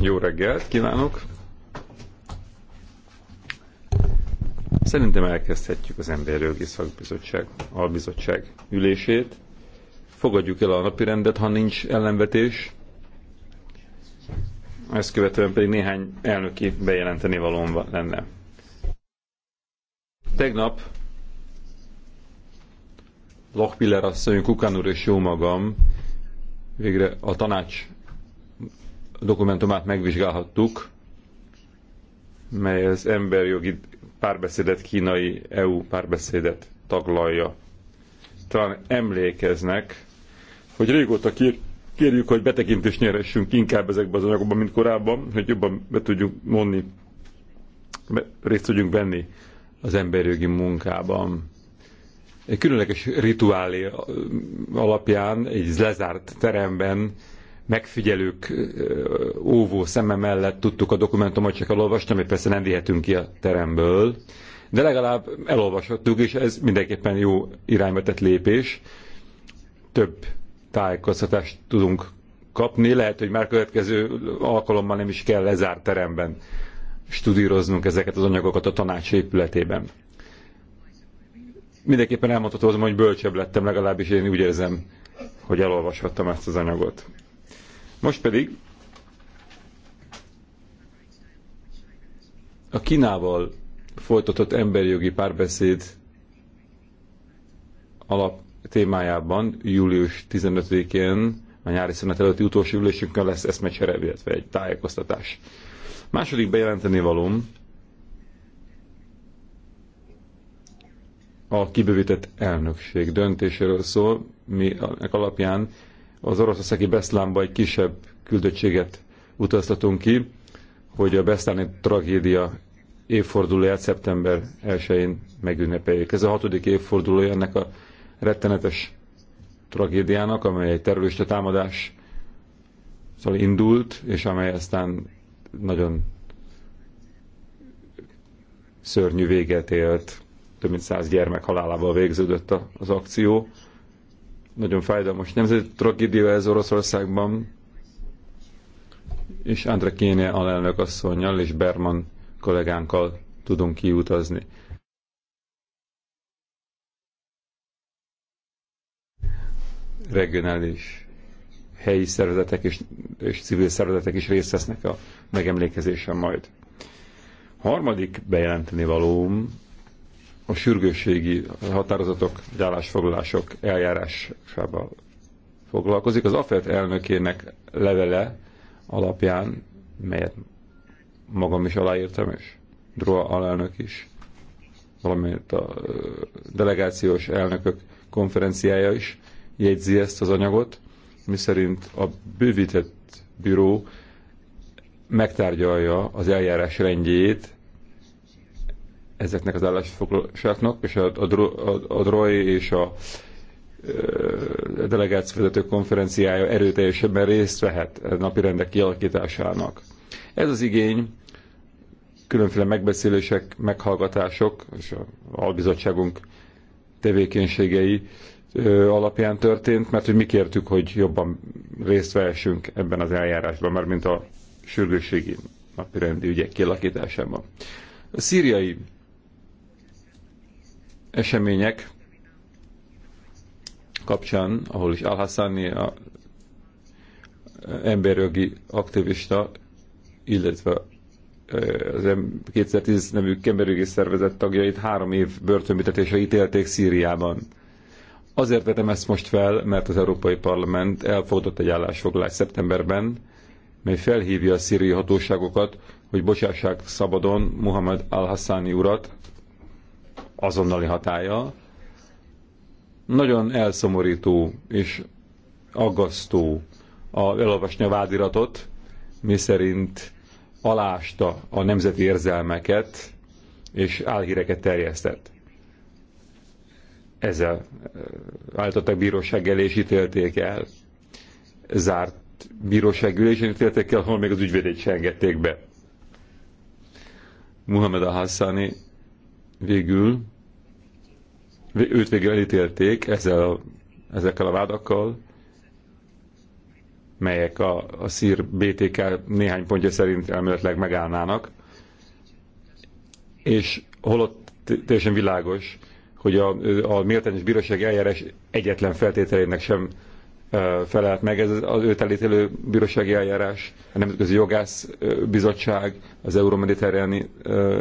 Jó reggelt kívánok! Szerintem elkezdhetjük az Emberjogi Szakbizottság, Albizottság ülését. Fogadjuk el a napi rendet, ha nincs ellenvetés. Ezt követően pedig néhány elnöki bejelenteni valóm lenne. Tegnap Lochpiller asszony, Kukan úr és jó magam végre a tanács dokumentumát megvizsgálhattuk, mely az emberjogi párbeszédet, kínai EU párbeszédet taglalja. Talán emlékeznek, hogy régóta kér, kérjük, hogy betekintést nyeressünk inkább ezekbe az anyagokba, mint korábban, hogy jobban be tudjuk mondni, be, részt tudjunk venni az emberjogi munkában. Egy különleges rituálé alapján, egy lezárt teremben megfigyelők óvó szeme mellett tudtuk a dokumentumot csak elolvasni, amit persze nem vihetünk ki a teremből, de legalább elolvashattuk, és ez mindenképpen jó irányba tett lépés. Több tájékoztatást tudunk kapni, lehet, hogy már következő alkalommal nem is kell lezárt teremben studíroznunk ezeket az anyagokat a tanács épületében. Mindenképpen elmondhatom, hogy bölcsebb lettem, legalábbis én úgy érzem, hogy elolvashattam ezt az anyagot. Most pedig a Kínával folytatott emberjogi párbeszéd alap témájában július 15-én a nyári szünet előtti utolsó ülésünkön lesz eszmecsere, illetve egy tájékoztatás. Második bejelenteni valóm a kibővített elnökség döntéséről szól, mi alapján az oroszországi Beszlánba egy kisebb küldöttséget utaztatunk ki, hogy a Beszláni tragédia évfordulóját szeptember 1-én megünnepeljék. Ez a hatodik évfordulója ennek a rettenetes tragédiának, amely egy terrorista támadás szóval indult, és amely aztán nagyon szörnyű véget élt. Több mint száz gyermek halálával végződött az akció nagyon fájdalmas nemzeti tragédia ez Oroszországban, és Andra Kéne alelnök asszonynal és Berman kollégánkkal tudunk kiutazni. Regionális helyi szervezetek és, és civil szervezetek is részt vesznek a megemlékezésen majd. Harmadik bejelenteni valóm a sürgősségi határozatok, állásfoglalások eljárásával foglalkozik. Az AFET elnökének levele alapján, melyet magam is aláírtam, és Droa alelnök is, valamint a delegációs elnökök konferenciája is jegyzi ezt az anyagot, miszerint a bővített bíró megtárgyalja az eljárás rendjét ezeknek az állásfoglalásoknak, és a, a, a, a DROI és a, a vezető konferenciája erőteljesebben részt vehet a napi rendek kialakításának. Ez az igény különféle megbeszélések, meghallgatások és a albizottságunk tevékenységei alapján történt, mert hogy mi kértük, hogy jobban részt vehessünk ebben az eljárásban, már mint a sürgősségi napirendi ügyek kialakításában. A szíriai események kapcsán, ahol is Al-Hassani, a emberjogi aktivista, illetve az 2010 nevű emberjogi szervezet tagjait három év börtönbüntetésre ítélték Szíriában. Azért vetem ezt most fel, mert az Európai Parlament elfogadott egy állásfoglalást szeptemberben, mely felhívja a szíriai hatóságokat, hogy bocsássák szabadon Muhammad al-Hassani urat, azonnali hatája. Nagyon elszomorító és aggasztó a, elolvasni a vádiratot, miszerint alásta a nemzeti érzelmeket és álhíreket terjesztett. Ezzel eh, álltottak bíróság elé és ítélték el. Zárt bíróság ülésen ítélték el, hol még az ügyvédét sem engedték be. Muhammad al-Hassani végül őt végül elítélték ezzel, ezekkel a vádakkal, melyek a, a szír BTK néhány pontja szerint elméletileg megállnának, és holott teljesen világos, hogy a, a méltányos bíróság eljárás egyetlen feltételének sem felelt meg, ez az őt elítélő bírósági eljárás, a Nemzetközi Jogász Bizottság, az Euromediterráni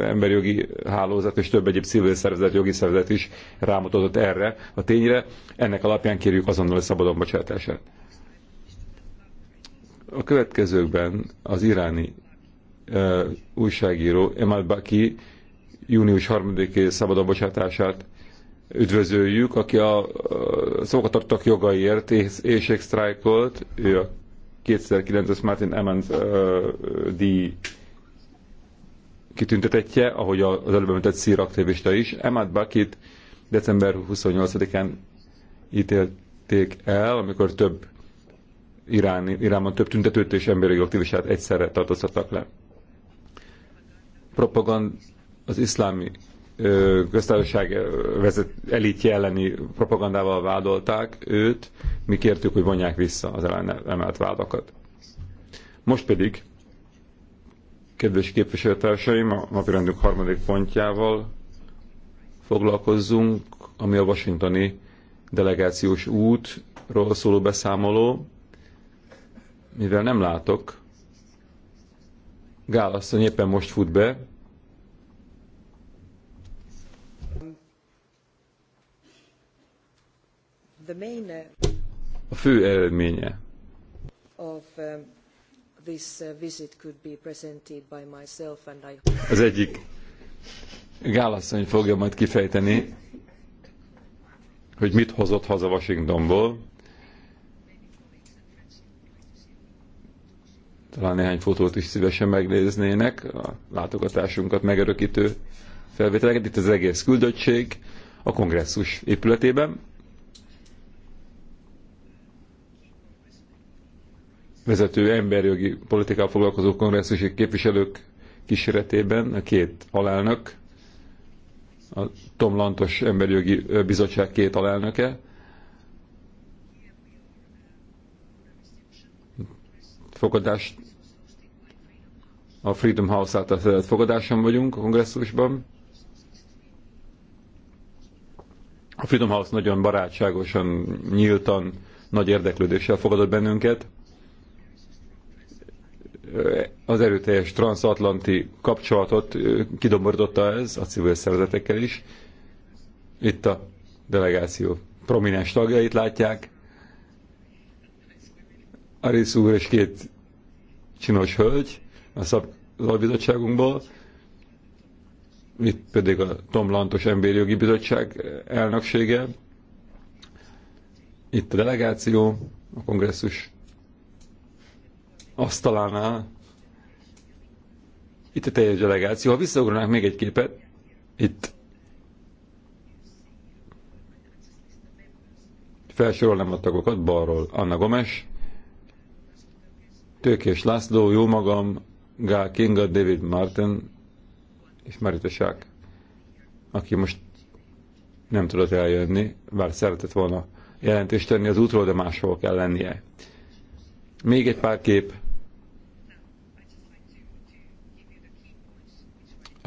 Emberjogi Hálózat és több egyéb civil szervezet, jogi szervezet is rámutatott erre a tényre. Ennek alapján kérjük azonnal a szabadon bocsátását. A következőkben az iráni uh, újságíró Emad Baki június 3-i szabadon bocsátását üdvözöljük, aki a szolgatartak jogaiért sztrájkolt, ő a 2009-es Martin Emmons uh, díj kitüntetettje, ahogy az előbb említett szír aktivista is. Emmett Bakit december 28-án ítélték el, amikor több Irán, Iránban több tüntetőt és emberi aktivistát egyszerre tartóztattak le. Propagand, az iszlámi köztársaság vezet, elitje elleni propagandával vádolták őt, mi kértük, hogy vonják vissza az ellen emelt vádakat. Most pedig, kedves képviselőtársaim, a napirendünk harmadik pontjával foglalkozzunk, ami a washingtoni delegációs útról szóló beszámoló, mivel nem látok, Gál asszony éppen most fut be, Uh, a fő eredménye az egyik Gálasszony fogja majd kifejteni, hogy mit hozott haza Washingtonból. Talán néhány fotót is szívesen megnéznének, a látogatásunkat megörökítő felvételeket. Itt az egész küldöttség a kongresszus épületében. vezető emberjogi politikával foglalkozó kongresszusi képviselők kísérletében a két alelnök, a Tom Lantos emberjogi bizottság két alelnöke, fogadást a Freedom House által szervezett fogadáson vagyunk a kongresszusban. A Freedom House nagyon barátságosan, nyíltan, nagy érdeklődéssel fogadott bennünket az erőteljes transatlanti kapcsolatot kidomborította ez a civil szervezetekkel is. Itt a delegáció prominens tagjait látják. Arisz úr és két csinos hölgy a szabadbizottságunkból, itt pedig a Tom Lantos Emberi Jogi Bizottság elnöksége, itt a delegáció, a kongresszus asztalánál. Itt a teljes delegáció. Ha visszaugranánk még egy képet, itt felsorolnám a tagokat, balról Anna Gomes, Tőkés László, jó magam, Gál Kinga, David Martin és Marita Sák, aki most nem tudott eljönni, bár szeretett volna jelentést tenni az útról, de máshol kell lennie. Még egy pár kép.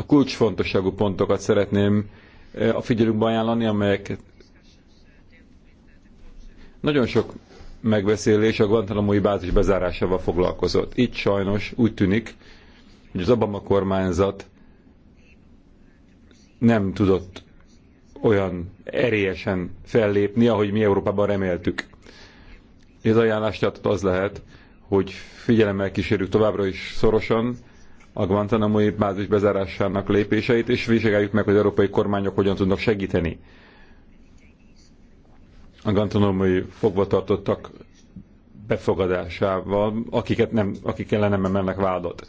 a kulcsfontosságú pontokat szeretném eh, a figyelőkbe ajánlani, amelyek nagyon sok megbeszélés a Guantanamo-i bázis bezárásával foglalkozott. Itt sajnos úgy tűnik, hogy az Obama kormányzat nem tudott olyan erélyesen fellépni, ahogy mi Európában reméltük. Ez ajánlás tehát az lehet, hogy figyelemmel kísérjük továbbra is szorosan a Guantanamo-i bázis bezárásának lépéseit, és vizsgáljuk meg, hogy az európai kormányok hogyan tudnak segíteni a Guantanamo-i fogvatartottak befogadásával, akiket nem, akik ellen nem emelnek vádat.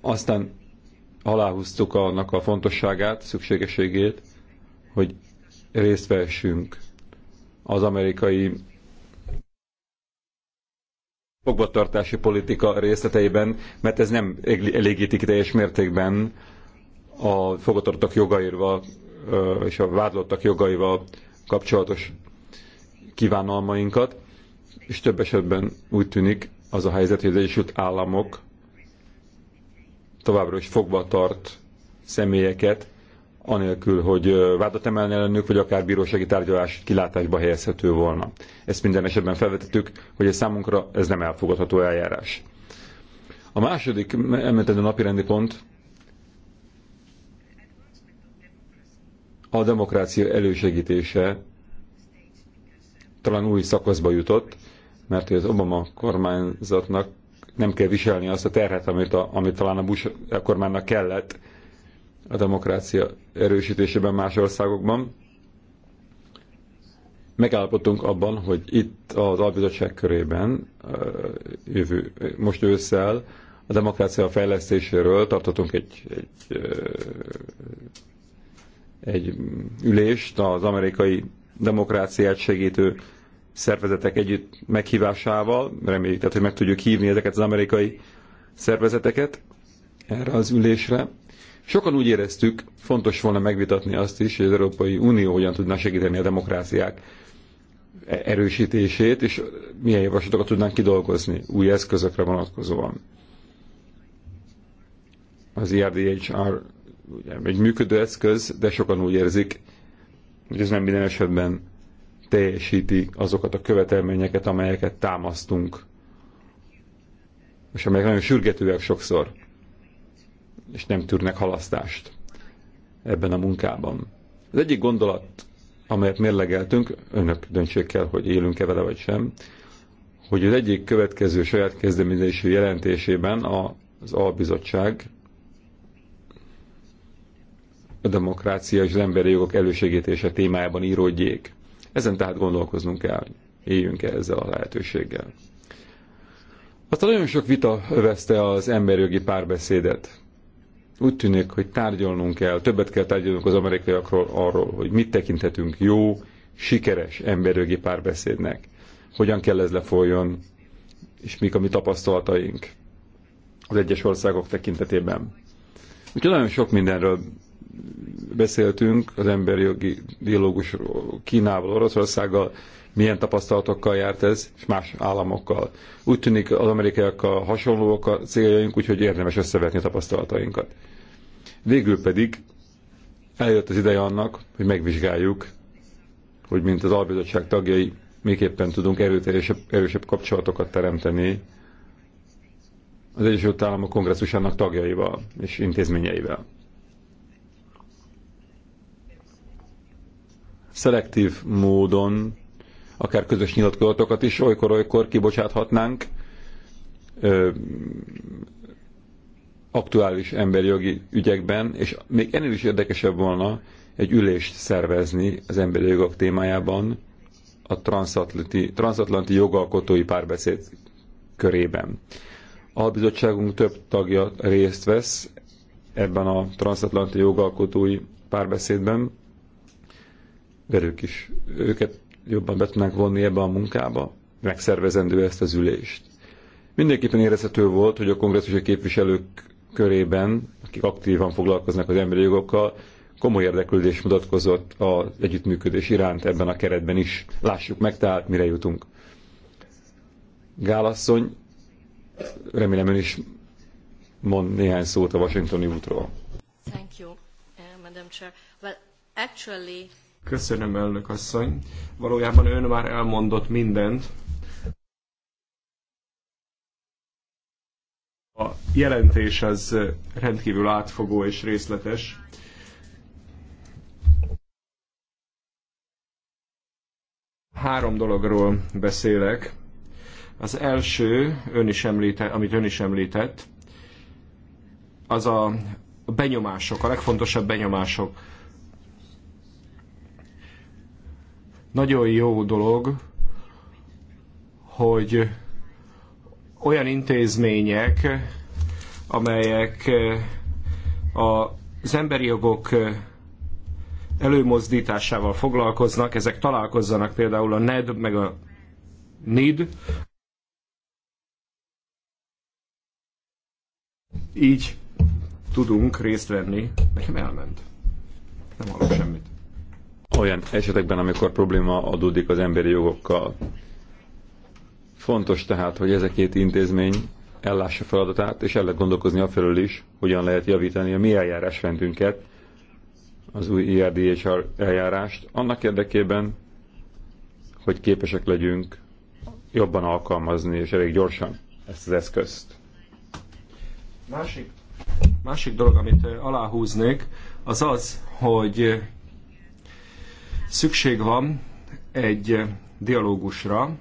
Aztán aláhúztuk annak a fontosságát, szükségességét, hogy részt vessünk az amerikai fogvatartási politika részleteiben, mert ez nem elégítik teljes mértékben a fogvatartók jogaival és a vádlottak jogaival kapcsolatos kívánalmainkat, és több esetben úgy tűnik az a helyzet, hogy az Egyesült Államok továbbra is fogva tart személyeket, anélkül, hogy vádat emelni ellenük, vagy akár bírósági tárgyalás kilátásba helyezhető volna. Ezt minden esetben felvetettük, hogy ez számunkra ez nem elfogadható eljárás. A második napi napirendi pont a demokrácia elősegítése talán új szakaszba jutott, mert az Obama kormányzatnak nem kell viselni azt a terhet, amit, a, amit talán a Bush kormánynak kellett, a demokrácia erősítésében más országokban. Megállapodtunk abban, hogy itt az albizottság körében jövő, most ősszel a demokrácia fejlesztéséről tartottunk egy, egy, egy ülést az amerikai demokráciát segítő szervezetek együtt meghívásával, reméljük, tehát, hogy meg tudjuk hívni ezeket az amerikai szervezeteket erre az ülésre, Sokan úgy éreztük, fontos volna megvitatni azt is, hogy az Európai Unió hogyan tudná segíteni a demokráciák e- erősítését, és milyen javaslatokat tudnánk kidolgozni új eszközökre vonatkozóan. Az IRDHR e ugye, egy működő eszköz, de sokan úgy érzik, hogy ez nem minden esetben teljesíti azokat a követelményeket, amelyeket támasztunk, és amelyek nagyon sürgetőek sokszor és nem tűrnek halasztást ebben a munkában. Az egyik gondolat, amelyet mérlegeltünk, önök döntsék el, hogy élünk-e vele vagy sem, hogy az egyik következő saját kezdeményezésű jelentésében az Albizottság a demokrácia és az emberi jogok elősegítése témájában íródjék. Ezen tehát gondolkoznunk kell, éljünk -e ezzel a lehetőséggel. Aztán nagyon sok vita övezte az emberjogi párbeszédet úgy tűnik, hogy tárgyalnunk kell, többet kell tárgyalnunk az amerikaiakról arról, hogy mit tekinthetünk jó, sikeres emberjogi párbeszédnek, hogyan kell ez lefolyjon, és mik a mi tapasztalataink az egyes országok tekintetében. Úgyhogy nagyon sok mindenről beszéltünk, az emberi jogi dialógus Kínával, Oroszországgal, milyen tapasztalatokkal járt ez, és más államokkal. Úgy tűnik az amerikaiakkal hasonlóak a céljaink, úgyhogy érdemes összevetni a tapasztalatainkat. Végül pedig eljött az ideje annak, hogy megvizsgáljuk, hogy mint az albizottság tagjai, miképpen tudunk erőteljesebb, erősebb kapcsolatokat teremteni az Egyesült Államok kongresszusának tagjaival és intézményeivel. Szelektív módon akár közös nyilatkozatokat is olykor-olykor kibocsáthatnánk ö, aktuális emberjogi ügyekben, és még ennél is érdekesebb volna egy ülést szervezni az emberi jogok témájában a transatlanti, transatlanti jogalkotói párbeszéd körében. A bizottságunk több tagja részt vesz ebben a transatlanti jogalkotói párbeszédben, velük is őket jobban be tudnánk vonni ebbe a munkába, megszervezendő ezt az ülést. Mindenképpen érezhető volt, hogy a kongresszusi képviselők körében, akik aktívan foglalkoznak az emberi jogokkal, komoly érdeklődés mutatkozott az együttműködés iránt ebben a keretben is. Lássuk meg tehát, mire jutunk. Gálasszony, remélem ön is mond néhány szót a washingtoni útról. Thank you, eh, Madam Chair. Well, actually, Köszönöm, elnök asszony. Valójában ön már elmondott mindent. A jelentés az rendkívül átfogó és részletes. Három dologról beszélek. Az első, ön is említe, amit ön is említett, az a benyomások, a legfontosabb benyomások nagyon jó dolog, hogy olyan intézmények, amelyek eh, az emberi jogok eh, előmozdításával foglalkoznak, ezek találkozzanak például a NED meg a NID. Így tudunk részt venni. Nekem elment. Nem hallok semmit olyan esetekben, amikor probléma adódik az emberi jogokkal. Fontos tehát, hogy ez a két intézmény ellássa feladatát, és el lehet gondolkozni afelől is, hogyan lehet javítani a mi eljárásrendünket, az új IRDHR eljárást, annak érdekében, hogy képesek legyünk jobban alkalmazni, és elég gyorsan ezt az eszközt. Másik, másik dolog, amit aláhúznék, az az, hogy Szükség van egy dialógusra,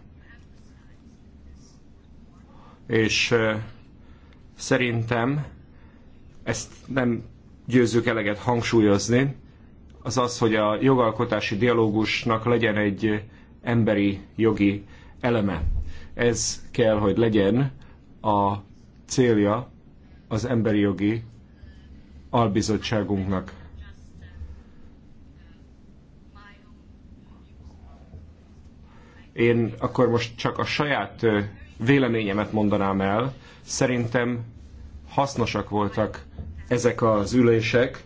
és szerintem ezt nem győzzük eleget hangsúlyozni, az az, hogy a jogalkotási dialógusnak legyen egy emberi jogi eleme. Ez kell, hogy legyen a célja az emberi jogi albizottságunknak. Én akkor most csak a saját véleményemet mondanám el. Szerintem hasznosak voltak ezek az ülések.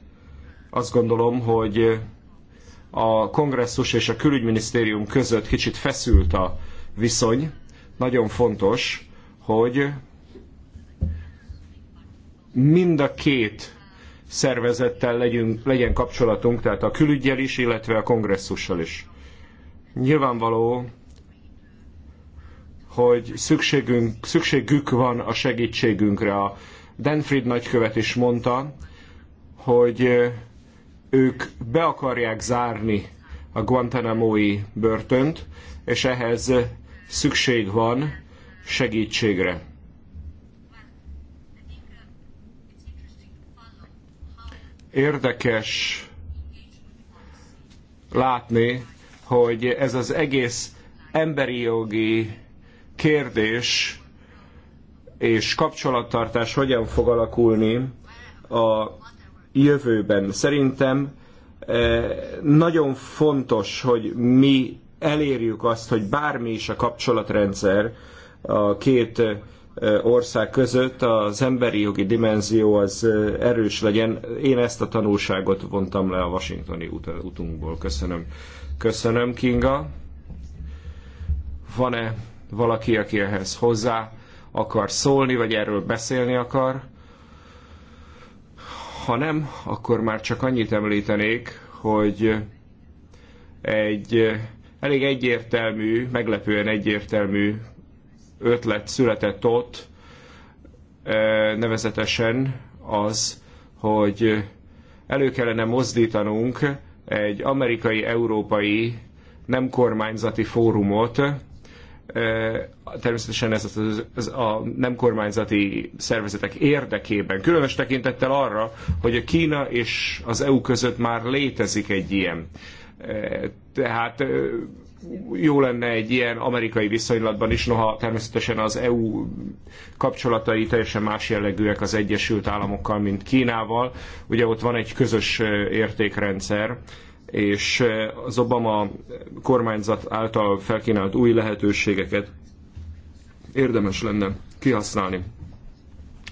Azt gondolom, hogy a kongresszus és a külügyminisztérium között kicsit feszült a viszony. Nagyon fontos, hogy mind a két szervezettel legyünk, legyen kapcsolatunk, tehát a külügyel is, illetve a kongresszussal is. Nyilvánvaló, hogy szükségünk, szükségük van a segítségünkre. A Denfried nagykövet is mondta, hogy ők be akarják zárni a Guantanamo-i börtönt, és ehhez szükség van segítségre. Érdekes látni, hogy ez az egész emberi jogi kérdés és kapcsolattartás hogyan fog alakulni a jövőben. Szerintem eh, nagyon fontos, hogy mi elérjük azt, hogy bármi is a kapcsolatrendszer a két eh, ország között az emberi jogi dimenzió az eh, erős legyen. Én ezt a tanulságot vontam le a washingtoni utunkból. Köszönöm. Köszönöm, Kinga. Van-e valaki, aki ehhez hozzá akar szólni, vagy erről beszélni akar. Ha nem, akkor már csak annyit említenék, hogy egy elég egyértelmű, meglepően egyértelmű ötlet született ott, e, nevezetesen az, hogy elő kellene mozdítanunk egy amerikai-európai nem kormányzati fórumot, természetesen ez az, az a nem kormányzati szervezetek érdekében, különös tekintettel arra, hogy a Kína és az EU között már létezik egy ilyen. Tehát jó lenne egy ilyen amerikai viszonylatban is, noha természetesen az EU kapcsolatai teljesen más jellegűek az Egyesült Államokkal, mint Kínával. Ugye ott van egy közös értékrendszer, és eh, az Obama kormányzat által felkínált új lehetőségeket érdemes lenne kihasználni.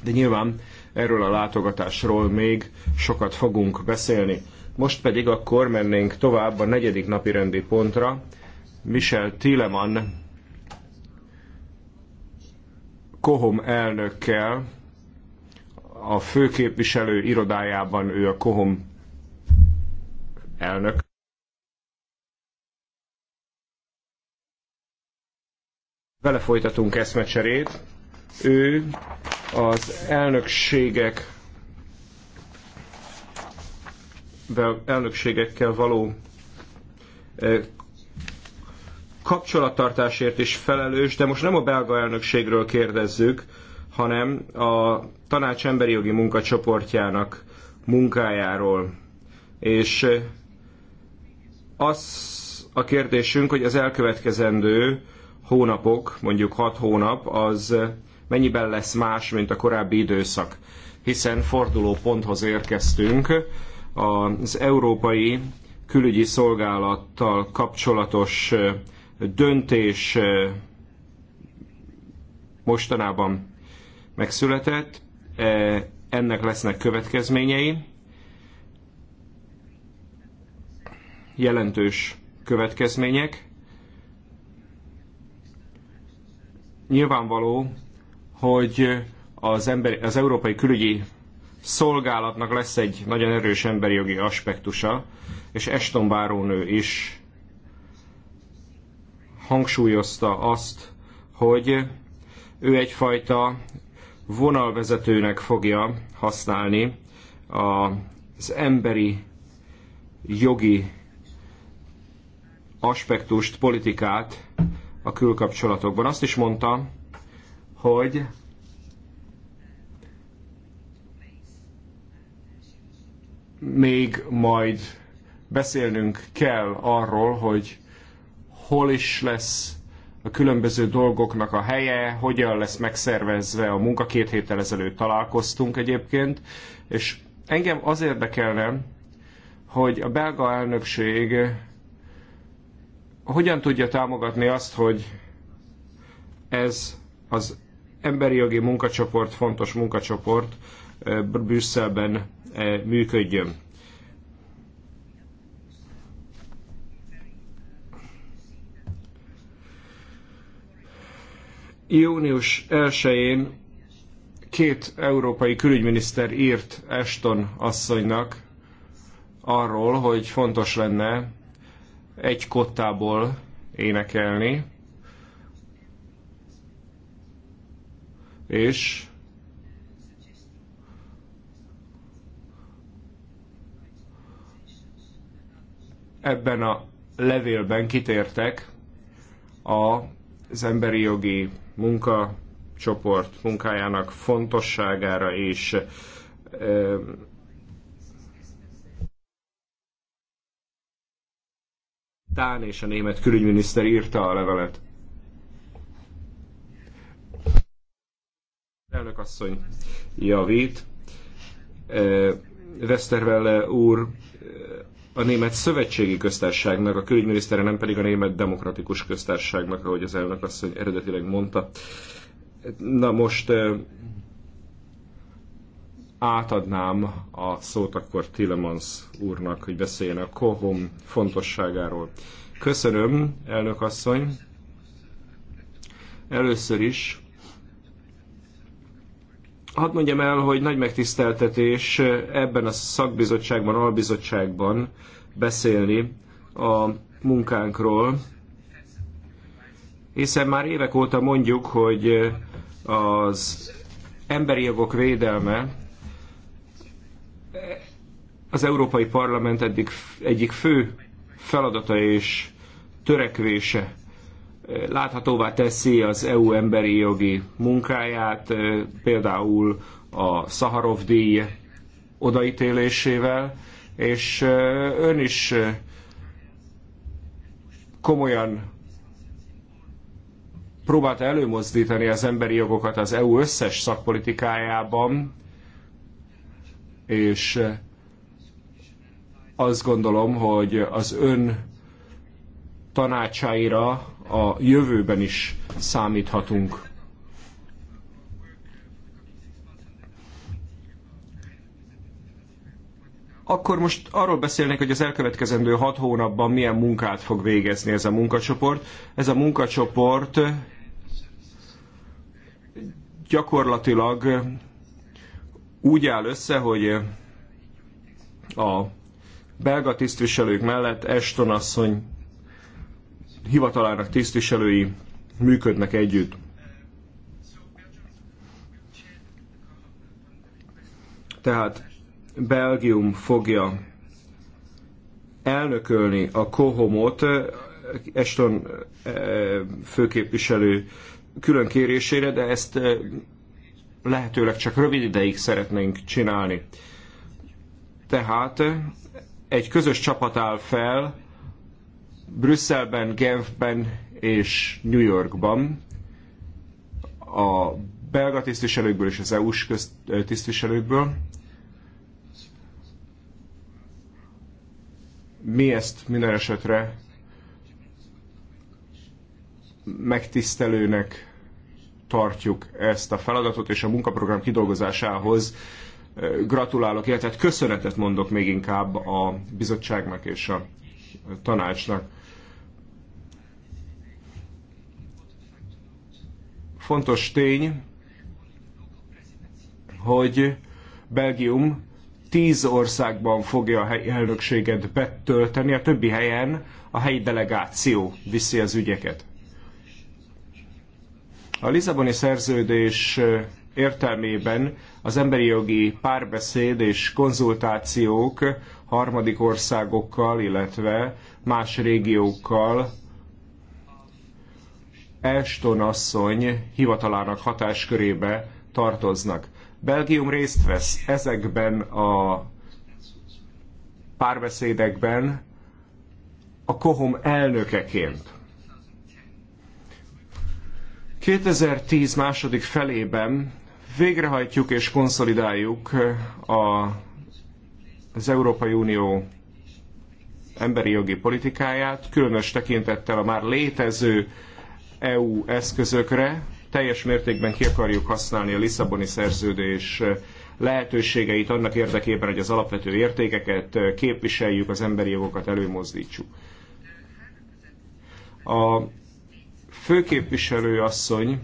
De nyilván erről a látogatásról még sokat fogunk beszélni. Most pedig akkor mennénk tovább a negyedik napi rendi pontra. Michel Tilleman Kohom elnökkel a főképviselő irodájában ő a Kohom elnök vele folytatunk eszmecserét. Ő az elnökségek elnökségekkel való kapcsolattartásért is felelős, de most nem a belga elnökségről kérdezzük, hanem a tanács emberi jogi munkacsoportjának munkájáról. És az a kérdésünk, hogy az elkövetkezendő hónapok, mondjuk hat hónap, az mennyiben lesz más, mint a korábbi időszak, hiszen forduló ponthoz érkeztünk az európai külügyi szolgálattal kapcsolatos döntés mostanában megszületett, ennek lesznek következményei, jelentős következmények. Nyilvánvaló, hogy az, ember, az Európai Külügyi Szolgálatnak lesz egy nagyon erős emberi jogi aspektusa, és Eston Bárónő is hangsúlyozta azt, hogy ő egyfajta vonalvezetőnek fogja használni az emberi jogi aspektust, politikát a külkapcsolatokban. Azt is mondta, hogy még majd beszélnünk kell arról, hogy hol is lesz a különböző dolgoknak a helye, hogyan lesz megszervezve a munka. Két héttel ezelőtt találkoztunk egyébként, és engem az érdekelne, hogy a belga elnökség hogyan tudja támogatni azt, hogy ez az emberi jogi munkacsoport, fontos munkacsoport Brüsszelben működjön. Június 1-én két európai külügyminiszter írt Ashton asszonynak arról, hogy fontos lenne egy kottából énekelni, és ebben a levélben kitértek az emberi jogi munkacsoport munkájának fontosságára és Dán és a német külügyminiszter írta a levelet. Elnök asszony javít. Westerwelle úr a német szövetségi köztársaságnak, a külügyminisztere nem pedig a német demokratikus köztársaságnak, ahogy az elnök asszony eredetileg mondta. Na most átadnám a szót akkor Tillemans úrnak, hogy beszéljen a kohom fontosságáról. Köszönöm, elnök asszony. Először is hadd mondjam el, hogy nagy megtiszteltetés ebben a szakbizottságban, albizottságban beszélni a munkánkról, hiszen már évek óta mondjuk, hogy az emberi jogok védelme az Európai Parlament eddig egyik fő feladata és törekvése láthatóvá teszi az EU emberi jogi munkáját, például a Szaharov díj odaítélésével, és ön is komolyan próbálta előmozdítani az emberi jogokat az EU összes szakpolitikájában, és azt gondolom, hogy az ön tanácsaira a jövőben is számíthatunk. Akkor most arról beszélnék, hogy az elkövetkezendő hat hónapban milyen munkát fog végezni ez a munkacsoport. Ez a munkacsoport gyakorlatilag úgy áll össze, hogy a belga tisztviselők mellett Eston asszony hivatalának tisztviselői működnek együtt. Tehát Belgium fogja elnökölni a Kohomot, Eston eh, főképviselő külön kérésére, de ezt eh, lehetőleg csak rövid ideig szeretnénk csinálni. Tehát egy közös csapat áll fel Brüsszelben, Genfben és New Yorkban a belga tisztviselőkből és az EU-s tisztviselőkből. Mi ezt minden esetre megtisztelőnek tartjuk ezt a feladatot, és a munkaprogram kidolgozásához gratulálok, illetve hát köszönetet mondok még inkább a bizottságnak és a tanácsnak. Fontos tény, hogy Belgium tíz országban fogja a helyi elnökséget betölteni, a többi helyen a helyi delegáció viszi az ügyeket. A Lisszaboni szerződés értelmében az emberi jogi párbeszéd és konzultációk harmadik országokkal, illetve más régiókkal Ashton asszony hivatalának hatáskörébe tartoznak. Belgium részt vesz ezekben a párbeszédekben a kohom elnökeként. 2010 második felében végrehajtjuk és konszolidáljuk eh, a, az Európai Unió emberi jogi politikáját, különös tekintettel a már létező EU eszközökre, teljes mértékben ki akarjuk használni a Lisszaboni szerződés eh, lehetőségeit annak érdekében, hogy az alapvető értékeket eh, képviseljük, az emberi jogokat előmozdítsuk. A főképviselő asszony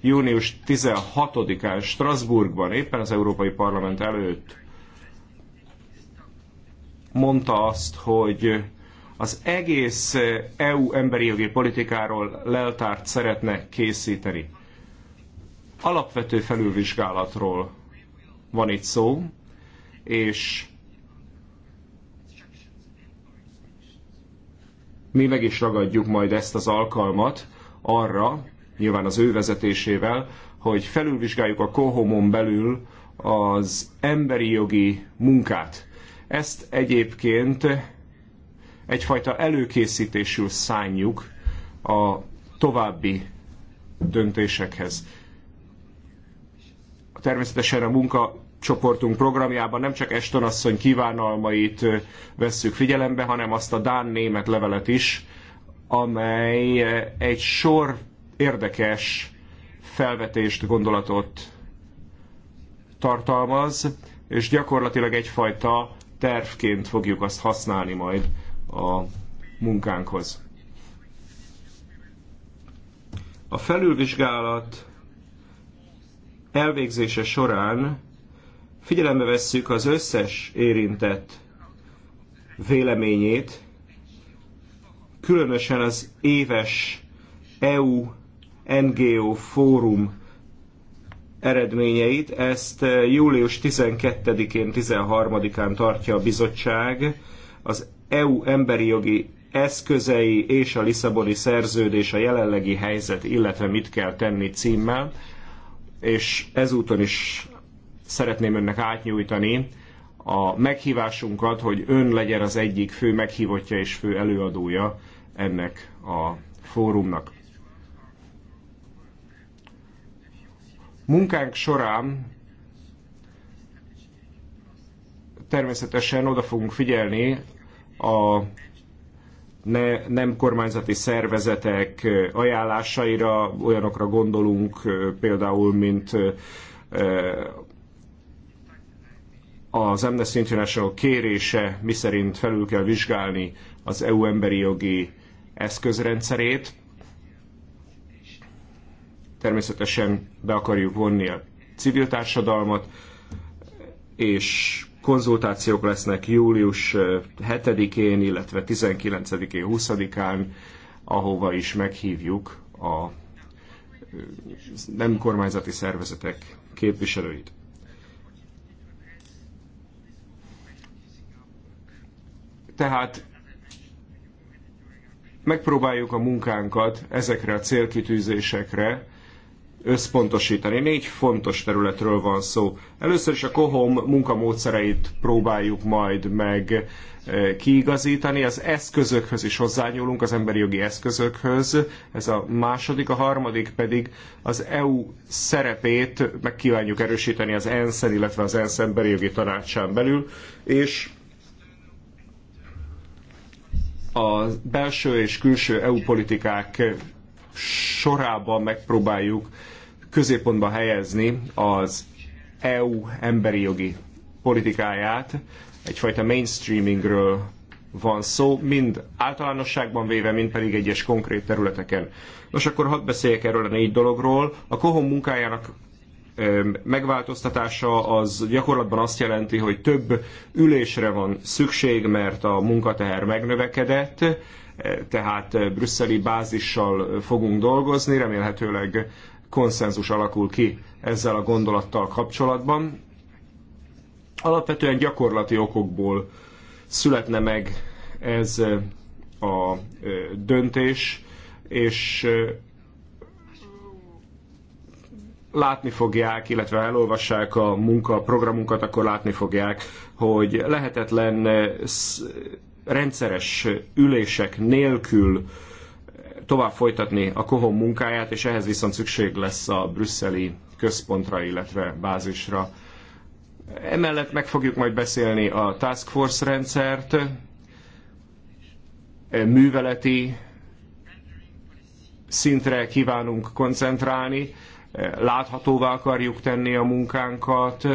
június 16-án Strasbourgban, éppen az Európai Parlament előtt mondta azt, hogy az egész EU emberi jogi politikáról leltárt szeretne készíteni. Alapvető felülvizsgálatról van itt szó, és mi meg is ragadjuk majd ezt az alkalmat arra, nyilván az ő vezetésével, hogy felülvizsgáljuk a kohomon belül az emberi jogi munkát. Ezt egyébként egyfajta előkészítésül szánjuk a további döntésekhez. Természetesen a munka csoportunk programjában nem csak Eston asszony kívánalmait vesszük figyelembe, hanem azt a Dán-német levelet is, amely egy sor érdekes felvetést, gondolatot tartalmaz, és gyakorlatilag egyfajta tervként fogjuk azt használni majd a munkánkhoz. A felülvizsgálat elvégzése során figyelembe vesszük az összes érintett véleményét, különösen az éves EU NGO fórum eredményeit. Ezt eh, július 12-én, 13-án tartja a bizottság. Az EU emberi jogi eszközei és a Lisszaboni szerződés a jelenlegi helyzet, illetve mit kell tenni címmel. És ezúton is szeretném önnek átnyújtani a meghívásunkat, hogy ön legyen az egyik fő meghívottja és fő előadója ennek a fórumnak. Munkánk során természetesen oda fogunk figyelni a ne, nem kormányzati szervezetek ajánlásaira, olyanokra gondolunk például, mint az Amnesty International kérése, miszerint felül kell vizsgálni az EU emberi jogi eszközrendszerét természetesen be akarjuk vonni a civil társadalmat, és konzultációk lesznek július 7-én, illetve 19-én, 20-án, ahova is meghívjuk a nem kormányzati szervezetek képviselőit. Tehát megpróbáljuk a munkánkat ezekre a célkitűzésekre összpontosítani. Négy fontos területről van szó. Először is a kohom munkamódszereit próbáljuk majd meg eh, kiigazítani, az eszközökhöz is hozzányúlunk, az emberi jogi eszközökhöz, ez a második, a harmadik pedig az EU szerepét meg kívánjuk erősíteni az ensz illetve az ENSZ emberi jogi tanácsán belül, és a belső és külső EU politikák sorában megpróbáljuk középpontba helyezni az EU emberi jogi politikáját, egyfajta mainstreamingről van szó, mind általánosságban véve, mind pedig egyes konkrét területeken. Nos, akkor hadd beszéljek erről a négy dologról. A kohom munkájának megváltoztatása az gyakorlatban azt jelenti, hogy több ülésre van szükség, mert a munkateher megnövekedett, tehát brüsszeli bázissal fogunk dolgozni, remélhetőleg konszenzus alakul ki ezzel a gondolattal kapcsolatban. Alapvetően gyakorlati okokból születne meg ez a döntés, és látni fogják, illetve elolvassák a munka, a programunkat, akkor látni fogják, hogy lehetetlen rendszeres ülések nélkül tovább folytatni a kohom munkáját, és ehhez viszont szükség lesz a brüsszeli központra, illetve bázisra. Emellett meg fogjuk majd beszélni a Task Force rendszert, műveleti szintre kívánunk koncentrálni, láthatóvá akarjuk tenni a munkánkat,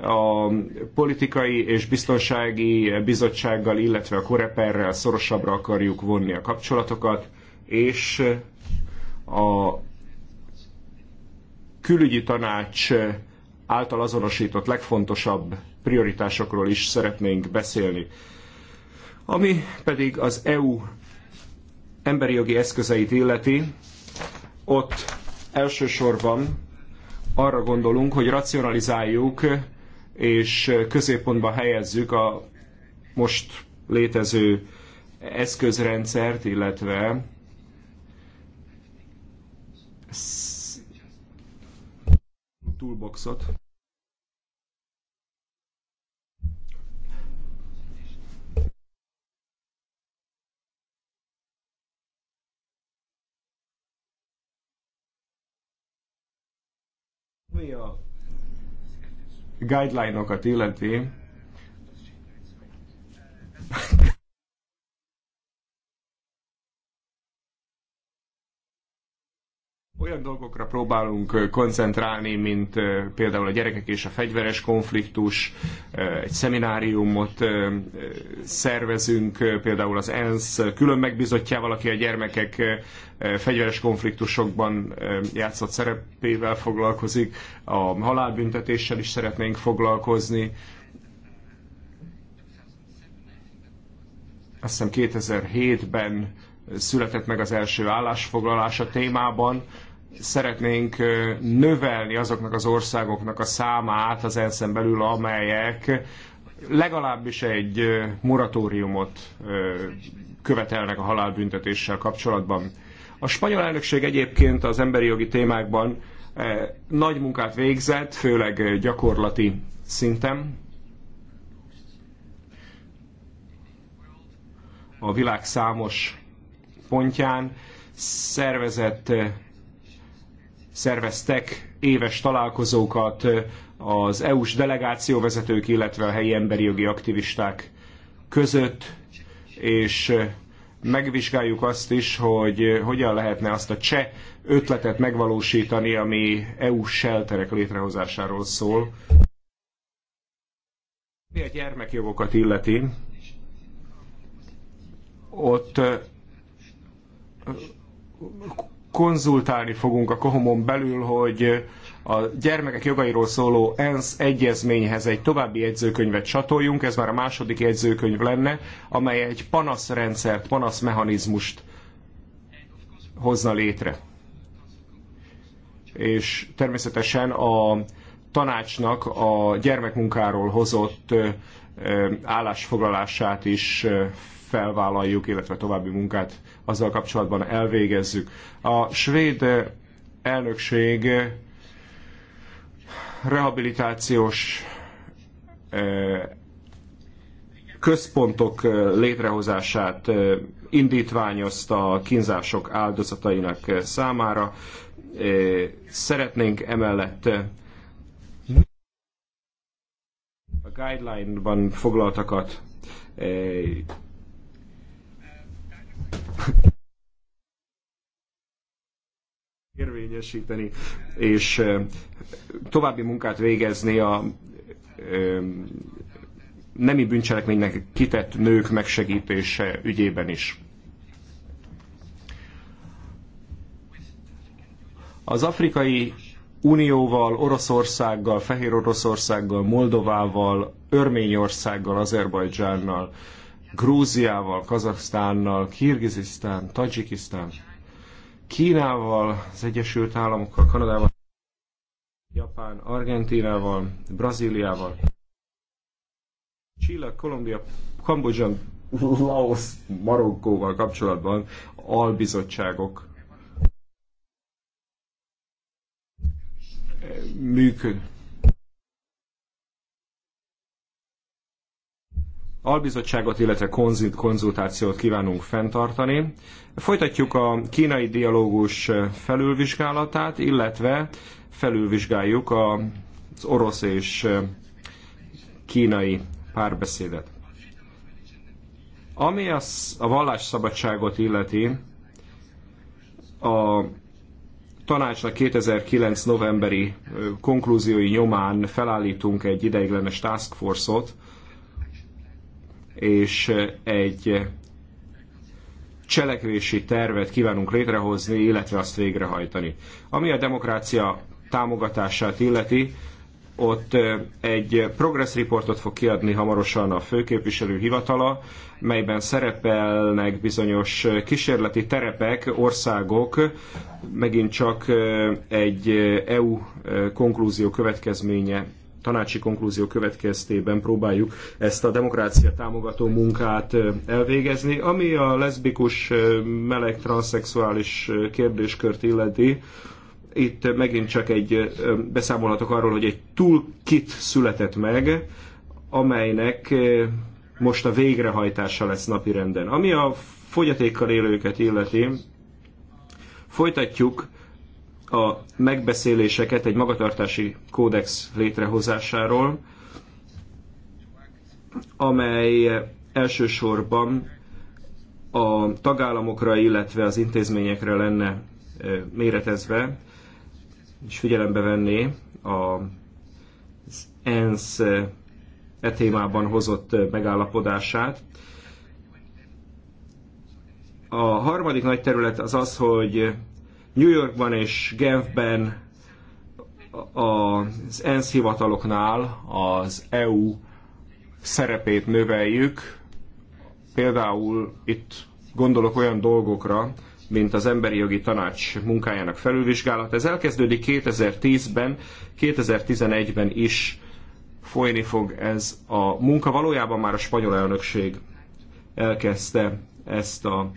a politikai és biztonsági bizottsággal, illetve a koreperrel szorosabbra akarjuk vonni a kapcsolatokat, és a külügyi tanács által azonosított legfontosabb prioritásokról is szeretnénk beszélni. Ami pedig az EU emberi jogi eszközeit illeti, ott elsősorban arra gondolunk, hogy racionalizáljuk és középpontba helyezzük a most létező eszközrendszert, illetve toolboxot. Mi a guideline-okat illeti, olyan dolgokra próbálunk koncentrálni, mint például a gyerekek és a fegyveres konfliktus, egy szemináriumot szervezünk, például az ENSZ külön megbizottjával, aki a gyermekek fegyveres konfliktusokban játszott szerepével foglalkozik, a halálbüntetéssel is szeretnénk foglalkozni. Azt hiszem 2007-ben született meg az első állásfoglalás a témában szeretnénk növelni azoknak az országoknak a számát az ensz belül, amelyek legalábbis egy moratóriumot követelnek a halálbüntetéssel kapcsolatban. A spanyol elnökség egyébként az emberi jogi témákban nagy munkát végzett, főleg gyakorlati szinten. A világ számos pontján szervezett szerveztek éves találkozókat az EU-s delegációvezetők, illetve a helyi emberi jogi aktivisták között, és megvizsgáljuk azt is, hogy hogyan lehetne azt a cseh ötletet megvalósítani, ami EU shelterek létrehozásáról szól. Ami a gyermekjogokat illeti, ott konzultálni fogunk a kohomon belül, hogy a gyermekek jogairól szóló ENSZ egyezményhez egy további jegyzőkönyvet csatoljunk, ez már a második jegyzőkönyv lenne, amely egy panaszrendszert, panaszmechanizmust hozna létre. És természetesen a tanácsnak a gyermekmunkáról hozott állásfoglalását is felvállaljuk, illetve további munkát azzal kapcsolatban elvégezzük. A svéd elnökség rehabilitációs központok létrehozását indítványozta a kínzások áldozatainak számára. Szeretnénk emellett a guideline-ban foglaltakat érvényesíteni, és további munkát végezni a nemi bűncselekménynek kitett nők megsegítése ügyében is. Az Afrikai Unióval, Oroszországgal, Fehér Oroszországgal, Moldovával, Örményországgal, Azerbajdzsánnal, Grúziával, Kazaksztánnal, Kirgizisztán, Tajikisztán, Kínával, az Egyesült Államokkal, Kanadával, Japán, Argentinával, Brazíliával, Chile, Kolumbia, Kambodzsa, Laos, Marokkóval kapcsolatban albizottságok működnek. albizottságot, illetve konzultációt kívánunk fenntartani. Folytatjuk a kínai dialógus felülvizsgálatát, illetve felülvizsgáljuk az orosz és kínai párbeszédet. Ami a, a vallásszabadságot illeti, a tanácsnak 2009. novemberi konklúziói nyomán felállítunk egy ideiglenes task force-ot, és egy cselekvési tervet kívánunk létrehozni, illetve azt végrehajtani. Ami a demokrácia támogatását illeti, ott egy progress reportot fog kiadni hamarosan a főképviselő hivatala, melyben szerepelnek bizonyos kísérleti terepek, országok, megint csak egy EU konklúzió következménye tanácsi konklúzió következtében próbáljuk ezt a demokrácia támogató munkát elvégezni. Ami a leszbikus, meleg, transzexuális kérdéskört illeti, itt megint csak egy beszámolhatok arról, hogy egy toolkit született meg, amelynek most a végrehajtása lesz napirenden. Ami a fogyatékkal élőket illeti, folytatjuk a megbeszéléseket egy magatartási kódex létrehozásáról, amely elsősorban a tagállamokra, illetve az intézményekre lenne méretezve, és figyelembe venné az ENSZ e témában hozott megállapodását. A harmadik nagy terület az az, hogy New Yorkban és Genfben az ENSZ hivataloknál az EU szerepét növeljük. Például itt gondolok olyan dolgokra, mint az Emberi Jogi Tanács munkájának felülvizsgálata. Ez elkezdődik 2010-ben, 2011-ben is folyni fog ez a munka. Valójában már a spanyol elnökség elkezdte ezt a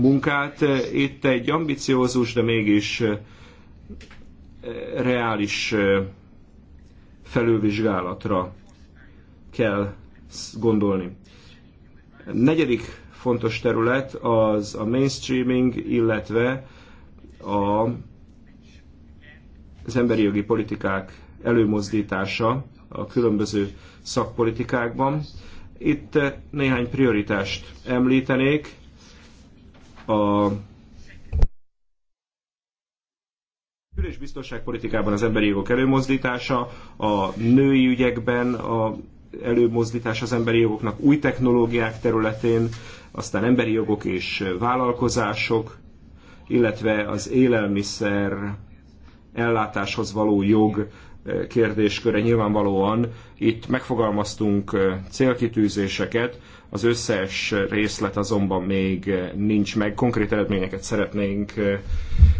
munkát. Itt egy ambiciózus, de mégis eh, reális eh, felülvizsgálatra kell gondolni. A negyedik fontos terület az a mainstreaming, illetve a, az emberi jogi politikák előmozdítása a különböző szakpolitikákban. Itt eh, néhány prioritást említenék a és biztonságpolitikában az emberi jogok előmozdítása, a női ügyekben a előmozdítás az emberi jogoknak új technológiák területén, aztán emberi jogok és vállalkozások, illetve az élelmiszer ellátáshoz való jog kérdésköre. Nyilvánvalóan itt megfogalmaztunk célkitűzéseket, az összes részlet azonban még nincs meg. Konkrét eredményeket szeretnénk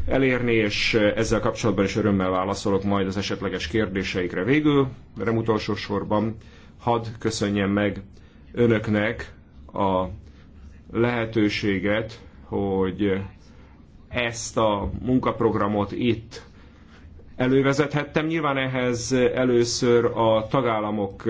elérni, és ezzel kapcsolatban is örömmel válaszolok majd az esetleges kérdéseikre. Végül, nem utolsó sorban, hadd köszönjem meg önöknek a lehetőséget, hogy ezt a munkaprogramot itt elővezethettem. Nyilván ehhez először a tagállamok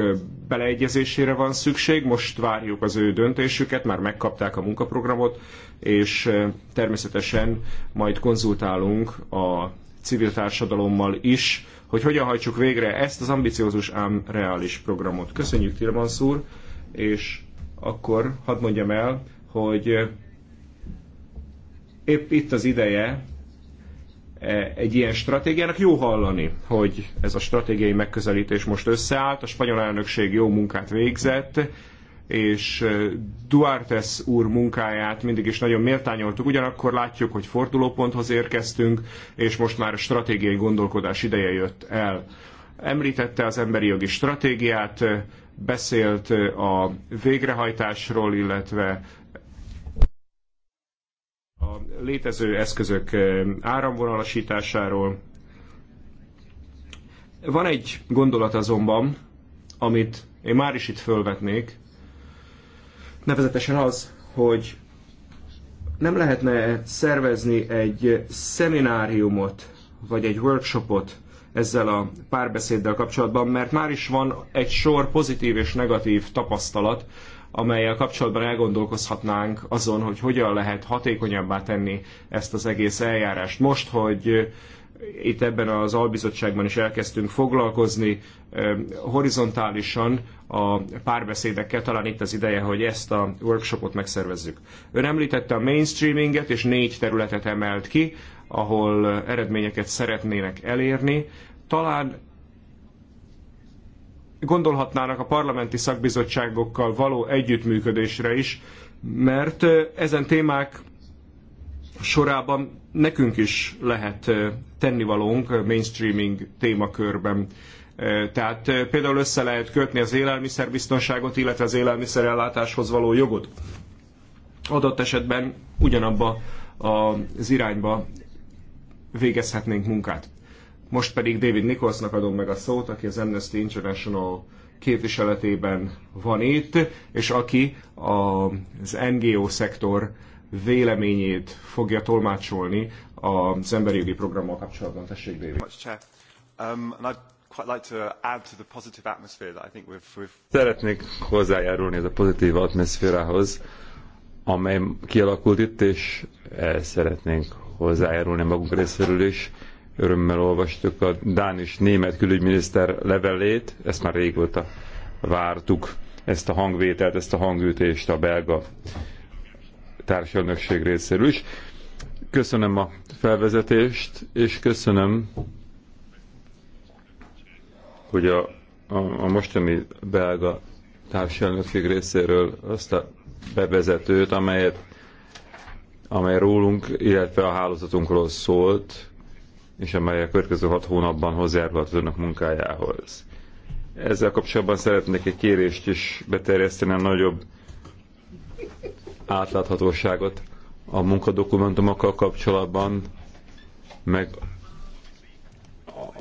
beleegyezésére van szükség, most várjuk az ő döntésüket, már megkapták a munkaprogramot, és eh, természetesen majd konzultálunk a civil társadalommal is, hogy hogyan hajtsuk végre ezt az ambiciózus ám reális programot. Köszönjük Tilmansz úr, és akkor hadd mondjam el, hogy eh, épp itt az ideje E, egy ilyen stratégiának. Jó hallani, hogy ez a stratégiai megközelítés most összeállt, a spanyol elnökség jó munkát végzett, és e, Duartes úr munkáját mindig is nagyon méltányoltuk, ugyanakkor látjuk, hogy fordulóponthoz érkeztünk, és most már stratégiai gondolkodás ideje jött el. Említette az emberi jogi stratégiát, beszélt a végrehajtásról, illetve létező eszközök áramvonalasításáról. Van egy gondolat azonban, amit én már is itt fölvetnék, nevezetesen az, hogy nem lehetne szervezni egy szemináriumot, vagy egy workshopot ezzel a párbeszéddel kapcsolatban, mert már is van egy sor pozitív és negatív tapasztalat amelyel kapcsolatban elgondolkozhatnánk azon, hogy hogyan lehet hatékonyabbá tenni ezt az egész eljárást. Most, hogy itt ebben az albizottságban is elkezdtünk foglalkozni horizontálisan a párbeszédekkel, talán itt az ideje, hogy ezt a workshopot megszervezzük. Ön említette a mainstreaminget, és négy területet emelt ki, ahol eredményeket szeretnének elérni. Talán gondolhatnának a parlamenti szakbizottságokkal való együttműködésre is, mert ezen témák sorában nekünk is lehet tennivalónk mainstreaming témakörben. Tehát például össze lehet kötni az élelmiszerbiztonságot, illetve az élelmiszerellátáshoz való jogot. Adott esetben ugyanabba az irányba végezhetnénk munkát. Most pedig David Nicholsnak adom meg a szót, aki az Amnesty International képviseletében van itt, és aki az NGO szektor véleményét fogja tolmácsolni az emberi jogi programmal kapcsolatban. Tessék, David. Um, Szeretnék hozzájárulni ez a pozitív atmoszférához, amely kialakult itt, és szeretnénk hozzájárulni magunk részéről is Örömmel olvastuk a Dán és Német külügyminiszter levelét, ezt már régóta vártuk, ezt a hangvételt, ezt a hangütést a belga társadalmökség részéről is. Köszönöm a felvezetést, és köszönöm, hogy a, a, a mostani belga társadalmökség részéről azt a bevezetőt, amelyet amely rólunk, illetve a hálózatunkról szólt, és amely a következő hat hónapban hozzájárulhat az önök munkájához. Ezzel kapcsolatban szeretnék egy kérést is beterjeszteni a nagyobb átláthatóságot a munkadokumentumokkal kapcsolatban, meg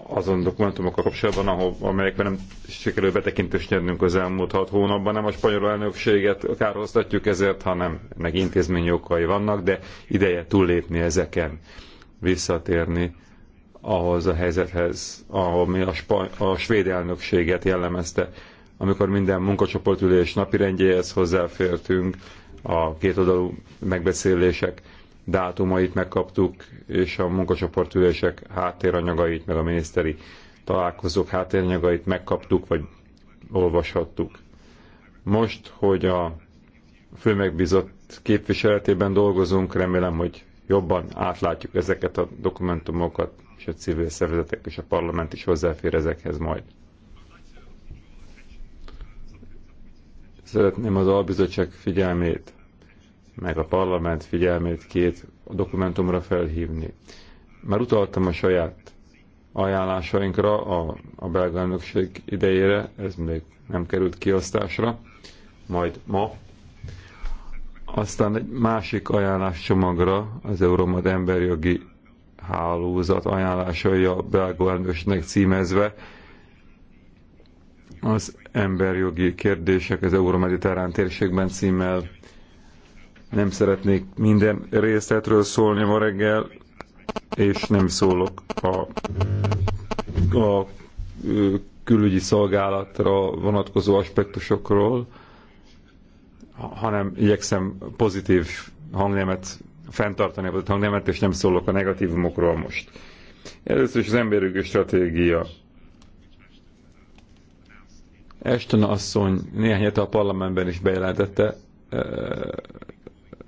azon dokumentumokkal kapcsolatban, ahol, amelyekben nem sikerül betekintést nyernünk az elmúlt hat hónapban. Nem a spanyol elnökséget kárhoztatjuk ezért, hanem meg intézményi okai vannak, de ideje túllépni ezeken, visszatérni ahhoz a helyzethez, ahol mi a, spa, a svéd elnökséget jellemezte, amikor minden munkacsoportülés rendjéhez hozzáfértünk, a kétoldalú megbeszélések dátumait megkaptuk, és a munkacsoportülések háttéranyagait, meg a miniszteri találkozók háttéranyagait megkaptuk, vagy olvashattuk. Most, hogy a főmegbízott képviseletében dolgozunk, remélem, hogy jobban átlátjuk ezeket a dokumentumokat, és a civil szervezetek és a parlament is hozzáfér ezekhez majd. Szeretném az albizottság figyelmét, meg a parlament figyelmét két a dokumentumra felhívni. Már utaltam a saját ajánlásainkra a, a belga elnökség idejére, ez még nem került kiosztásra, majd ma. Aztán egy másik ajánlás csomagra az Euromad emberjogi hálózat ajánlásai a belga elnökségnek címezve. Az emberjogi kérdések az Euró-Mediterrán térségben címmel nem szeretnék minden részletről szólni ma reggel, és nem szólok a, a külügyi szolgálatra vonatkozó aspektusokról, hanem igyekszem pozitív hangnemet fenntartani a hangnemet, és nem szólok a negatívumokról most. Először is az emberügyi stratégia. Ashton asszony néhány a parlamentben is bejelentette eh,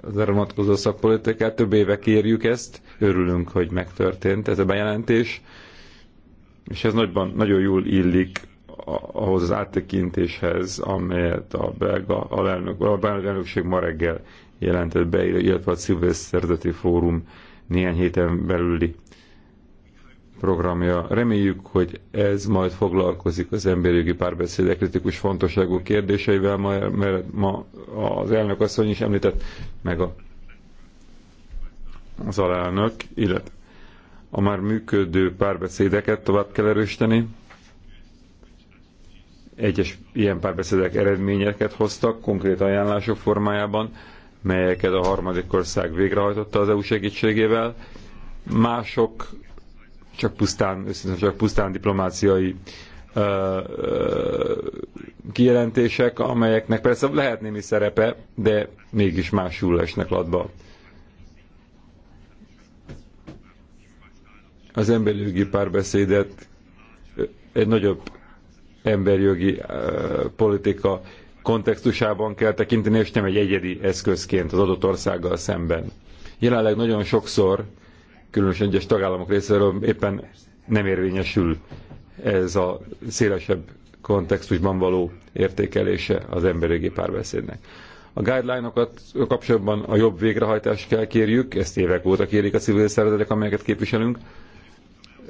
az erre vonatkozó szakpolitikát. Több éve kérjük ezt, örülünk, hogy megtörtént ez a bejelentés, és ez nagyban, nagyon jól illik ahhoz az áttekintéshez, amelyet a belga, a, elnök, a belga elnökség ma reggel jelentett be, illetve a civil szerzeti fórum néhány héten belüli programja. Reméljük, hogy ez majd foglalkozik az emberi jogi párbeszédek kritikus fontosságú kérdéseivel, mert ma az elnök asszony is említett, meg a, az alelnök, illetve a már működő párbeszédeket tovább kell erősíteni. Egyes ilyen párbeszédek eredményeket hoztak konkrét ajánlások formájában, melyeket a harmadik ország végrehajtotta az EU segítségével, mások csak pusztán, őszintén csak pusztán diplomáciai ö, ö, kijelentések, amelyeknek persze lehet némi szerepe, de mégis másul esnek latba. Az emberjogi párbeszédet egy nagyobb emberjogi ö, politika kontextusában kell tekinteni, és nem egy egyedi eszközként az adott országgal szemben. Jelenleg nagyon sokszor, különösen egyes tagállamok részéről éppen nem érvényesül ez a szélesebb kontextusban való értékelése az emberi párbeszédnek. A guideline-okat kapcsolatban a jobb végrehajtást kell kérjük, ezt évek óta kérik a civil szervezetek, amelyeket képviselünk.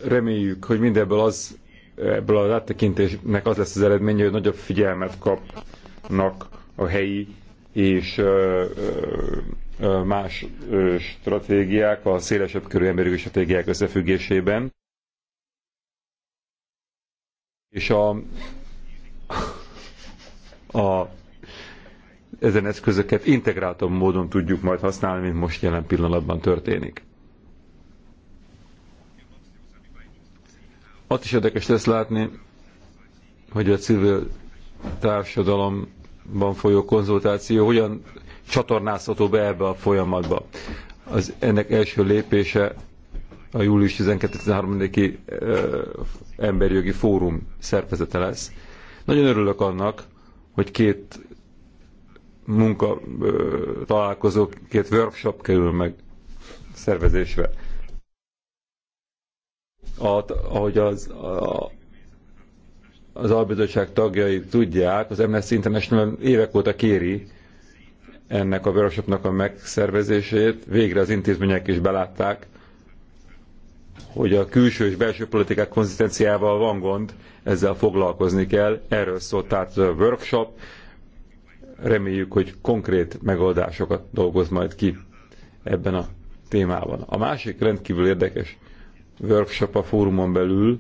Reméljük, hogy mindebből az, ebből az áttekintésnek az lesz az eredménye, hogy nagyobb figyelmet kap Iraknak a helyi és más stratégiák, a szélesebb körű emberi stratégiák összefüggésében. És a, a ezen eszközöket integráltabb módon tudjuk majd használni, mint most jelen pillanatban történik. Azt is érdekes lesz látni, hogy a civil társadalom van folyó konzultáció hogyan csatornázható be ebbe a folyamatba. Az ennek első lépése a július 12-13-i emberjogi fórum szervezete lesz. Nagyon örülök annak, hogy két munka ö, találkozó, két workshop kerül meg szervezésre. A, ahogy az, a, az albizottság tagjai tudják, az MSZ International évek óta kéri ennek a workshopnak a megszervezését. Végre az intézmények is belátták, hogy a külső és belső politikák konzisztenciával van gond, ezzel foglalkozni kell. Erről szólt tehát a workshop. Reméljük, hogy konkrét megoldásokat dolgoz majd ki ebben a témában. A másik rendkívül érdekes workshop a fórumon belül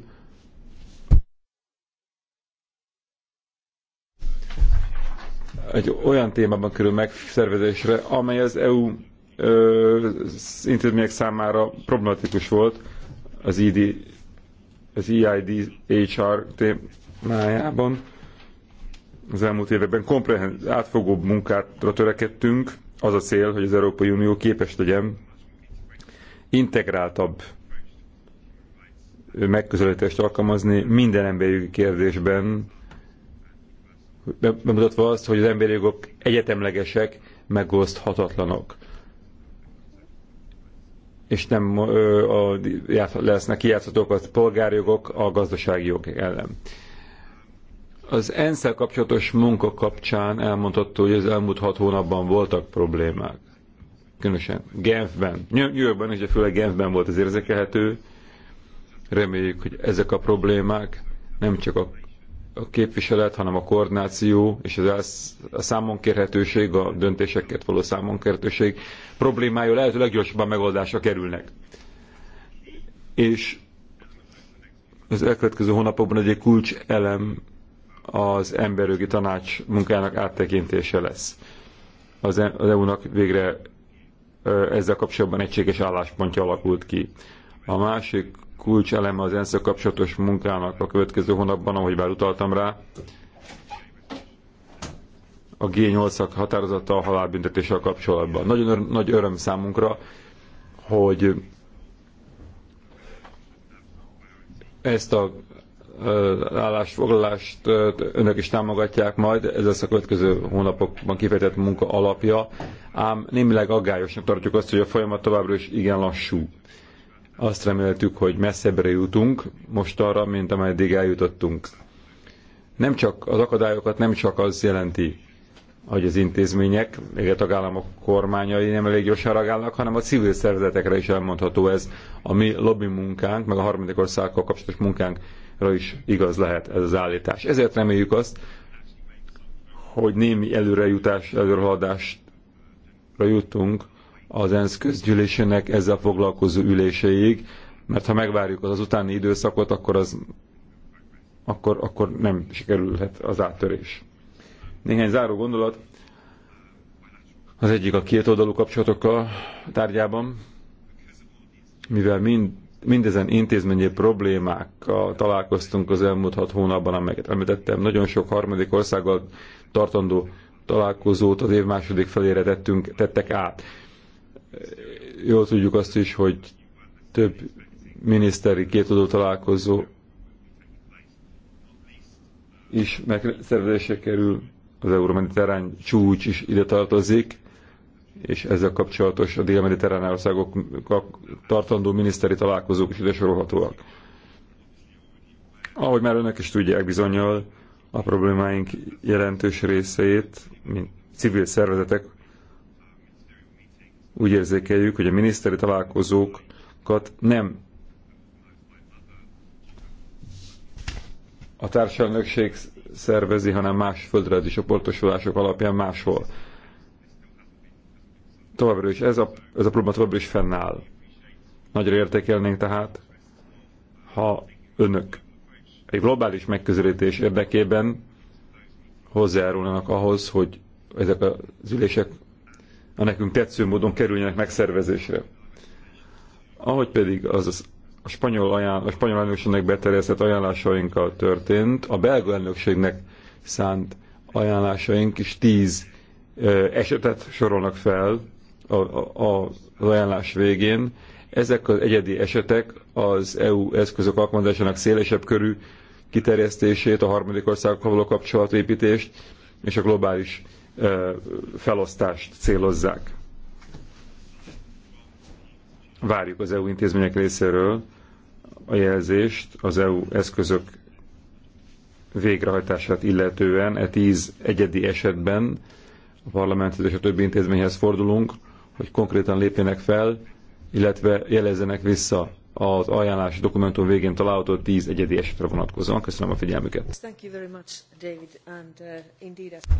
egy olyan témában kerül megszervezésre, amely az EU ö, az intézmények számára problematikus volt az ID, e az EID HR témájában. Az elmúlt években komprehenz, átfogóbb munkátra törekedtünk. Az a cél, hogy az Európai Unió képes legyen integráltabb megközelítést alkalmazni minden emberi kérdésben, bemutatva azt, hogy az emberi jogok egyetemlegesek, megoszthatatlanok. És nem ö, a, lesznek kijátszhatók a polgárjogok a gazdasági jogok ellen. Az ensz kapcsolatos munka kapcsán elmondható, hogy az elmúlt hat hónapban voltak problémák. Különösen Genfben, New is, és főleg Genfben volt az érzékelhető. Reméljük, hogy ezek a problémák nem csak a a képviselet, hanem a koordináció és az a számon kérhetőség, a döntéseket való számon kérhetőség problémája lehető leggyorsabban megoldásra kerülnek. És az elkövetkező hónapokban egy kulcs elem az emberjogi tanács munkának áttekintése lesz. Az EU-nak e végre ezzel kapcsolatban egységes álláspontja alakult ki. A másik kulcseleme az ENSZ kapcsolatos munkának a következő hónapban, ahogy már utaltam rá. A G8-ak határozata a halálbüntetéssel kapcsolatban. Nagyon ör- nagy öröm számunkra, hogy ezt a állásfoglalást önök is támogatják majd, ez lesz a következő hónapokban kifejtett munka alapja, ám némileg aggályosnak tartjuk azt, hogy a folyamat továbbra is igen lassú. Azt reméltük, hogy messzebbre jutunk most arra, mint ameddig eljutottunk. Nem csak az akadályokat nem csak az jelenti, hogy az intézmények, még a tagállamok kormányai nem elég gyorsan reagálnak, hanem a civil szervezetekre is elmondható ez. A mi lobby munkánk, meg a harmadik országokkal kapcsolatos munkánkra is igaz lehet ez az állítás. Ezért reméljük azt, hogy némi előrejutás, előrehaladást jutunk az ENSZ közgyűlésének ezzel foglalkozó üléseig, mert ha megvárjuk az, az utáni időszakot, akkor az akkor, akkor nem sikerülhet az áttörés. Néhány záró gondolat. Az egyik a két oldalú kapcsolatokkal tárgyában, mivel mind, mindezen intézményi problémákkal találkoztunk az elmúlt hat hónapban, amelyeket említettem, nagyon sok harmadik országgal tartandó találkozót az év második felére tettünk, tettek át. Jól tudjuk azt is, hogy több miniszteri kétadó találkozó is megszervezésre kerül, az euró-mediterrán csúcs is ide tartozik, és ezzel kapcsolatos a dél-mediterrán országok tartandó miniszteri találkozók is ide sorolhatóak. Ahogy már önök is tudják bizonyal, a problémáink jelentős részét, mint civil szervezetek úgy érzékeljük, hogy a miniszteri találkozókat nem a társadalmökség szervezi, hanem más földrajzi csoportosulások alapján máshol. Továbbra is ez a, ez a probléma továbbra is fennáll. Nagyra értékelnénk tehát, ha önök egy globális megközelítés érdekében hozzájárulnak ahhoz, hogy ezek az ülések a nekünk tetsző módon kerüljenek megszervezésre. Ahogy pedig az a spanyol, ajánl, a spanyol elnökségnek beterjesztett ajánlásainkkal történt, a belga elnökségnek szánt ajánlásaink is tíz esetet sorolnak fel a, a, a, az ajánlás végén. Ezek az egyedi esetek az EU eszközök alkalmazásának szélesebb körű kiterjesztését, a harmadik országokkal való kapcsolatépítést és a globális felosztást célozzák. Várjuk az EU intézmények részéről a jelzést az EU eszközök végrehajtását illetően e tíz egyedi esetben a parlamenthez és a többi intézményhez fordulunk, hogy konkrétan lépjenek fel, illetve jelezzenek vissza az ajánlás dokumentum végén található 10 egyedi esetre vonatkozóan. Köszönöm a figyelmüket. Uh,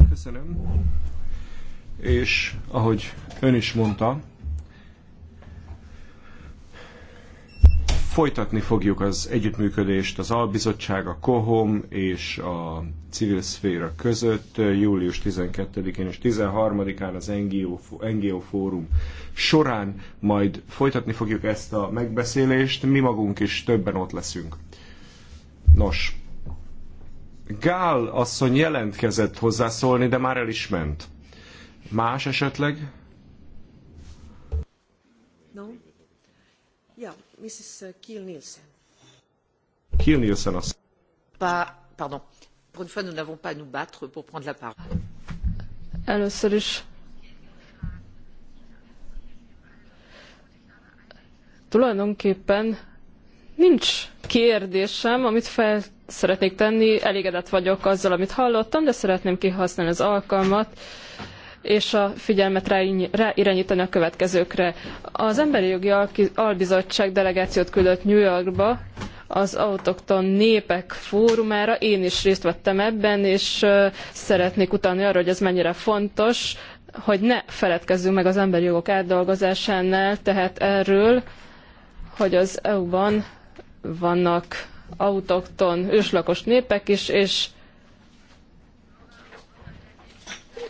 Köszönöm. És ahogy ön is mondta, Folytatni fogjuk az együttműködést az Albizottság, a KOHOM és a civil szféra között július 12-én és 13-án az NGO, NGO fórum során majd folytatni fogjuk ezt a megbeszélést, mi magunk is többen ott leszünk. Nos, Gál asszony jelentkezett hozzászólni, de már el is ment. Más esetleg? No. Mrs. Eh, Kiel Nielsen. Kiel Nielsen asszony. pardon. Pour une fois, nous n'avons pas à nous battre pour prendre la parole. Először is tulajdonképpen nincs kérdésem, amit fel szeretnék tenni. Elégedett vagyok azzal, amit hallottam, de szeretném kihasználni az alkalmat, és a figyelmet ráirányítani a következőkre. Az Emberi Jogi Albizottság delegációt küldött New Yorkba, az autokton népek fórumára. Én is részt vettem ebben, és szeretnék utalni arra, hogy ez mennyire fontos, hogy ne feledkezzünk meg az emberi jogok átdolgozásánál, tehát erről, hogy az EU-ban vannak autokton őslakos népek is, és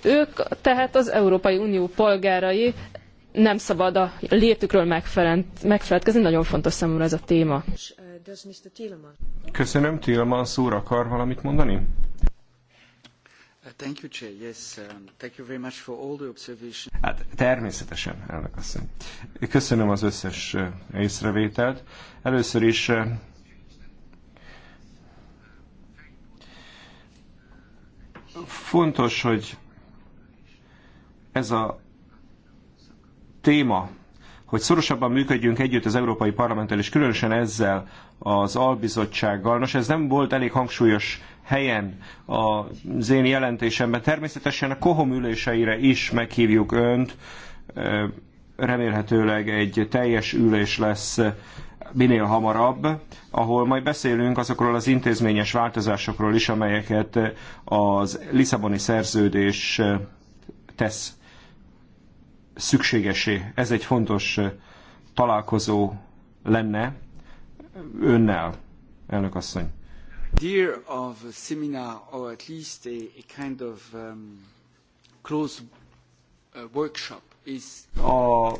ők tehát az Európai Unió polgárai, nem szabad a létükről megfeledkezni, nagyon fontos számomra ez a téma. Köszönöm, Tillemans úr akar valamit mondani? Thank you, Chair. Yes, um, thank you very much for all the observation. Hát természetesen, elnök asszony. Köszönöm az összes észrevételt. Először is fontos, hogy ez a téma, hogy szorosabban működjünk együtt az Európai Parlamenttel, és különösen ezzel az albizottsággal. Nos, ez nem volt elég hangsúlyos helyen az én jelentésemben. Természetesen a kohom üléseire is meghívjuk önt. Remélhetőleg egy teljes ülés lesz minél hamarabb, ahol majd beszélünk azokról az intézményes változásokról is, amelyeket az Lisszaboni szerződés tesz szükségesé. Ez egy fontos találkozó lenne önnel, elnök asszony. Dear of a seminar, or at least a, a kind of um, close uh, workshop is... A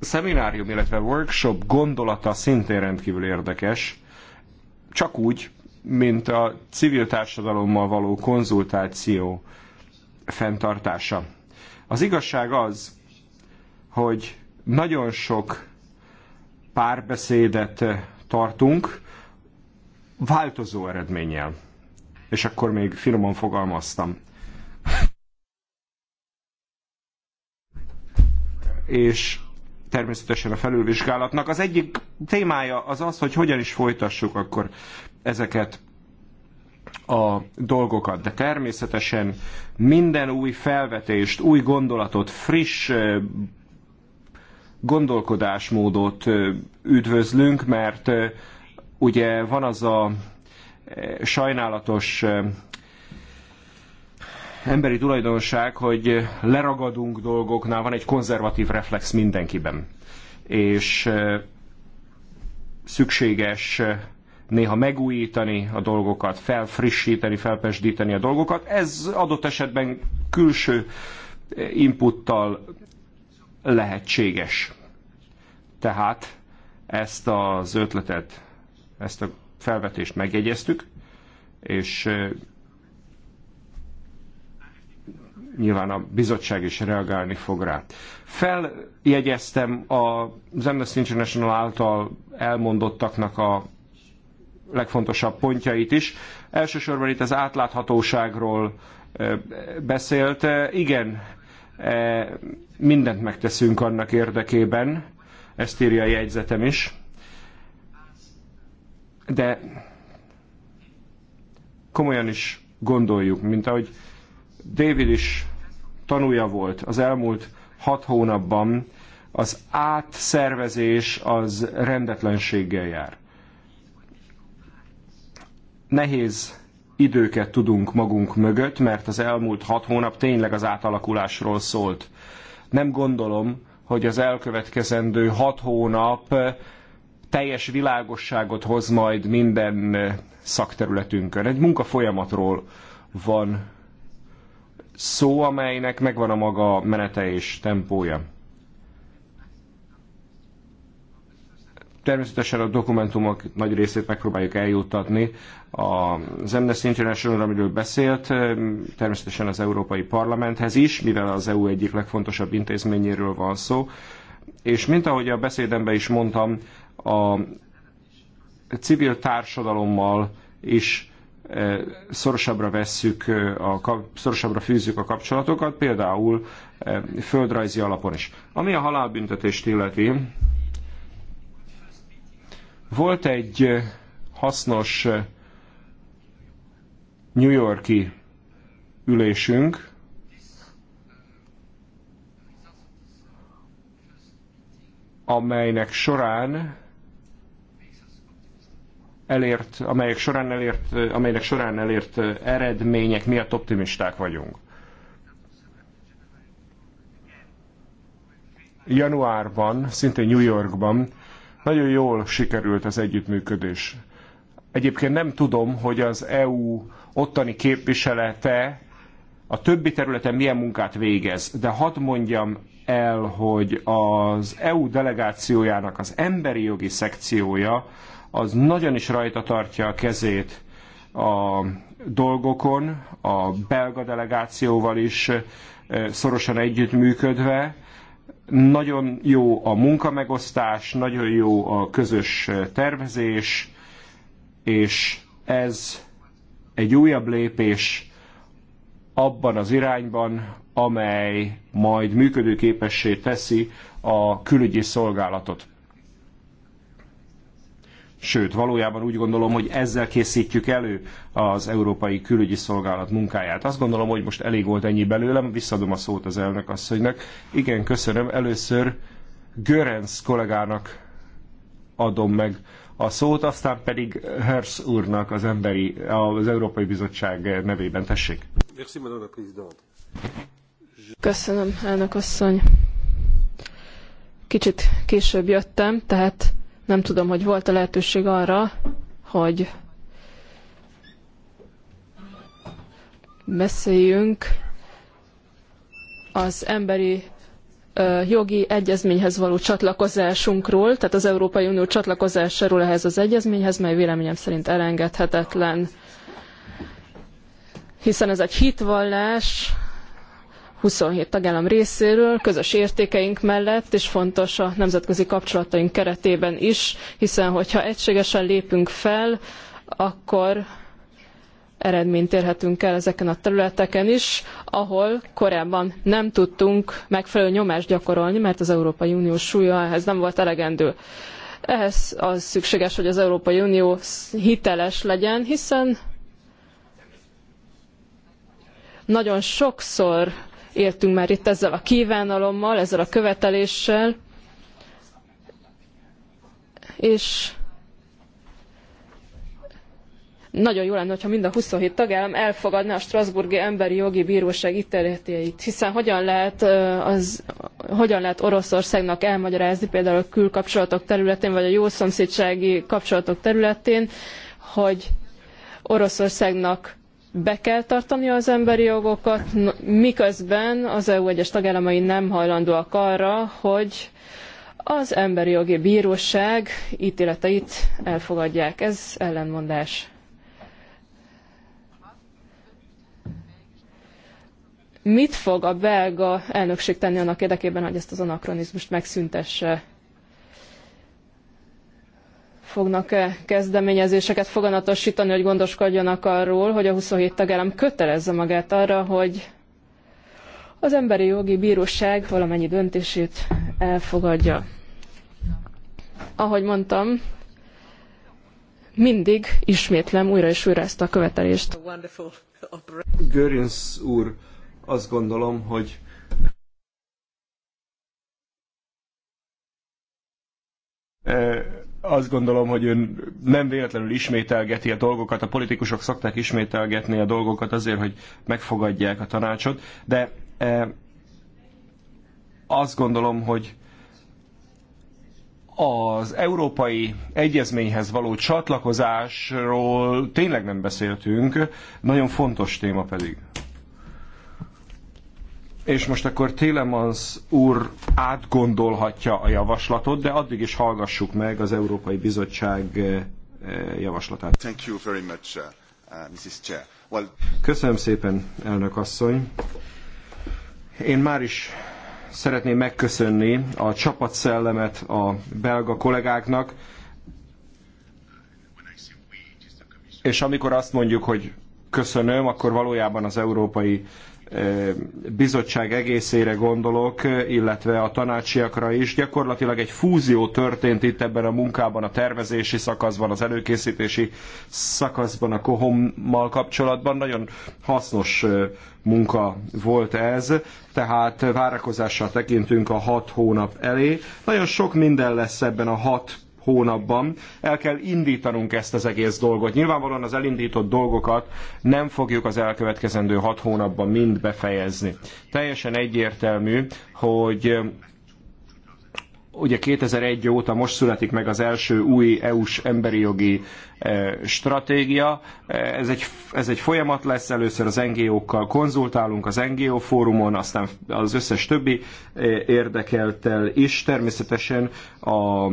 szeminárium, illetve workshop gondolata szintén rendkívül érdekes, csak úgy, mint a civil társadalommal való konzultáció fenntartása. Az igazság az, hogy nagyon sok párbeszédet eh, tartunk változó eredménnyel. És akkor még finoman fogalmaztam. és természetesen a felülvizsgálatnak. Az egyik témája az az, hogy hogyan is folytassuk akkor ezeket a dolgokat. De természetesen minden új felvetést, új gondolatot, friss eh, gondolkodásmódot üdvözlünk, mert ugye van az a sajnálatos emberi tulajdonság, hogy leragadunk dolgoknál, van egy konzervatív reflex mindenkiben. És szükséges néha megújítani a dolgokat, felfrissíteni, felpesdíteni a dolgokat. Ez adott esetben külső inputtal lehetséges. Tehát ezt az ötletet, ezt a felvetést megjegyeztük, és nyilván a bizottság is reagálni fog rá. Feljegyeztem a Amnesty International által elmondottaknak a legfontosabb pontjait is. Elsősorban itt az átláthatóságról beszélt. Igen, E, mindent megteszünk annak érdekében, ezt írja a jegyzetem is, de komolyan is gondoljuk, mint ahogy David is tanúja volt az elmúlt hat hónapban, az átszervezés az rendetlenséggel jár. Nehéz időket tudunk magunk mögött, mert az elmúlt hat hónap tényleg az átalakulásról szólt. Nem gondolom, hogy az elkövetkezendő hat hónap eh, teljes világosságot hoz majd minden eh, szakterületünkön. Egy munkafolyamatról van szó, amelynek megvan a maga menete és tempója. Természetesen a dokumentumok nagy részét megpróbáljuk eljuttatni az Amnesty International, amiről beszélt, természetesen az Európai Parlamenthez is, mivel az EU egyik legfontosabb intézményéről van szó. És mint ahogy a beszédemben is mondtam, a civil társadalommal is e, szorosabbra vesszük, e, a, szorosabbra fűzzük a kapcsolatokat, például e, földrajzi alapon is. Ami a halálbüntetést illeti, volt egy hasznos New Yorki ülésünk, amelynek során elért, amelyek során elért, amelynek során elért eredmények miatt optimisták vagyunk. Januárban, szintén New Yorkban nagyon jól sikerült az együttműködés. Egyébként nem tudom, hogy az EU ottani képviselete a többi területen milyen munkát végez, de hadd mondjam el, hogy az EU delegációjának az emberi jogi szekciója az nagyon is rajta tartja a kezét a dolgokon, a belga delegációval is eh, szorosan együttműködve, nagyon jó a munkamegosztás, nagyon jó a közös tervezés, és ez egy újabb lépés abban az irányban, amely majd működőképessé teszi a külügyi szolgálatot. Sőt, valójában úgy gondolom, hogy ezzel készítjük elő az Európai Külügyi Szolgálat munkáját. Azt gondolom, hogy most elég volt ennyi belőlem, visszadom a szót az elnök asszonynak. Igen, köszönöm. Először Görenc kollégának adom meg a szót, aztán pedig Hers úrnak az, emberi, az Európai Bizottság nevében. Tessék! Köszönöm, elnök asszony. Kicsit később jöttem, tehát nem tudom, hogy volt a lehetőség arra, hogy beszéljünk az emberi jogi egyezményhez való csatlakozásunkról, tehát az Európai Unió csatlakozásáról ehhez az egyezményhez, mely véleményem szerint elengedhetetlen, hiszen ez egy hitvallás, 27 tagállam részéről, közös értékeink mellett, és fontos a nemzetközi kapcsolataink keretében is, hiszen hogyha egységesen lépünk fel, akkor eredményt érhetünk el ezeken a területeken is, ahol korábban nem tudtunk megfelelő nyomást gyakorolni, mert az Európai Unió súlya ehhez nem volt elegendő. Ehhez az szükséges, hogy az Európai Unió hiteles legyen, hiszen nagyon sokszor értünk már itt ezzel a kívánalommal, ezzel a követeléssel, és nagyon jó lenne, ha mind a 27 tagállam elfogadná a Strasburgi Emberi Jogi Bíróság ítéleteit, hiszen hogyan lehet, az, hogyan lehet Oroszországnak elmagyarázni például a külkapcsolatok területén, vagy a jószomszédsági kapcsolatok területén, hogy Oroszországnak be kell tartani az emberi jogokat, miközben az EU egyes tagállamai nem hajlandóak arra, hogy az emberi jogi bíróság ítéleteit elfogadják. Ez ellenmondás. Mit fog a belga elnökség tenni annak érdekében, hogy ezt az anakronizmust megszüntesse? fognak-e kezdeményezéseket foganatosítani, hogy gondoskodjanak arról, hogy a 27 tagállam kötelezze magát arra, hogy az Emberi Jogi Bíróság valamennyi döntését elfogadja. Ahogy mondtam, mindig ismétlem újra és újra ezt a követelést. Görins úr, azt gondolom, hogy azt gondolom, hogy ön nem véletlenül ismételgeti a dolgokat, a politikusok szokták ismételgetni a dolgokat azért, hogy megfogadják a tanácsot, de e, azt gondolom, hogy az európai egyezményhez való csatlakozásról tényleg nem beszéltünk, nagyon fontos téma pedig és most akkor Télemans úr átgondolhatja a javaslatot, de addig is hallgassuk meg az Európai Bizottság eh, eh, javaslatát. Thank you very much, uh, uh Mrs. Chair. Well... Köszönöm szépen, elnök asszony. Én már is szeretném megköszönni a csapatszellemet a belga kollégáknak, és amikor azt mondjuk, hogy köszönöm, akkor valójában az Európai bizottság egészére gondolok, illetve a tanácsiakra is. Gyakorlatilag egy fúzió történt itt ebben a munkában, a tervezési szakaszban, az előkészítési szakaszban, a kohommal kapcsolatban. Nagyon hasznos munka volt ez, tehát várakozással tekintünk a hat hónap elé. Nagyon sok minden lesz ebben a hat hónapban. El kell indítanunk ezt az egész dolgot. Nyilvánvalóan az elindított dolgokat nem fogjuk az elkövetkezendő hat hónapban mind befejezni. Teljesen egyértelmű, hogy ugye 2001 óta most születik meg az első új EU-s emberi jogi e, stratégia. E, ez egy, ez egy folyamat lesz, először az NGO-kkal konzultálunk az NGO fórumon, aztán az összes többi e, érdekeltel is. Természetesen a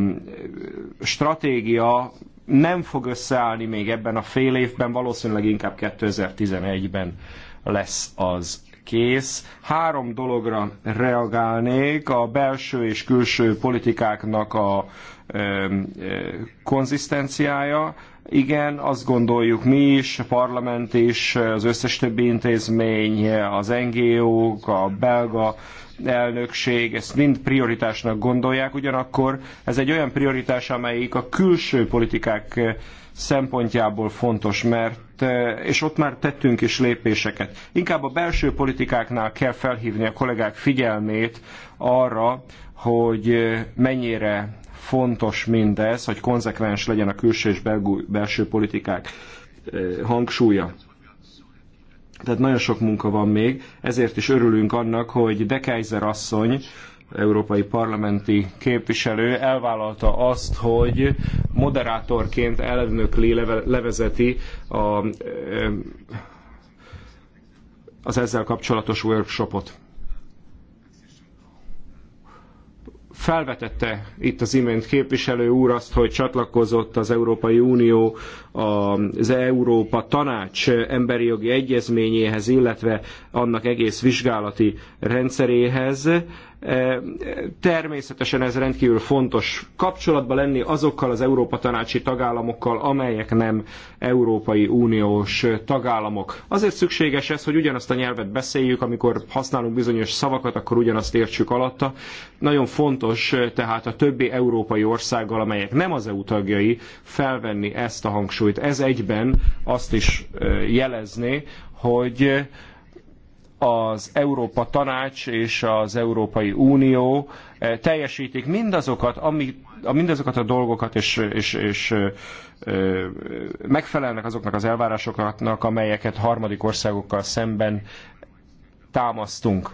stratégia nem fog összeállni még ebben a fél évben, valószínűleg inkább 2011-ben lesz az kész. Három dologra reagálnék, a belső és külső politikáknak a e, konzisztenciája. Igen, azt gondoljuk mi is, a parlament is, az összes többi intézmény, az NGO-k, a belga elnökség, ezt mind prioritásnak gondolják, ugyanakkor ez egy olyan prioritás, amelyik a külső politikák szempontjából fontos, mert Eh, és ott már tettünk is lépéseket. Inkább a belső politikáknál kell felhívni a kollégák figyelmét arra, hogy eh, mennyire fontos mindez, hogy konzekvens legyen a külső és belső politikák eh, hangsúlya. Tehát nagyon sok munka van még, ezért is örülünk annak, hogy De Kaiser asszony európai parlamenti képviselő elvállalta azt, hogy moderátorként elnökli, levezeti a, az ezzel kapcsolatos workshopot. felvetette itt az imént képviselő úr azt, hogy csatlakozott az Európai Unió az Európa Tanács emberi jogi egyezményéhez, illetve annak egész vizsgálati rendszeréhez. Természetesen ez rendkívül fontos kapcsolatba lenni azokkal az Európa Tanácsi tagállamokkal, amelyek nem Európai Uniós tagállamok. Azért szükséges ez, hogy ugyanazt a nyelvet beszéljük, amikor használunk bizonyos szavakat, akkor ugyanazt értsük alatta. Nagyon fontos tehát a többi európai országgal, amelyek nem az EU tagjai, felvenni ezt a hangsúlyt. Ez egyben azt is jelezné, hogy az Európa Tanács és az Európai Unió eh, teljesítik mindazokat, ami, mindazokat a dolgokat, és, és, és eh, eh, megfelelnek azoknak az elvárásoknak, amelyeket harmadik országokkal szemben támasztunk.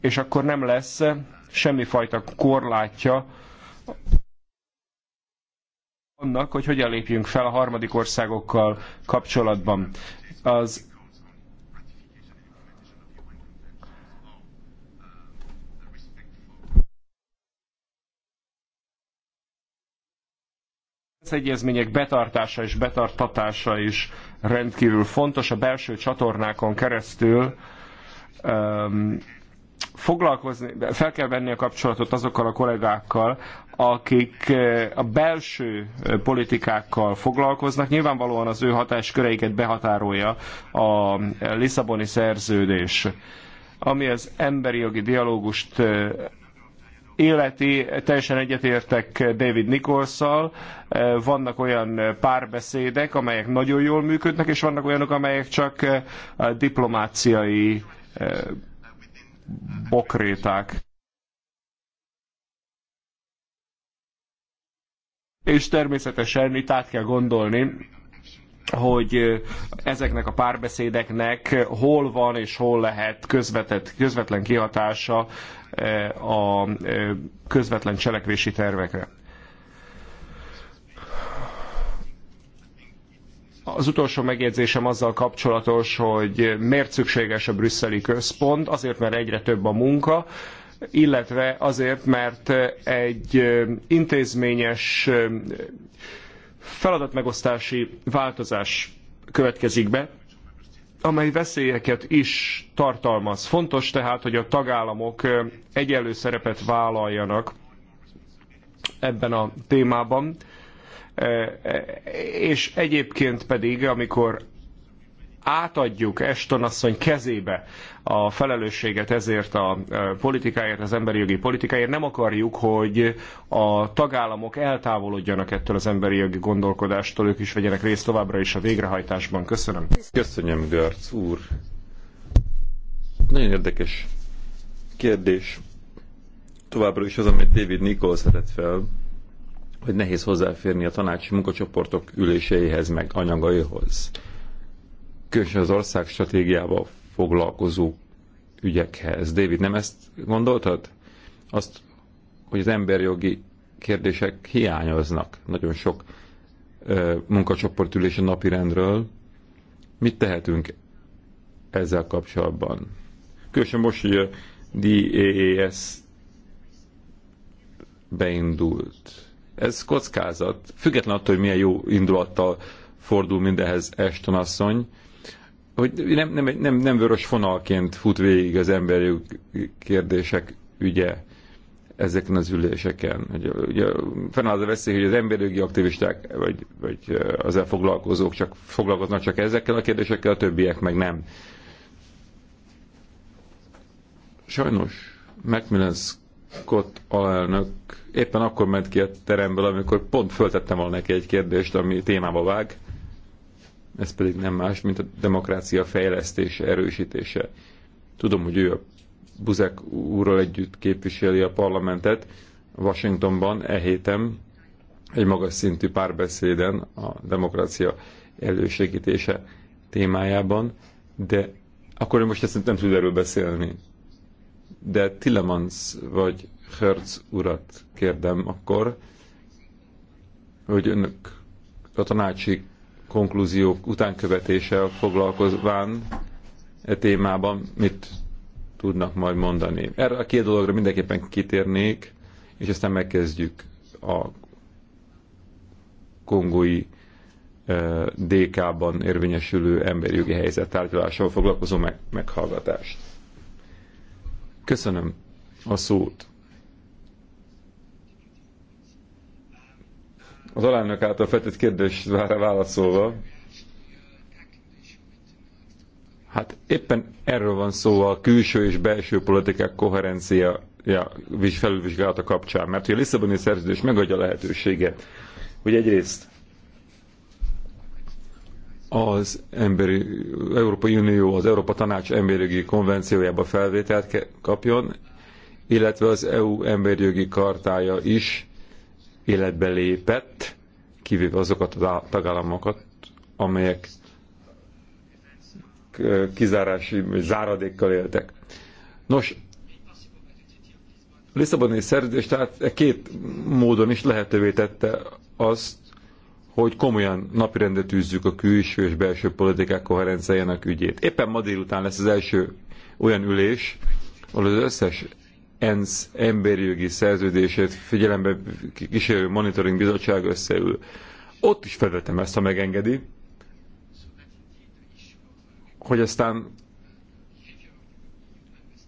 És akkor nem lesz semmifajta korlátja annak, hogy hogyan lépjünk fel a harmadik országokkal kapcsolatban. Az az egyezmények betartása és betartatása is rendkívül fontos. A belső csatornákon keresztül um, foglalkozni, fel kell venni a kapcsolatot azokkal a kollégákkal, akik uh, a belső uh, politikákkal foglalkoznak. Nyilvánvalóan az ő hatásköreiket behatárolja a Lisszaboni szerződés, ami az emberi jogi dialógust uh, életi teljesen egyetértek David Nicholszal, e, vannak olyan párbeszédek, amelyek nagyon jól működnek, és vannak olyanok, amelyek csak e, diplomáciai e, bokréták. És természetesen itt át kell gondolni, hogy ezeknek a párbeszédeknek hol van és hol lehet közvetett, közvetlen kihatása Eh, a eh, közvetlen cselekvési tervekre. Az utolsó megjegyzésem azzal kapcsolatos, hogy miért szükséges a brüsszeli központ, azért, mert egyre több a munka, illetve azért, mert egy eh, intézményes feladatmegosztási változás következik be, amely veszélyeket is tartalmaz. Fontos tehát, hogy a tagállamok egyenlő szerepet vállaljanak ebben a témában, és egyébként pedig, amikor átadjuk Eston asszony kezébe a felelősséget ezért a e, politikáért, az emberi jogi politikáért. Nem akarjuk, hogy a tagállamok eltávolodjanak ettől az emberi jogi gondolkodástól, ők is vegyenek részt továbbra is a végrehajtásban. Köszönöm. Köszönöm, Görc úr. Nagyon érdekes kérdés. Továbbra is az, amit David Nichols szedett fel, hogy nehéz hozzáférni a tanácsi munkacsoportok üléseihez, meg anyagaihoz. Különösen az ország stratégiával foglalkozó ügyekhez. David, nem ezt gondoltad? Azt, hogy az emberjogi kérdések hiányoznak nagyon sok munkacsoportülés a napi rendről. Mit tehetünk ezzel kapcsolatban? Különösen most, hogy a DAS beindult. Ez kockázat, független attól, hogy milyen jó indulattal fordul mindenhez Eston asszony, hogy nem, nem, nem, nem vörös fonalként fut végig az emberi kérdések ügye ezeken az üléseken. Ugye, ugye fennáll az a veszély, hogy az emberi aktivisták vagy, vagy az foglalkozók csak foglalkoznak csak ezekkel a kérdésekkel, a többiek meg nem. Sajnos Macmillan Scott alelnök éppen akkor ment ki a teremből, amikor pont föltettem volna neki egy kérdést, ami témába vág, ez pedig nem más, mint a demokrácia fejlesztése, erősítése. Tudom, hogy ő a Buzek úrral együtt képviseli a parlamentet Washingtonban e héten egy magas szintű párbeszéden a demokrácia elősegítése témájában, de akkor most ezt nem tud erről beszélni. De Tillemans vagy Hertz urat kérdem akkor, hogy önök a tanácsi konklúziók utánkövetéssel foglalkozván e témában mit tudnak majd mondani. Erre a két dologra mindenképpen kitérnék, és aztán megkezdjük a kongói e, DK-ban érvényesülő emberi jogi helyzet tárgyalással foglalkozó meg, meghallgatást. Köszönöm a szót. Az alelnök által feltett kérdésre válaszolva, hát éppen erről van szó a külső és belső politikák koherencia ja, felülvizsgálata kapcsán, mert a Lisszaboni szerződés megadja lehetőséget, hogy egyrészt az emberi, Európai Unió, az Európa Tanács emberi jogi konvenciójába felvételt kapjon, illetve az EU emberi jogi kartája is életbe lépett, kivéve azokat a tagállamokat, amelyek kizárási vagy záradékkal éltek. Nos, a Lisszaboni szerződés tehát e két módon is lehetővé tette azt, hogy komolyan napirendre tűzzük a külső és belső politikák koherenciájának ügyét. Éppen ma délután lesz az első olyan ülés, ahol az összes ENSZ emberjogi szerződését figyelembe kísérő monitoring bizottság összeül. Ott is felvetem ezt, ha megengedi, hogy aztán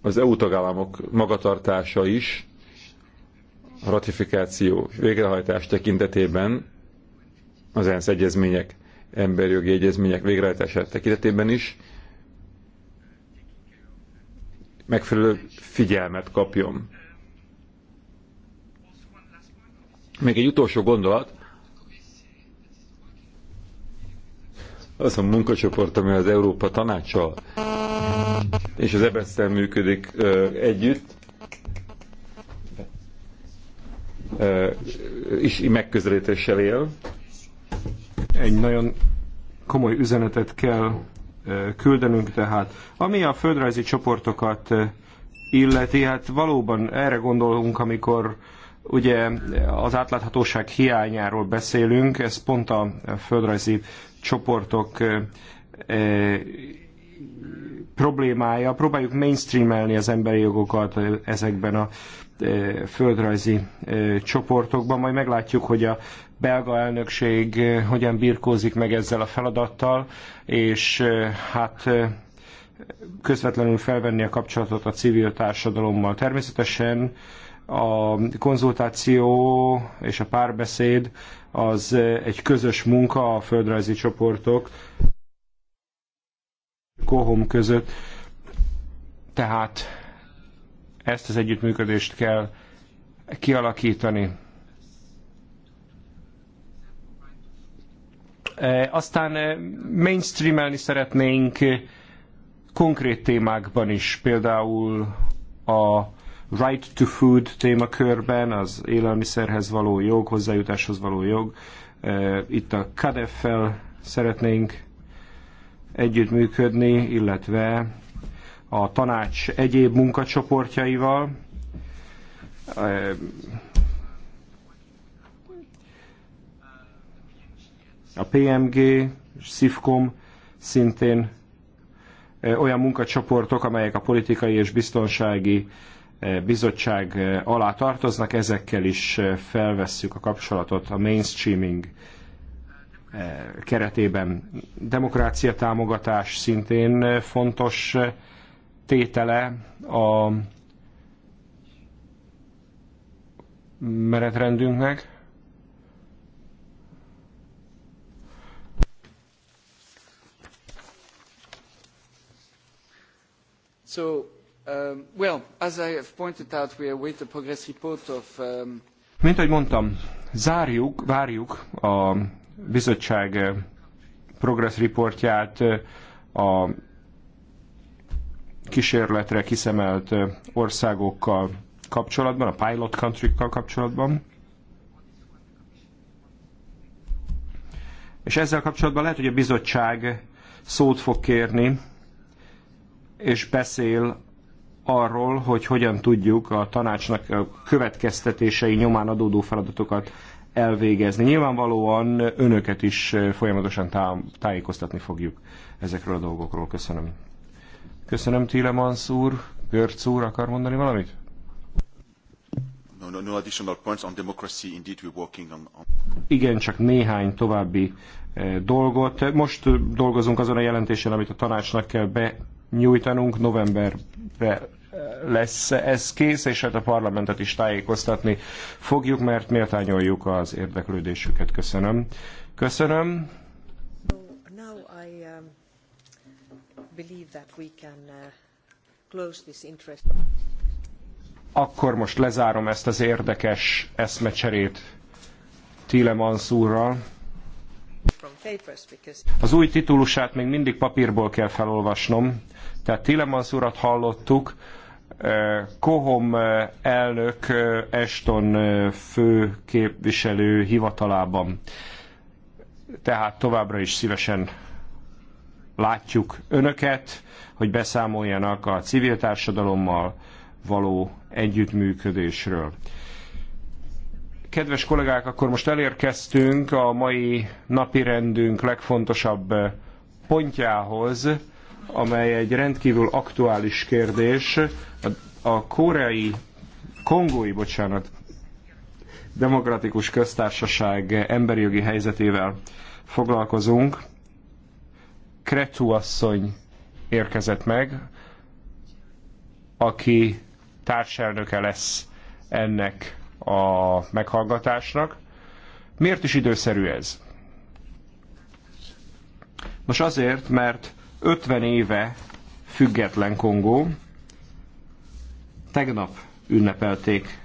az EU tagállamok magatartása is a ratifikáció végrehajtás tekintetében az ENSZ egyezmények, emberjogi egyezmények végrehajtását tekintetében is megfelelő figyelmet kapjon. Még egy utolsó gondolat. Az a munkacsoport, ami az Európa tanácsa, és az ebben működik együtt, is megközelítéssel él. Egy nagyon komoly üzenetet kell küldenünk tehát. Ami a földrajzi csoportokat illeti, hát valóban erre gondolunk, amikor ugye az átláthatóság hiányáról beszélünk, ez pont a földrajzi csoportok problémája. Próbáljuk mainstreamelni az emberi jogokat ezekben a földrajzi csoportokban, majd meglátjuk, hogy a belga elnökség eh, hogyan birkózik meg ezzel a feladattal, és eh, hát eh, közvetlenül felvenni a kapcsolatot a civil társadalommal. Természetesen a konzultáció és a párbeszéd az egy közös munka a földrajzi csoportok kohom között. Tehát ezt az együttműködést kell kialakítani. Eh, aztán eh, mainstreamelni szeretnénk eh, konkrét témákban is, például a right to food témakörben, az élelmiszerhez való jog, hozzájutáshoz való jog. Itt a KDF-fel szeretnénk együttműködni, illetve a tanács egyéb munkacsoportjaival a PMG, SIFCOM szintén olyan munkacsoportok, amelyek a politikai és biztonsági bizottság alá tartoznak, ezekkel is felvesszük a kapcsolatot a mainstreaming keretében. Demokrácia támogatás szintén fontos tétele a meretrendünknek. Um, Mint ahogy mondtam, zárjuk, várjuk a bizottság uh, progress reportját uh, a kísérletre kiszemelt uh, országokkal kapcsolatban, a pilot country kapcsolatban. És ezzel kapcsolatban lehet, hogy a bizottság szót fog kérni és beszél arról, hogy hogyan tudjuk a tanácsnak a következtetései nyomán adódó feladatokat elvégezni. Nyilvánvalóan önöket is folyamatosan tá- tájékoztatni fogjuk ezekről a dolgokról. Köszönöm. Köszönöm, Tilemans úr. Görc úr akar mondani valamit? Igen, csak néhány további dolgot. Most dolgozunk azon a jelentésen, amit a tanácsnak kell be nyújtanunk, novemberre lesz ez kész, és hát a parlamentet is tájékoztatni fogjuk, mert méltányoljuk az érdeklődésüket. Köszönöm. Köszönöm. Um, uh, Akkor most lezárom ezt az érdekes eszmecserét Tilemans úrral. Az új titulusát még mindig papírból kell felolvasnom, tehát Tilemans urat hallottuk, eh, Kohom eh, elnök eh, Eston főképviselő hivatalában. Tehát továbbra is szívesen látjuk önöket, hogy beszámoljanak a civil társadalommal való együttműködésről. Kedves kollégák, akkor most elérkeztünk a mai napi rendünk legfontosabb pontjához amely egy rendkívül aktuális kérdés. A, koreai, kongói, bocsánat, demokratikus köztársaság emberi jogi helyzetével foglalkozunk. Kretu asszony érkezett meg, aki társelnöke lesz ennek a meghallgatásnak. Miért is időszerű ez? Most azért, mert 50 éve független Kongó. Tegnap ünnepelték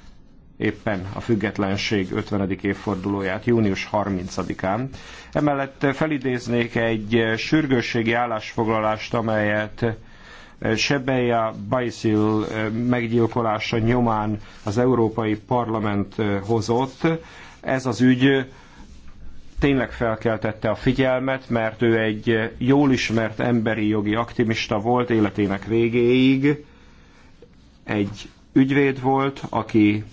éppen a függetlenség 50. évfordulóját, június 30-án. Emellett felidéznék egy sürgősségi állásfoglalást, amelyet eh, Sebeja Bajszil eh, meggyilkolása nyomán az Európai Parlament eh, hozott. Ez az ügy tényleg felkeltette a figyelmet, mert ő egy jól ismert emberi jogi aktivista volt életének végéig. Egy ügyvéd volt, aki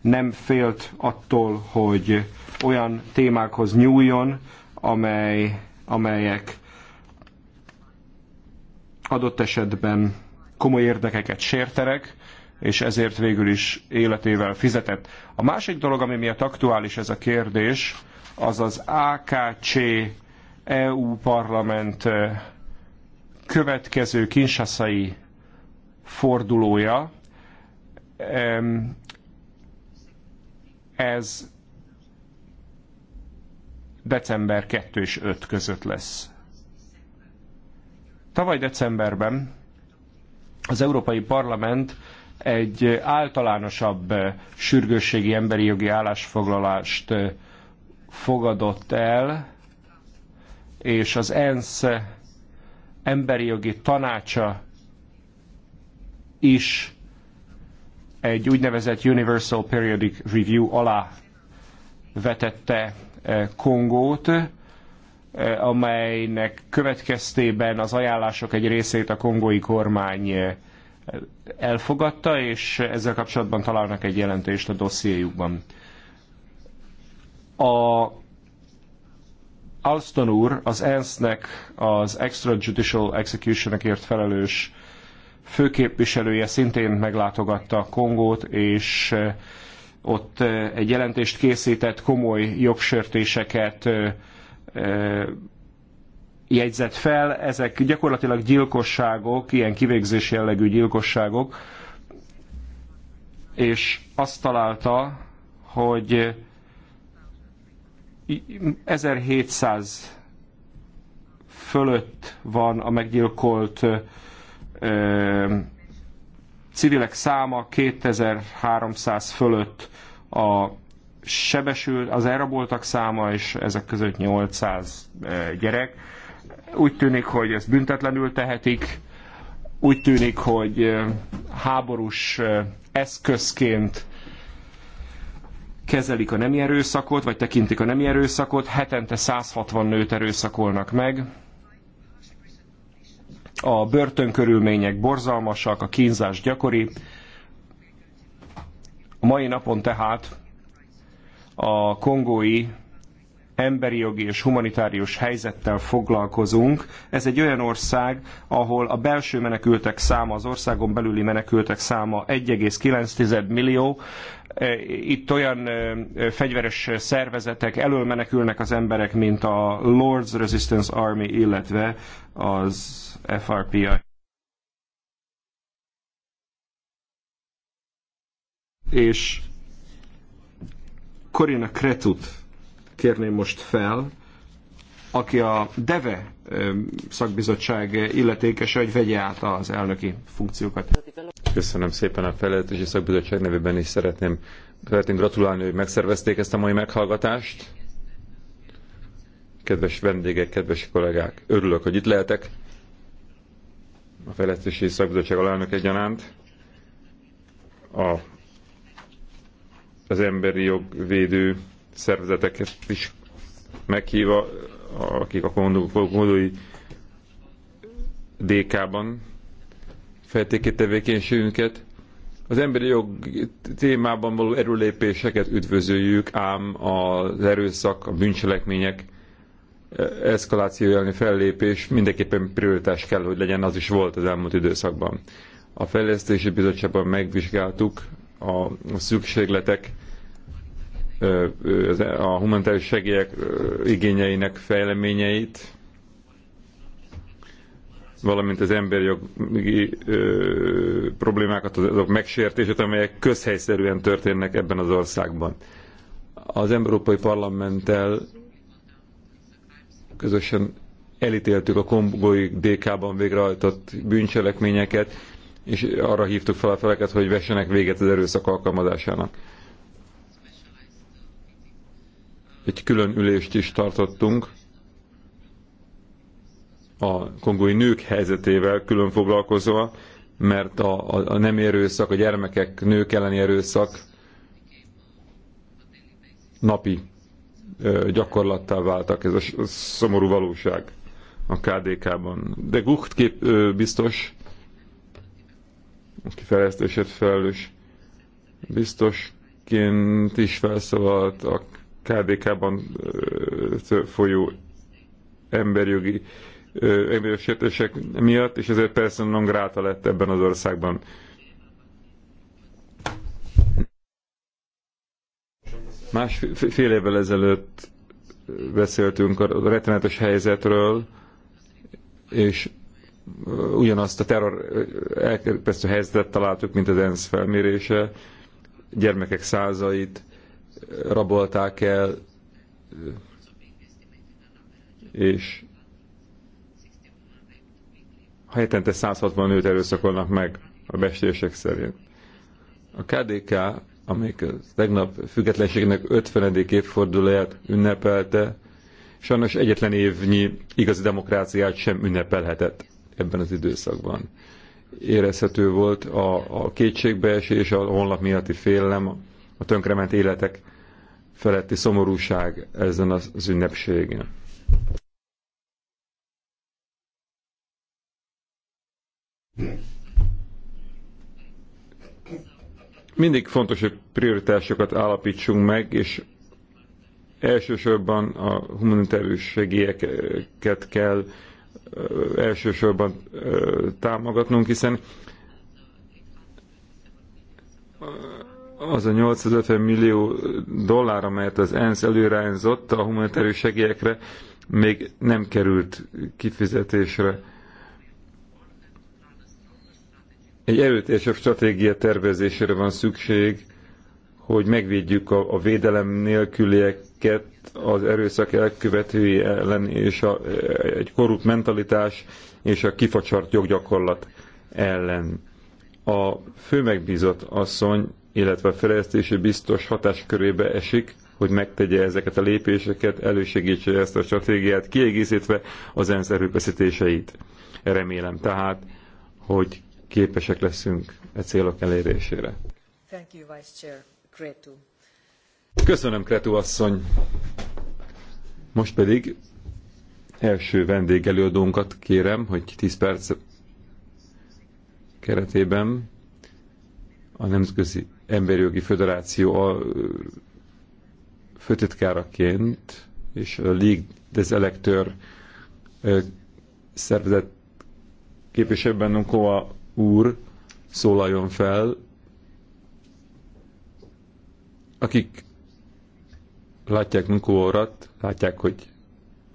nem félt attól, hogy olyan témákhoz nyúljon, amely, amelyek adott esetben komoly érdekeket sérterek, és ezért végül is életével fizetett. A másik dolog, ami miatt aktuális ez a kérdés, azaz AKC EU parlament következő kinsaszai fordulója. Ez december 2 és 5 között lesz. Tavaly decemberben az Európai Parlament egy általánosabb sürgősségi emberi jogi állásfoglalást fogadott el, és az ENSZ emberi jogi tanácsa is egy úgynevezett Universal Periodic Review alá vetette eh, Kongót, eh, amelynek következtében az ajánlások egy részét a kongói kormány eh, elfogadta, és ezzel kapcsolatban találnak egy jelentést a dossziéjukban. A Alston úr az ENSZ-nek az extrajudicial executionekért felelős főképviselője szintén meglátogatta Kongót, és eh, ott eh, egy jelentést készített, komoly jogsértéseket eh, jegyzett fel. Ezek gyakorlatilag gyilkosságok, ilyen kivégzés jellegű gyilkosságok, és azt találta, hogy 1700 fölött van a meggyilkolt ö, civilek száma, 2300 fölött a sebesült, az elraboltak száma, és ezek között 800 gyerek. Úgy tűnik, hogy ezt büntetlenül tehetik, úgy tűnik, hogy háborús eszközként kezelik a nemi erőszakot, vagy tekintik a nemi erőszakot, hetente 160 nőt erőszakolnak meg, a börtönkörülmények borzalmasak, a kínzás gyakori. A mai napon tehát a kongói emberi jogi és humanitárius helyzettel foglalkozunk. Ez egy olyan ország, ahol a belső menekültek száma, az országon belüli menekültek száma 1,9 millió. E, itt olyan e, fegyveres szervezetek elől menekülnek az emberek, mint a Lord's Resistance Army, illetve az FRPI. És Corina Kretut kérném most fel, aki a DEVE szakbizottság illetékese, hogy vegye át az elnöki funkciókat. Köszönöm szépen a felelőtési szakbizottság nevében is szeretném, szeretném gratulálni, hogy megszervezték ezt a mai meghallgatást. Kedves vendégek, kedves kollégák, örülök, hogy itt lehetek. A fejlesztési szakbizottság alelnök egyaránt. A, az emberi jogvédő szervezeteket is meghívva, akik a kondói DK-ban fejték tevékenységünket. Az emberi jog témában való erőlépéseket üdvözöljük, ám az erőszak, a bűncselekmények e, eszkaláció fellépés mindenképpen prioritás kell, hogy legyen, az is volt az elmúlt időszakban. A Fejlesztési Bizottságban megvizsgáltuk a szükségletek a humanitárius segélyek igényeinek fejleményeit, valamint az emberi problémákat, azok megsértését, amelyek közhelyszerűen történnek ebben az országban. Az Európai Parlamenttel közösen elítéltük a kongói DK-ban végrehajtott bűncselekményeket, és arra hívtuk fel a feleket, hogy vessenek véget az erőszak alkalmazásának egy külön ülést is tartottunk a kongói nők helyzetével külön foglalkozva, mert a, a, a nem erőszak, a gyermekek, nők elleni erőszak napi ö, gyakorlattá váltak, ez a, a szomorú valóság a KDK-ban. De Gucht kép ö, biztos, aki fejlesztésért felelős, biztosként is felszólalt a KDK-ban folyó emberjogi emberjogi sértések miatt, és ezért persze non gráta lett ebben az országban. Másfél évvel ezelőtt beszéltünk a rettenetes helyzetről, és ugyanazt a terror elképesztő helyzetet találtuk, mint az ENSZ felmérése, gyermekek százait, rabolták el, és hetente 160 nőt erőszakolnak meg a bestések szerint. A KDK, amelyik tegnap függetlenségnek 50. évfordulóját ünnepelte, sajnos egyetlen évnyi igazi demokráciát sem ünnepelhetett ebben az időszakban. Érezhető volt a, a kétségbeesés, a honlap miatti félelem, a tönkrement életek feletti szomorúság ezen az ünnepségen. Mindig fontos, hogy prioritásokat állapítsunk meg, és elsősorban a humanitárius segélyeket kell elsősorban támogatnunk, hiszen az a 850 millió dollár, amelyet az ENSZ előrányzott a humanitárius segélyekre, még nem került kifizetésre. Egy erőtésebb stratégia tervezésére van szükség, hogy megvédjük a, a védelem nélkülieket az erőszak elkövetői ellen, és a, egy korrupt mentalitás és a kifacsart joggyakorlat ellen. A főmegbízott asszony illetve a fejlesztési biztos hatáskörébe esik, hogy megtegye ezeket a lépéseket, elősegítse ezt a stratégiát, kiegészítve az ENSZ erőfeszítéseit. Remélem tehát, hogy képesek leszünk e célok elérésére. Thank you, Vice Chair. Kretu. Köszönöm, Kretu asszony! Most pedig első vendégelőadónkat kérem, hogy 10 perc keretében a Nemzetközi emberi jogi Föderáció a főtitkáraként és a League des Electör szervezet képviselőben Nunkova úr szólaljon fel, akik látják Nunkova urat, látják, hogy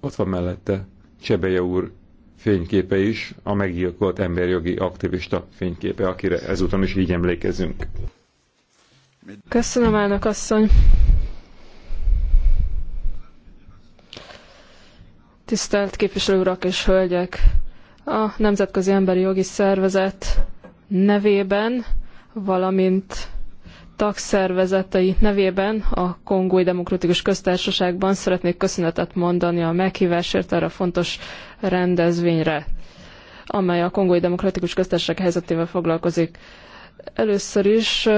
ott van mellette Csebeje úr fényképe is, a meggyilkolt emberjogi aktivista fényképe, akire ezúton is így emlékezünk. Köszönöm, elnök asszony. Tisztelt képviselő urak és hölgyek! A Nemzetközi Emberi Jogi Szervezet nevében, valamint tagszervezetei nevében a Kongói Demokratikus Köztársaságban szeretnék köszönetet mondani a meghívásért erre a fontos rendezvényre, amely a Kongói Demokratikus Köztársaság helyzetével foglalkozik. Először is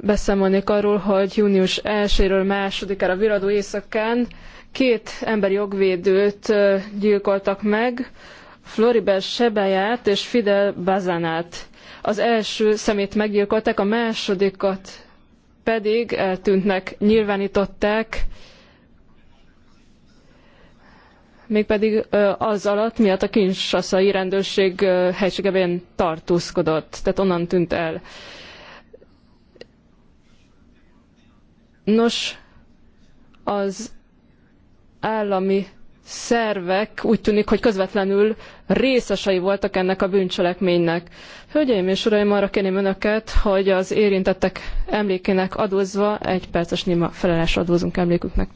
beszámolnék arról, hogy június 1-ről 2-ára viradó éjszakán két emberi jogvédőt gyilkoltak meg, Floribert Sebeját és Fidel Bazanát. Az első szemét meggyilkolták, a másodikat pedig eltűntnek, nyilvánították, mégpedig az alatt, miatt a kinshaszai rendőrség helységeben tartózkodott, tehát onnan tűnt el. Nos, az állami szervek úgy tűnik, hogy közvetlenül részesei voltak ennek a bűncselekménynek. Hölgyeim és uraim, arra kérném önöket, hogy az érintettek emlékének adózva egy perces néma felelés adózunk emléküknek.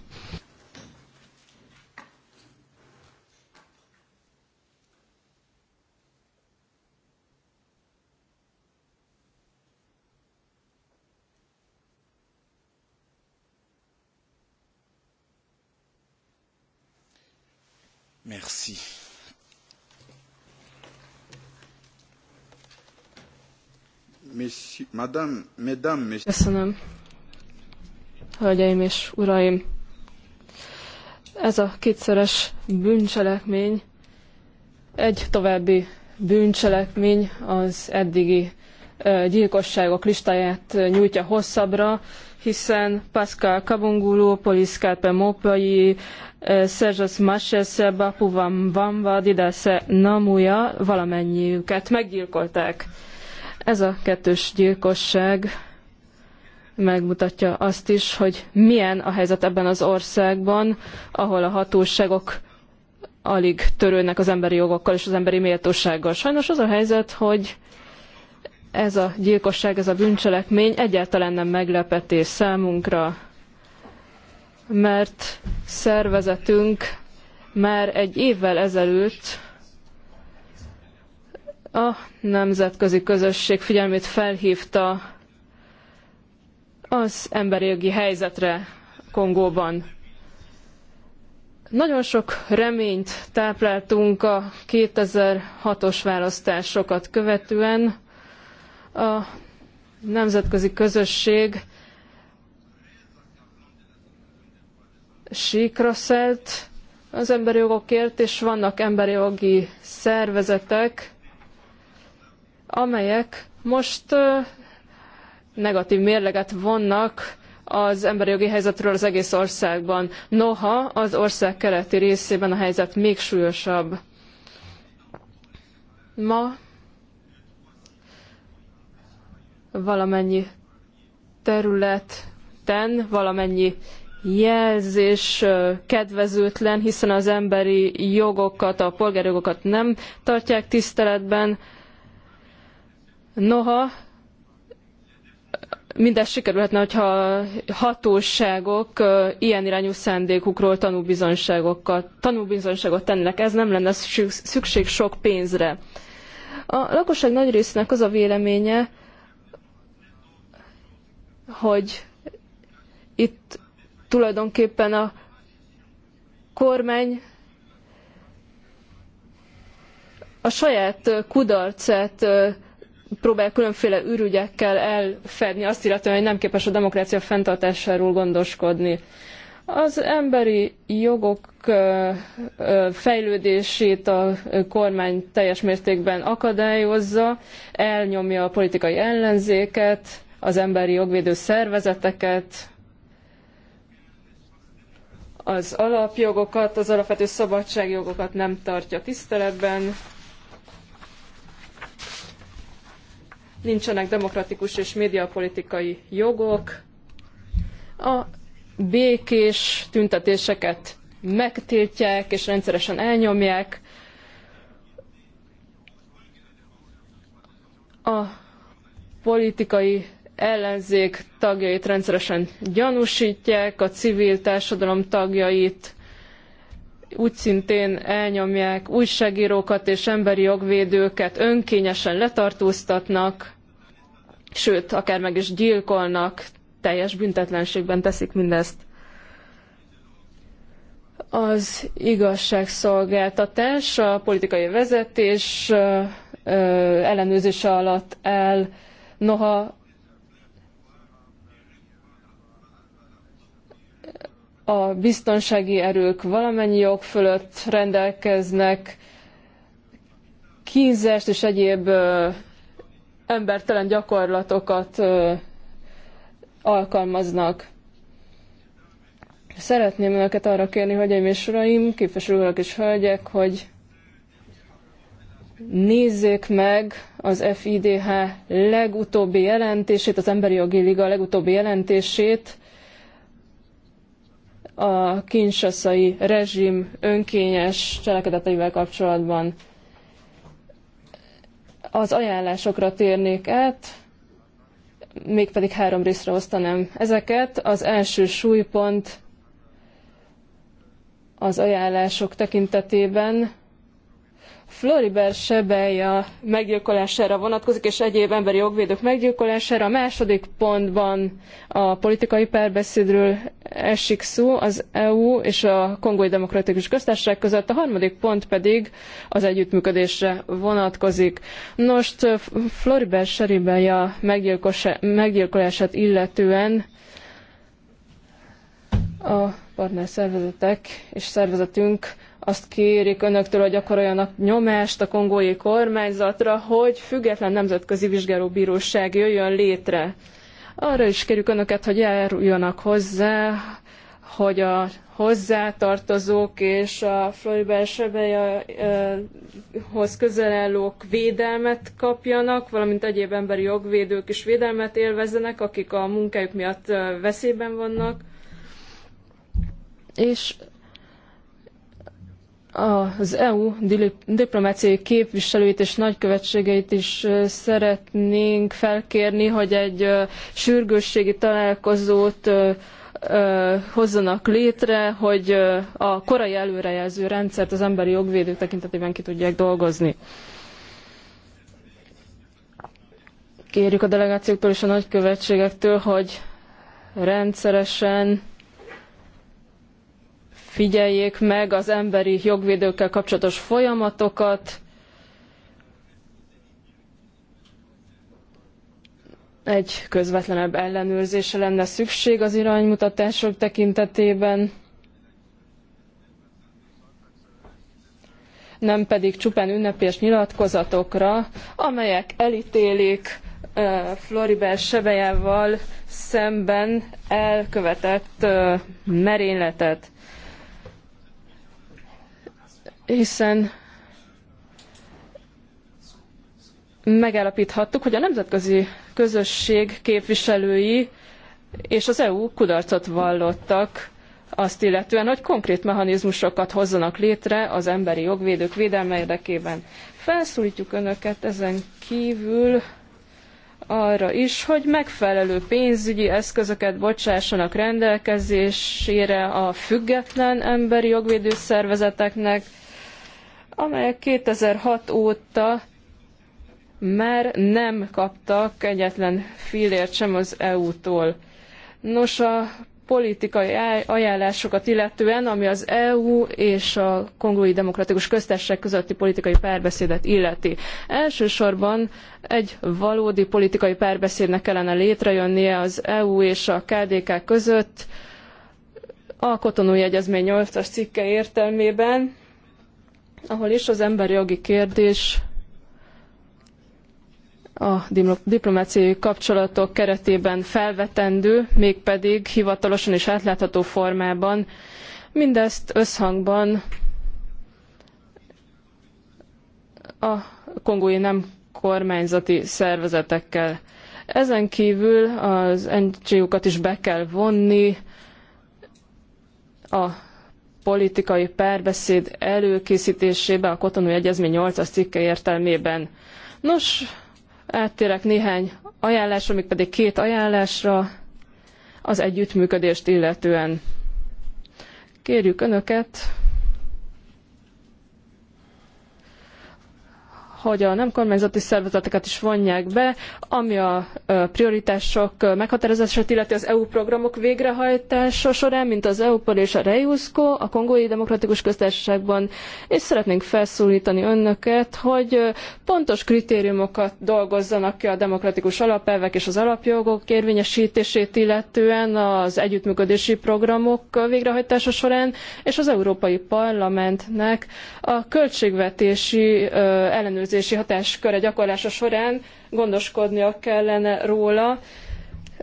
Merci. Köszönöm. Hölgyeim és uraim! Ez a kétszeres bűncselekmény egy további bűncselekmény az eddigi gyilkosságok listáját nyújtja hosszabbra, hiszen Pascal Kabungulu, Polis Kárpe Mopai, Szerzsasz Masese, Bapuvan Vamba, Didase Namuja valamennyiüket meggyilkolták. Ez a kettős gyilkosság megmutatja azt is, hogy milyen a helyzet ebben az országban, ahol a hatóságok alig törődnek az emberi jogokkal és az emberi méltósággal. Sajnos az a helyzet, hogy ez a gyilkosság, ez a bűncselekmény egyáltalán nem meglepetés számunkra, mert szervezetünk már egy évvel ezelőtt a nemzetközi közösség figyelmét felhívta az emberi jogi helyzetre Kongóban. Nagyon sok reményt tápláltunk a 2006-os választásokat követően, a nemzetközi közösség síkra szelt az emberi jogokért, és vannak emberi jogi szervezetek, amelyek most negatív mérleget vonnak az emberi jogi helyzetről az egész országban. Noha az ország keleti részében a helyzet még súlyosabb. Ma valamennyi területen, valamennyi jelzés kedvezőtlen, hiszen az emberi jogokat, a polgári jogokat nem tartják tiszteletben. Noha, mindez sikerülhetne, hogyha hatóságok ilyen irányú szándékukról tanúbizonyságokat, tanúbizonyságot tennek. Ez nem lenne szükség sok pénzre. A lakosság nagy részének az a véleménye, hogy itt tulajdonképpen a kormány a saját kudarcát próbál különféle ürügyekkel elfedni, azt illetően, hogy nem képes a demokrácia fenntartásáról gondoskodni. Az emberi jogok fejlődését a kormány teljes mértékben akadályozza, elnyomja a politikai ellenzéket, az emberi jogvédő szervezeteket, az alapjogokat, az alapvető szabadságjogokat nem tartja tiszteletben, nincsenek demokratikus és médiapolitikai jogok, a békés tüntetéseket megtiltják és rendszeresen elnyomják, a politikai ellenzék tagjait rendszeresen gyanúsítják, a civil társadalom tagjait úgy szintén elnyomják, újságírókat és emberi jogvédőket önkényesen letartóztatnak, sőt, akár meg is gyilkolnak, teljes büntetlenségben teszik mindezt. Az igazságszolgáltatás, a politikai vezetés ellenőrzése alatt áll, noha a biztonsági erők valamennyi jog fölött rendelkeznek, kínzást és egyéb ö, embertelen gyakorlatokat ö, alkalmaznak. Szeretném önöket arra kérni, hölgyeim és uraim, képviselők és hölgyek, hogy nézzék meg az FIDH legutóbbi jelentését, az Emberi Jogi Liga legutóbbi jelentését, a kinsaszai rezsim önkényes cselekedeteivel kapcsolatban. Az ajánlásokra térnék át, mégpedig három részre osztanám ezeket. Az első súlypont az ajánlások tekintetében Floribert Sebelja meggyilkolására vonatkozik, és egyéb emberi jogvédők meggyilkolására. A második pontban a politikai párbeszédről esik szó az EU és a Kongói Demokratikus Köztársaság között, a harmadik pont pedig az együttműködésre vonatkozik. Nos, Floribert Seribelja meggyilkolását illetően a partnerszervezetek és szervezetünk azt kérik önöktől, hogy gyakoroljanak nyomást a kongói kormányzatra, hogy független nemzetközi vizsgálóbíróság jöjjön létre. Arra is kérjük önöket, hogy járuljanak hozzá, hogy a hozzátartozók és a Floribel Sebejahoz közel állók védelmet kapjanak, valamint egyéb emberi jogvédők is védelmet élvezzenek, akik a munkájuk miatt veszélyben vannak. És az EU diplomáciai képviselőit és nagykövetségeit is szeretnénk felkérni, hogy egy sürgősségi találkozót hozzanak létre, hogy a korai előrejelző rendszert az emberi jogvédők tekintetében ki tudják dolgozni. Kérjük a delegációktól és a nagykövetségektől, hogy rendszeresen figyeljék meg az emberi jogvédőkkel kapcsolatos folyamatokat. Egy közvetlenebb ellenőrzése lenne szükség az iránymutatások tekintetében. nem pedig csupán ünnepés nyilatkozatokra, amelyek elítélik Floribel Sebejával szemben elkövetett merényletet hiszen megállapíthattuk, hogy a nemzetközi közösség képviselői és az EU kudarcot vallottak azt illetően, hogy konkrét mechanizmusokat hozzanak létre az emberi jogvédők védelme érdekében. Felszólítjuk Önöket ezen kívül arra is, hogy megfelelő pénzügyi eszközöket bocsássanak rendelkezésére a független emberi jogvédő szervezeteknek, amelyek 2006 óta már nem kaptak egyetlen fillért sem az EU-tól. Nos, a politikai ajánlásokat illetően, ami az EU és a Kongói Demokratikus Köztársaság közötti politikai párbeszédet illeti. Elsősorban egy valódi politikai párbeszédnek kellene létrejönnie az EU és a KDK között a Kotonúi Egyezmény 8-as cikke értelmében, ahol is az emberi jogi kérdés a diplomáciai kapcsolatok keretében felvetendő, mégpedig hivatalosan és átlátható formában, mindezt összhangban a kongói nem kormányzati szervezetekkel. Ezen kívül az NGO-kat is be kell vonni a politikai párbeszéd előkészítésébe a Kotonói Egyezmény 8-as cikke értelmében. Nos, áttérek néhány ajánlásra, még pedig két ajánlásra az együttműködést illetően. Kérjük Önöket, hogy a nem kormányzati szervezeteket is vonják be, ami a prioritások meghatározását illeti az EU programok végrehajtása során, mint az EUPOL és a REUSCO a Kongói Demokratikus Köztársaságban, és szeretnénk felszólítani önöket, hogy pontos kritériumokat dolgozzanak ki a demokratikus alapelvek és az alapjogok érvényesítését illetően az együttműködési programok végrehajtása során, és az Európai Parlamentnek a költségvetési ellenőrzés ellenőrzési hatásköre gyakorlása során gondoskodnia kellene róla,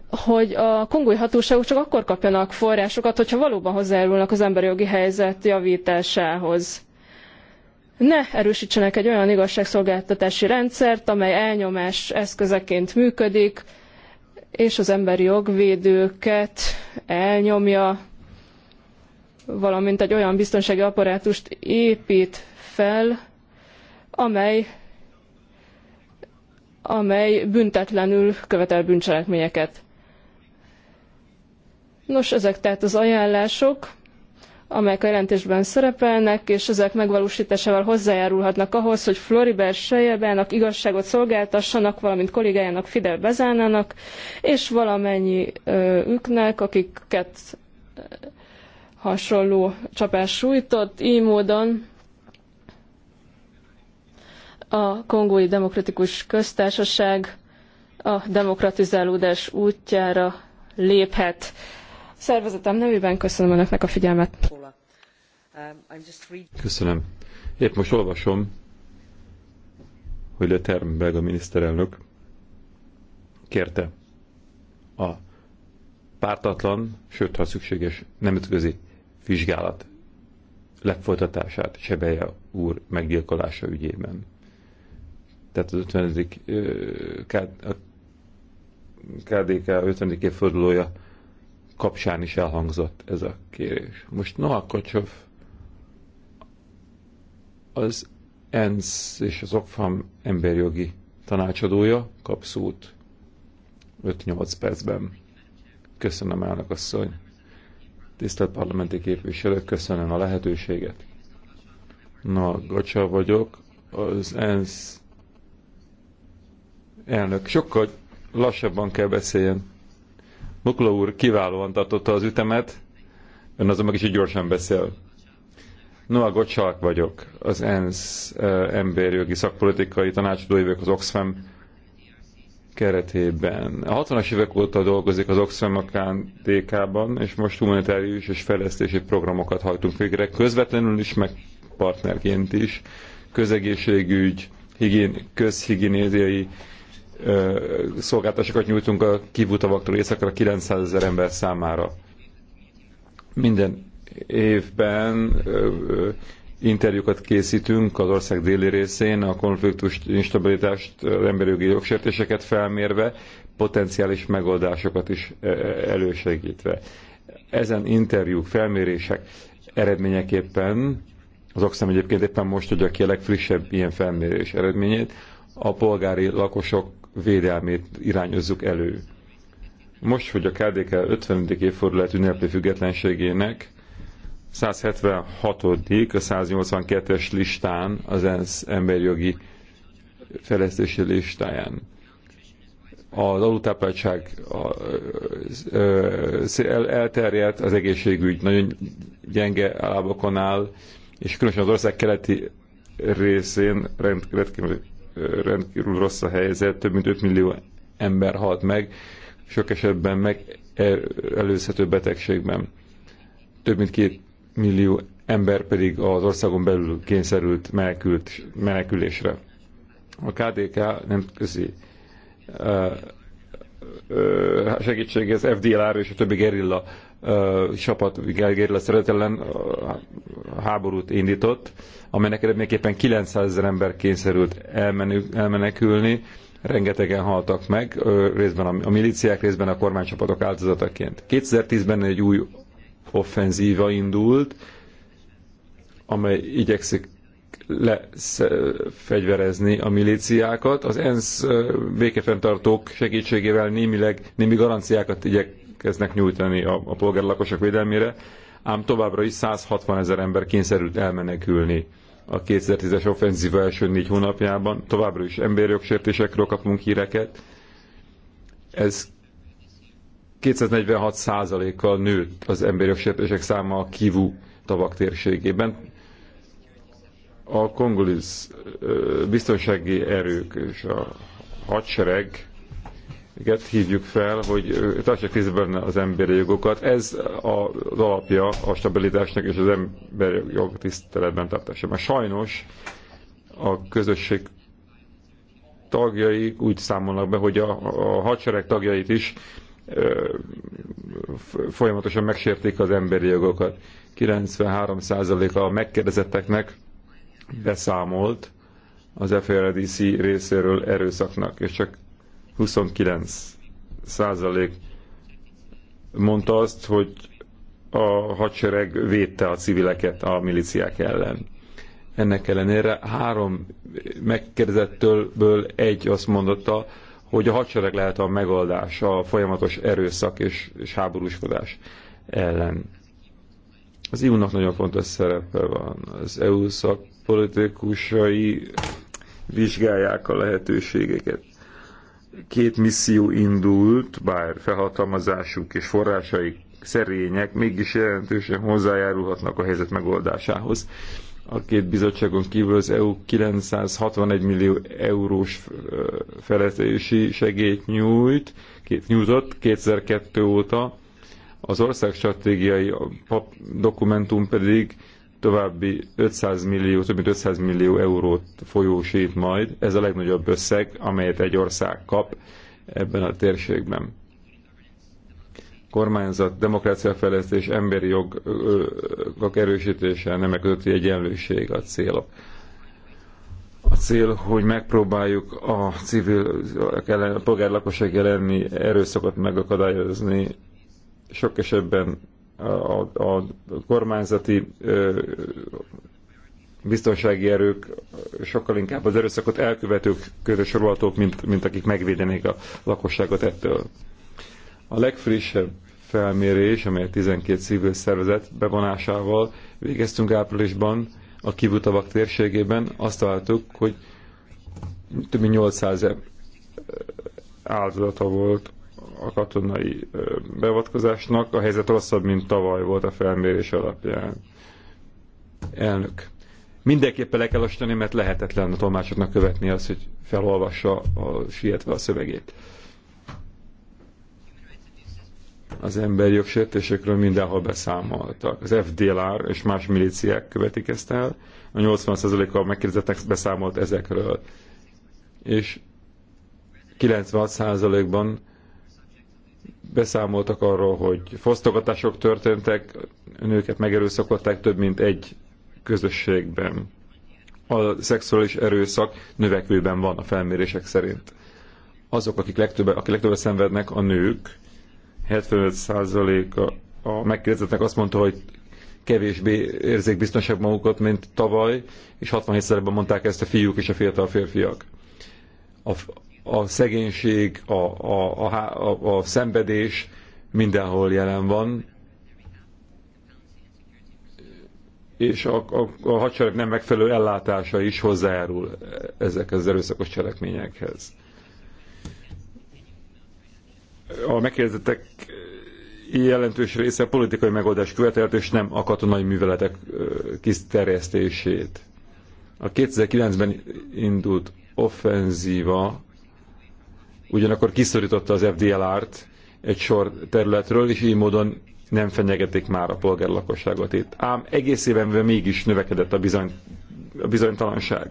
hogy a kongói hatóságok csak akkor kapjanak forrásokat, hogyha valóban hozzájárulnak az emberi jogi helyzet javításához. Ne erősítsenek egy olyan igazságszolgáltatási rendszert, amely elnyomás eszközeként működik, és az emberi jogvédőket elnyomja, valamint egy olyan biztonsági apparátust épít fel, amely amely büntetlenül követel bűncselekményeket. Nos, ezek tehát az ajánlások, amelyek a jelentésben szerepelnek, és ezek megvalósításával hozzájárulhatnak ahhoz, hogy Floribert Sejebának igazságot szolgáltassanak, valamint kollégájának Fidel Bezánának, és valamennyi ö, üknek, akiket ö, hasonló csapás sújtott, így módon a Kongói Demokratikus Köztársaság a demokratizálódás útjára léphet. Szervezetem nevében köszönöm Önöknek a figyelmet. Köszönöm. Épp most olvasom, hogy Le Termberg a miniszterelnök kérte a pártatlan, sőt, ha szükséges, nemzetközi vizsgálat lefolytatását csebeje úr meggyilkolása ügyében tehát az 50. a KDK 50. évfordulója kapcsán is elhangzott ez a kérés. Most Noah Kocsov az ENSZ és az Oxfam emberjogi tanácsadója kap szót 5-8 percben. Köszönöm, elnök asszony. Tisztelt parlamenti képviselők, köszönöm a lehetőséget. Na, Gacsa vagyok, az ENSZ Elnök, sokkal lassabban kell beszéljen. Mukla úr kiválóan tartotta az ütemet, ön azon meg is így gyorsan beszél. Noah Gocsalk vagyok, az ENSZ eh, emberjogi szakpolitikai vagyok az Oxfam keretében. A 60-as évek óta dolgozik az Oxfam a KDK-ban, és most humanitárius és fejlesztési programokat hajtunk végre, közvetlenül is, meg partnerként is, közegészségügy, higién, közhigiéniai szolgáltatásokat nyújtunk a kivutavaktól északra 900 ezer ember számára. Minden évben interjúkat készítünk az ország déli részén, a konfliktust, instabilitást, az emberi jogsértéseket felmérve, potenciális megoldásokat is elősegítve. Ezen interjú felmérések eredményeképpen, az Oxfam egyébként éppen most tudja ki a legfrissebb ilyen felmérés eredményét, a polgári lakosok védelmét irányozzuk elő. Most, hogy a KDK 50. évfordulat ünnepi függetlenségének, 176. a 182-es listán az ENSZ emberjogi fejlesztési listáján az alultápláltság elterjedt, az egészségügy nagyon gyenge állapokon áll, és különösen az ország keleti részén rendkívül rendkívül rossz a helyzet, több mint 5 millió ember halt meg, sok esetben meg előzhető betegségben. Több mint 2 millió ember pedig az országon belül kényszerült menekült, menekülésre. A KDK közi segítség az FDLR és a többi gerilla csapat Gergérle szeretellen háborút indított, amelynek eredményeképpen 900 ezer ember kényszerült elmenekülni, rengetegen haltak meg, részben a milíciák, részben a kormánycsapatok áldozataként. 2010-ben egy új offenzíva indult, amely igyekszik lefegyverezni a milíciákat. Az ENSZ békefenntartók segítségével némileg, némi garanciákat igyek kezdnek nyújtani a, a polgárlakosok védelmére, ám továbbra is 160 ezer ember kényszerült elmenekülni a 2010-es offenzíva első négy hónapjában. Továbbra is emberjogsértésekről kapunk híreket. Ez 246 százalékkal nőtt az emberjogsértések száma a Kivu tavak térségében. A kongoliz biztonsági erők és a hadsereg igen, hívjuk fel, hogy tartsa kézben az emberi jogokat. Ez az alapja a stabilitásnak és az emberi jog tiszteletben tartása. Mert sajnos a közösség tagjai úgy számolnak be, hogy a, a hadsereg tagjait is ö, folyamatosan megsértik az emberi jogokat. 93%-a a megkérdezetteknek beszámolt az FRDC részéről erőszaknak, és csak 29 százalék mondta azt, hogy a hadsereg védte a civileket a miliciák ellen. Ennek ellenére három megkérdezettől egy azt mondotta, hogy a hadsereg lehet a megoldás a folyamatos erőszak és, és háborúskodás ellen. Az EU-nak nagyon fontos szerepe van. Az EU szakpolitikusai vizsgálják a lehetőségeket két misszió indult, bár felhatalmazásuk és forrásaik szerények, mégis jelentősen hozzájárulhatnak a helyzet megoldásához. A két bizottságon kívül az EU 961 millió eurós felezési segélyt nyújt, két, nyújtott 2002 óta, az ország stratégiai dokumentum pedig további 500 millió, több mint 500 millió eurót folyósít majd. Ez a legnagyobb összeg, amelyet egy ország kap ebben a térségben. Kormányzat, demokráciafejlesztés, emberi jogok erősítése, nemek közötti egyenlőség a célok. A cél, hogy megpróbáljuk a civil a polgárlakosság elleni erőszakot megakadályozni, sok esetben a, a kormányzati biztonsági erők sokkal inkább az erőszakot elkövetők közös sorolhatók, mint, mint akik megvédenék a lakosságot ettől. A legfrissebb felmérés, amely 12 civil szervezet bevonásával végeztünk áprilisban a Kivutavak térségében, azt találtuk, hogy több mint 800 áldozata volt a katonai beavatkozásnak. A helyzet rosszabb, mint tavaly volt a felmérés alapján. Elnök. Mindenképpen le kell ostani, mert lehetetlen a tolmácsoknak követni azt, hogy felolvassa a, sietve a szövegét. Az emberi jogsértésekről mindenhol beszámoltak. Az FDLR és más milíciák követik ezt el. A 80%-a megkérdezettek beszámolt ezekről. És 96%-ban beszámoltak arról, hogy fosztogatások történtek, nőket megerőszakolták több mint egy közösségben. A szexuális erőszak növekvőben van a felmérések szerint. Azok, akik legtöbben, akik legtöbbet szenvednek, a nők, 75%-a a megkérdezettnek azt mondta, hogy kevésbé érzik biztonság magukat, mint tavaly, és 67%-ban mondták ezt a fiúk és a fiatal férfiak. A, a szegénység, a, a, a, a, a szenvedés mindenhol jelen van, és a, a, a hadsereg nem megfelelő ellátása is hozzájárul ezekhez az erőszakos cselekményekhez. A megkérdezettek jelentős része politikai megoldás követelt, és nem a katonai műveletek kiszterjesztését. A 2009-ben indult offenzíva ugyanakkor kiszorította az FDLR-t egy sor területről, és így módon nem fenyegetik már a polgárlakosságot itt. Ám egész éven mégis növekedett a, bizony, a bizonytalanság.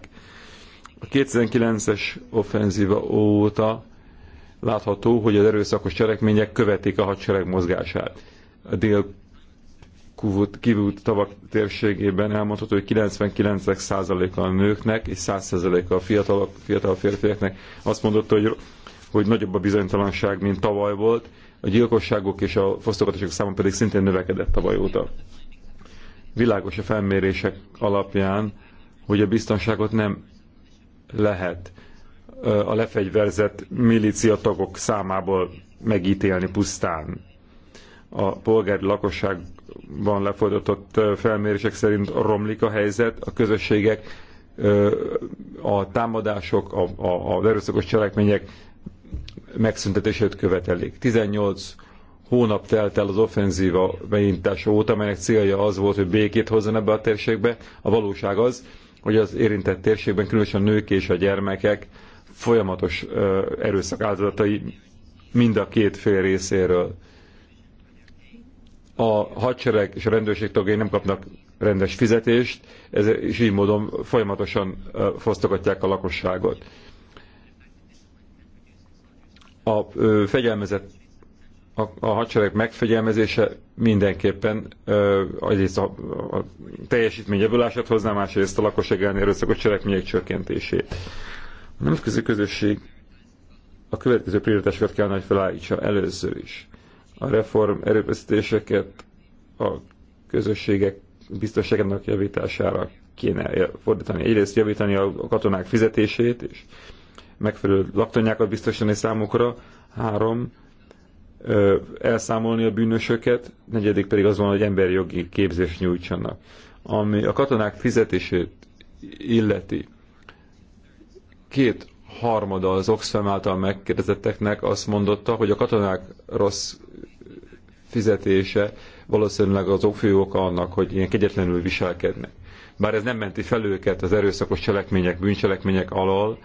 A 2009-es offenzíva óta látható, hogy az erőszakos cselekmények követik a hadsereg mozgását. A dél kivút, kivút tavak térségében elmondható, hogy 99%-a a nőknek és 100%-a a fiatal, fiatal férfiaknak. azt mondotta, hogy hogy nagyobb a bizonytalanság, mint tavaly volt, a gyilkosságok és a fosztogatások száma pedig szintén növekedett tavaly óta. Világos a felmérések alapján, hogy a biztonságot nem lehet a lefegyverzett milícia tagok számából megítélni pusztán. A polgári lakosságban lefolytatott felmérések szerint romlik a helyzet, a közösségek, a támadások, a, a, a erőszakos cselekmények megszüntetését követelik. 18 hónap telt el az offenzíva beindítása óta, melynek célja az volt, hogy békét hozzon ebbe a térségbe. A valóság az, hogy az érintett térségben különösen a nők és a gyermekek folyamatos erőszak áldozatai mind a két fél részéről. A hadsereg és a rendőrség tagjai nem kapnak rendes fizetést, ez, és így módon folyamatosan fosztogatják a lakosságot a fegyelmezett a, a hadsereg megfegyelmezése mindenképpen ö, egyrészt a, a teljesítmény javulását hozná, másrészt a lakosság elleni erőszakos cselekmények csökkentését. A nemzetközi közösség a következő prioritásokat kell nagy felállítsa először is. A reform erőfeszítéseket a közösségek biztonságának javítására kéne fordítani. Egyrészt javítani a katonák fizetését és megfelelő laktanyákat biztosítani számukra, három, elszámolni a bűnösöket, negyedik pedig az van, hogy emberi jogi képzést nyújtsanak. Ami a katonák fizetését illeti, két harmada az Oxfam által megkérdezetteknek azt mondotta, hogy a katonák rossz fizetése valószínűleg az okfő oka annak, hogy ilyen kegyetlenül viselkednek. Bár ez nem menti fel őket az erőszakos cselekmények, bűncselekmények alól,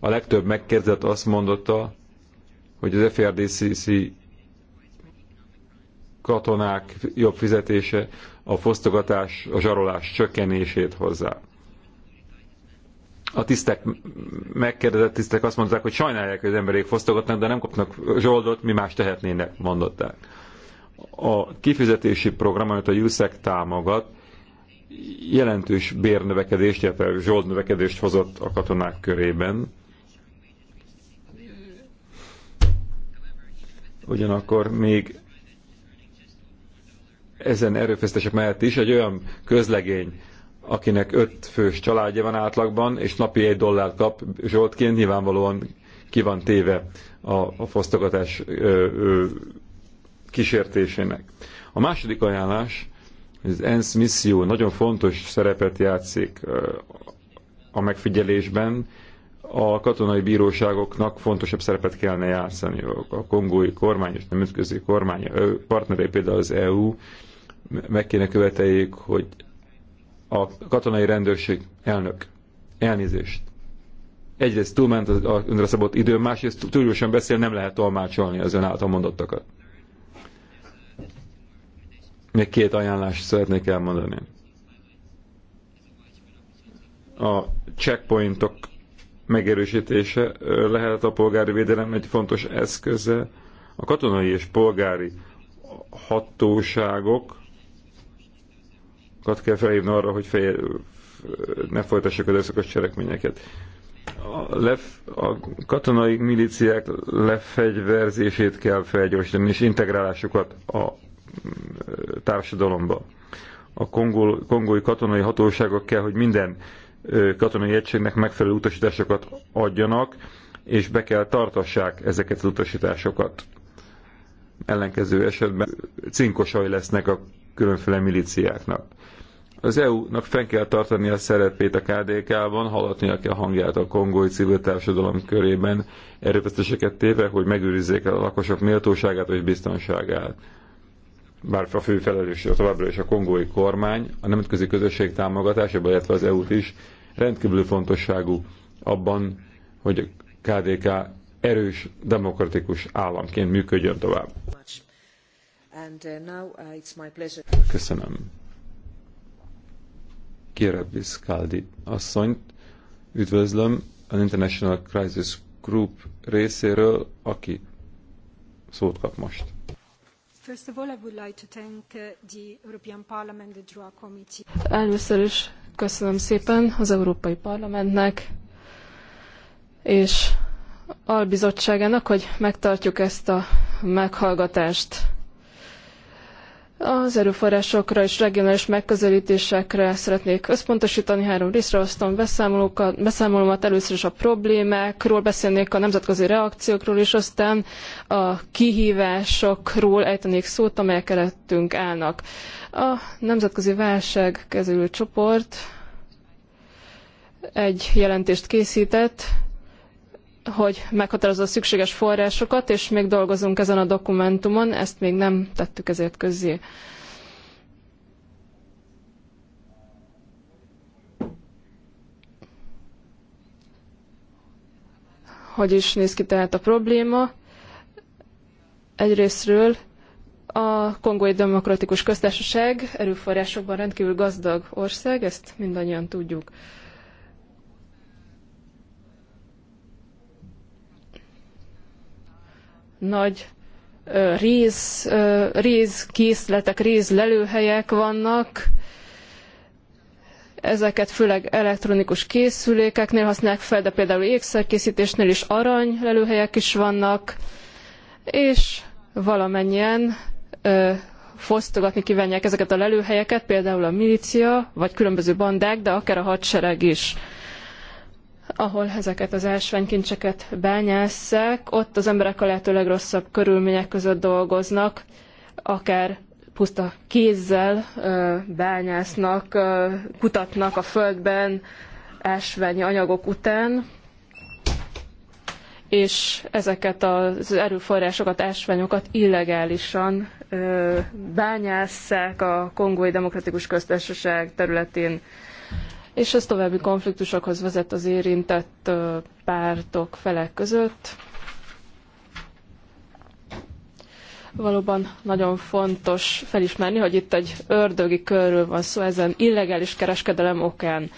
a legtöbb megkérdezett azt mondotta, hogy az FRDCC katonák jobb fizetése a fosztogatás, a zsarolás csökkenését hozzá. A tisztek, megkérdezett tisztek azt mondták, hogy sajnálják, hogy az emberek fosztogatnak, de nem kapnak zsoldot, mi más tehetnének, mondották. A kifizetési program, amit a JUSZEK támogat, jelentős bérnövekedést, illetve zsoldnövekedést hozott a katonák körében. Ugyanakkor még ezen erőfeszítések mellett is egy olyan közlegény, akinek öt fős családja van átlagban, és napi egy dollárt kap Zsoltként, nyilvánvalóan ki van téve a, a fosztogatás ö, ö, kísértésének. A második ajánlás, hogy az ENSZ misszió nagyon fontos szerepet játszik a megfigyelésben, a katonai bíróságoknak fontosabb szerepet kellene játszani. A kongói kormány és nemzetközi kormány partnerei, például az EU, meg kéne követeljék, hogy a katonai rendőrség elnök elnézést. Egyrészt túlment az önre szabott idő, másrészt túl beszél, nem lehet tolmácsolni az ön által mondottakat. Még két ajánlást szeretnék elmondani. A checkpointok megerősítése lehet a polgári védelem egy fontos eszköze. A katonai és polgári hatóságokat kell felhívni arra, hogy fej, ne folytassák az erőszakos cselekményeket. A, lef, a katonai milíciák lefegyverzését kell felgyorsítani, és integrálásukat a társadalomba. A kongol, kongói katonai hatóságok kell, hogy minden katonai egységnek megfelelő utasításokat adjanak, és be kell tartassák ezeket az utasításokat. Ellenkező esetben cinkosai lesznek a különféle milíciáknak. Az EU-nak fenn kell tartani a szerepét a KDK-ban, hallatnia kell hangját a kongói civil társadalom körében, erőfeszteseket téve, hogy megőrizzék a lakosok méltóságát és biztonságát bár a fő felelős továbbra is a kongói kormány, a nemzetközi közösség támogatása illetve az EU-t is rendkívül fontosságú abban, hogy a KDK erős, demokratikus államként működjön tovább. Uh, uh, Köszönöm. Kirabis Kaldi asszonyt üdvözlöm az International Crisis Group részéről, aki szót kap most. First of all, I would like to thank uh, the European Parliament, the Committee. Először is köszönöm szépen az Európai Parlamentnek és albizottságának, hogy megtartjuk ezt a meghallgatást. Az erőforrásokra és regionális megközelítésekre szeretnék összpontosítani, három részre osztom beszámolókat, beszámolómat, először is a problémákról, beszélnék a nemzetközi reakciókról, és aztán a kihívásokról ejtenék szót, amelyek előttünk állnak. A Nemzetközi Válságkezelő Csoport egy jelentést készített, hogy meghatározza a szükséges forrásokat, és még dolgozunk ezen a dokumentumon, ezt még nem tettük ezért közzé. Hogy is néz ki tehát a probléma? Egyrésztről a Kongói Demokratikus Köztársaság erőforrásokban rendkívül gazdag ország, ezt mindannyian tudjuk. nagy réz, rézkészletek, rézlelőhelyek vannak, ezeket főleg elektronikus készülékeknél használják fel, de például ékszerkészítésnél is arany lelőhelyek is vannak, és valamennyien ö, fosztogatni kívánják ezeket a lelőhelyeket, például a milícia, vagy különböző bandák, de akár a hadsereg is ahol ezeket az ásványkincseket bányásszák, ott az emberek a lehető legrosszabb körülmények között dolgoznak, akár puszta kézzel bányásznak, kutatnak a földben ásványi anyagok után, és ezeket az erőforrásokat, ásványokat illegálisan bányásszák a Kongói Demokratikus Köztársaság területén és ez további konfliktusokhoz vezet az érintett pártok felek között. Valóban nagyon fontos felismerni, hogy itt egy ördögi körről van szó, ezen illegális kereskedelem okán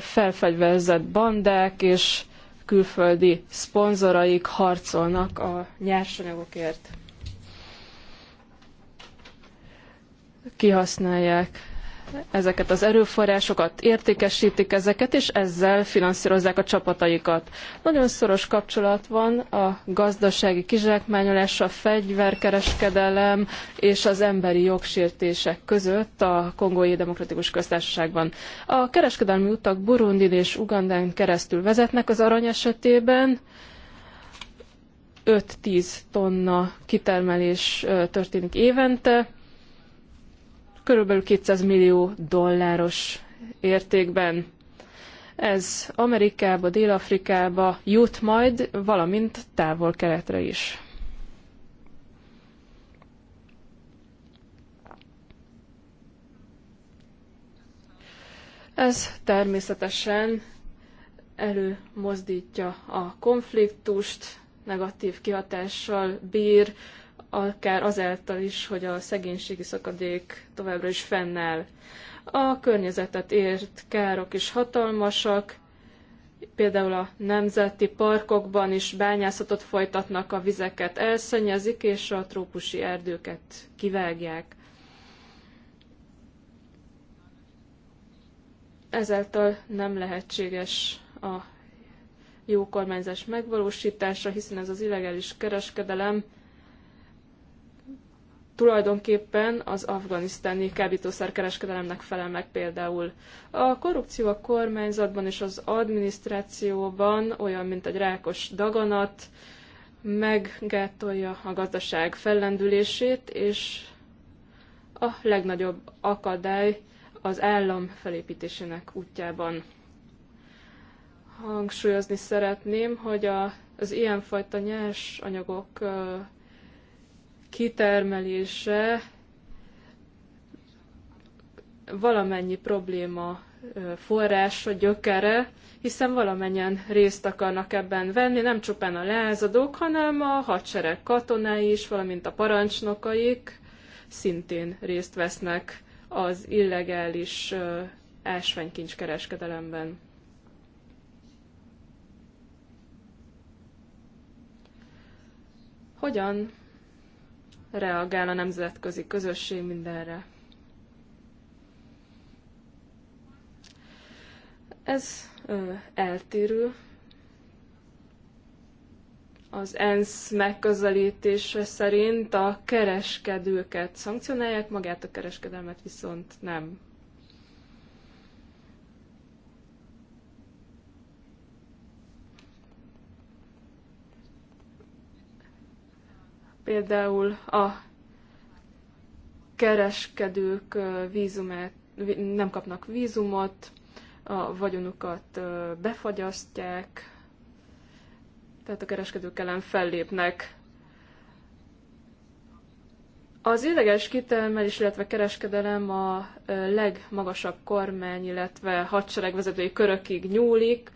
felfegyverzett bandák és külföldi szponzoraik harcolnak a nyersanyagokért. Kihasználják ezeket az erőforrásokat, értékesítik ezeket, és ezzel finanszírozzák a csapataikat. Nagyon szoros kapcsolat van a gazdasági kizsákmányolás, a fegyverkereskedelem és az emberi jogsértések között a Kongói Demokratikus Köztársaságban. A kereskedelmi utak Burundin és Ugandán keresztül vezetnek az arany esetében, 5-10 tonna kitermelés történik évente, körülbelül 200 millió dolláros értékben. Ez Amerikába, Dél-Afrikába jut majd, valamint távol-keletre is. Ez természetesen előmozdítja a konfliktust, negatív kihatással bír akár azáltal is, hogy a szegénységi szakadék továbbra is fennáll. A környezetet ért károk is hatalmasak, például a nemzeti parkokban is bányászatot folytatnak, a vizeket elszennyezik, és a trópusi erdőket kivágják. Ezáltal nem lehetséges a jó kormányzás megvalósítása, hiszen ez az illegális kereskedelem tulajdonképpen az afganisztáni kábítószerkereskedelemnek felel meg például. A korrupció a kormányzatban és az adminisztrációban olyan, mint egy rákos daganat, meggátolja a gazdaság fellendülését, és a legnagyobb akadály az állam felépítésének útjában. Hangsúlyozni szeretném, hogy a, az ilyenfajta nyers anyagok kitermelése valamennyi probléma forrása, gyökere, hiszen valamennyien részt akarnak ebben venni, nem csupán a lázadók, hanem a hadsereg katonái is, valamint a parancsnokaik szintén részt vesznek az illegális kereskedelemben. Hogyan reagál a nemzetközi közösség mindenre. Ez ö, eltérő az ENSZ megközelítése szerint a kereskedőket szankcionálják, magát a kereskedelmet viszont nem Például a kereskedők vízumát, nem kapnak vízumot, a vagyonukat befagyasztják, tehát a kereskedők ellen fellépnek. Az illegális kitermelés, illetve kereskedelem a legmagasabb kormány, illetve hadsereg vezetői körökig nyúlik.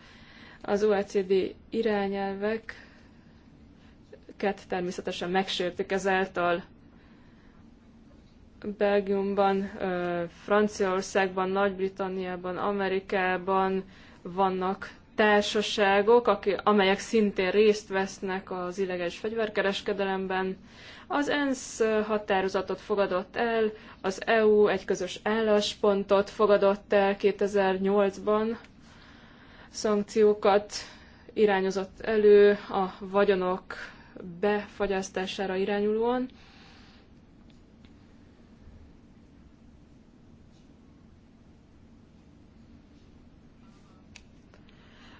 Az OECD irányelvek amelyeket természetesen megsértik ezáltal. Belgiumban, Franciaországban, Nagy-Britanniában, Amerikában vannak társaságok, amelyek szintén részt vesznek az illegális fegyverkereskedelemben. Az ENSZ határozatot fogadott el, az EU egy közös álláspontot fogadott el 2008-ban, szankciókat irányozott elő a vagyonok befagyasztására irányulóan.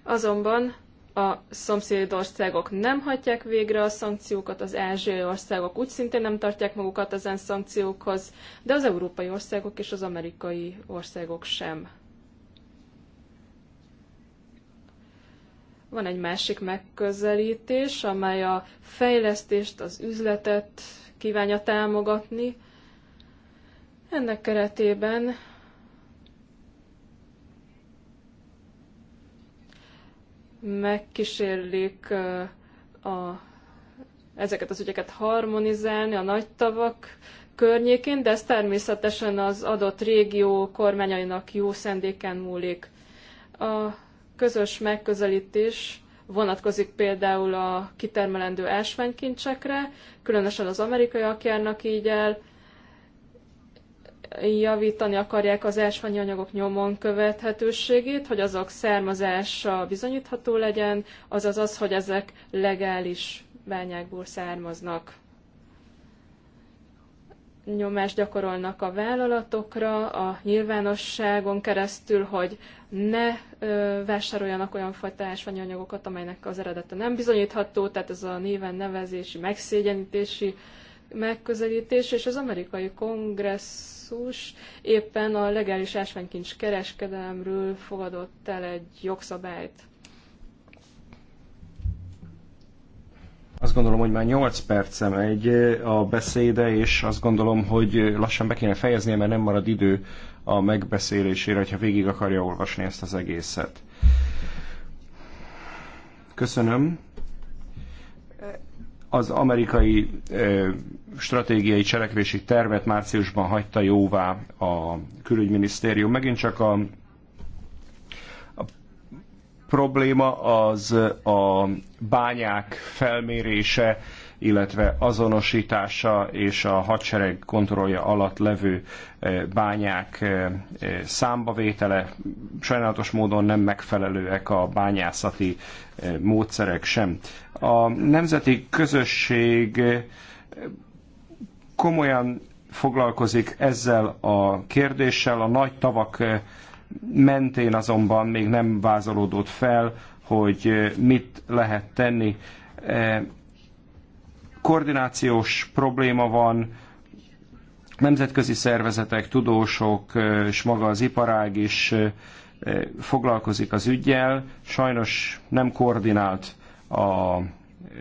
Azonban a szomszéd országok nem hagyják végre a szankciókat, az ázsiai országok úgy szintén nem tartják magukat ezen szankciókhoz, de az európai országok és az amerikai országok sem. Van egy másik megközelítés, amely a fejlesztést, az üzletet kívánja támogatni. Ennek keretében megkísérlik a, ezeket az ügyeket harmonizálni a nagy tavak környékén, de ez természetesen az adott régió kormányainak jó szendéken múlik. A közös megközelítés vonatkozik például a kitermelendő ásványkincsekre, különösen az amerikaiak járnak így el, javítani akarják az ásványi anyagok nyomon követhetőségét, hogy azok származása bizonyítható legyen, azaz az, hogy ezek legális bányákból származnak nyomást gyakorolnak a vállalatokra, a nyilvánosságon keresztül, hogy ne ö, vásároljanak olyan fajta ásványanyagokat, amelynek az eredete nem bizonyítható, tehát ez a néven nevezési, megszégyenítési megközelítés, és az amerikai kongresszus éppen a legális ásványkincs kereskedelemről fogadott el egy jogszabályt. Azt gondolom, hogy már 8 percem egy a beszéde, és azt gondolom, hogy lassan be kéne fejeznie, mert nem marad idő a megbeszélésére, hogyha végig akarja olvasni ezt az egészet. Köszönöm. Az amerikai stratégiai cselekvési tervet márciusban hagyta jóvá a külügyminisztérium. Megint csak a probléma az a bányák felmérése, illetve azonosítása és a hadsereg kontrollja alatt levő eh, bányák eh, eh, számbavétele. Sajnálatos módon nem megfelelőek a bányászati módszerek sem. A nemzeti közösség komolyan foglalkozik ezzel a kérdéssel, a nagy tavak mentén azonban még nem vázolódott fel, hogy mit lehet tenni. Koordinációs probléma van, nemzetközi szervezetek, tudósok és maga az iparág is foglalkozik az ügyjel, sajnos nem koordinált a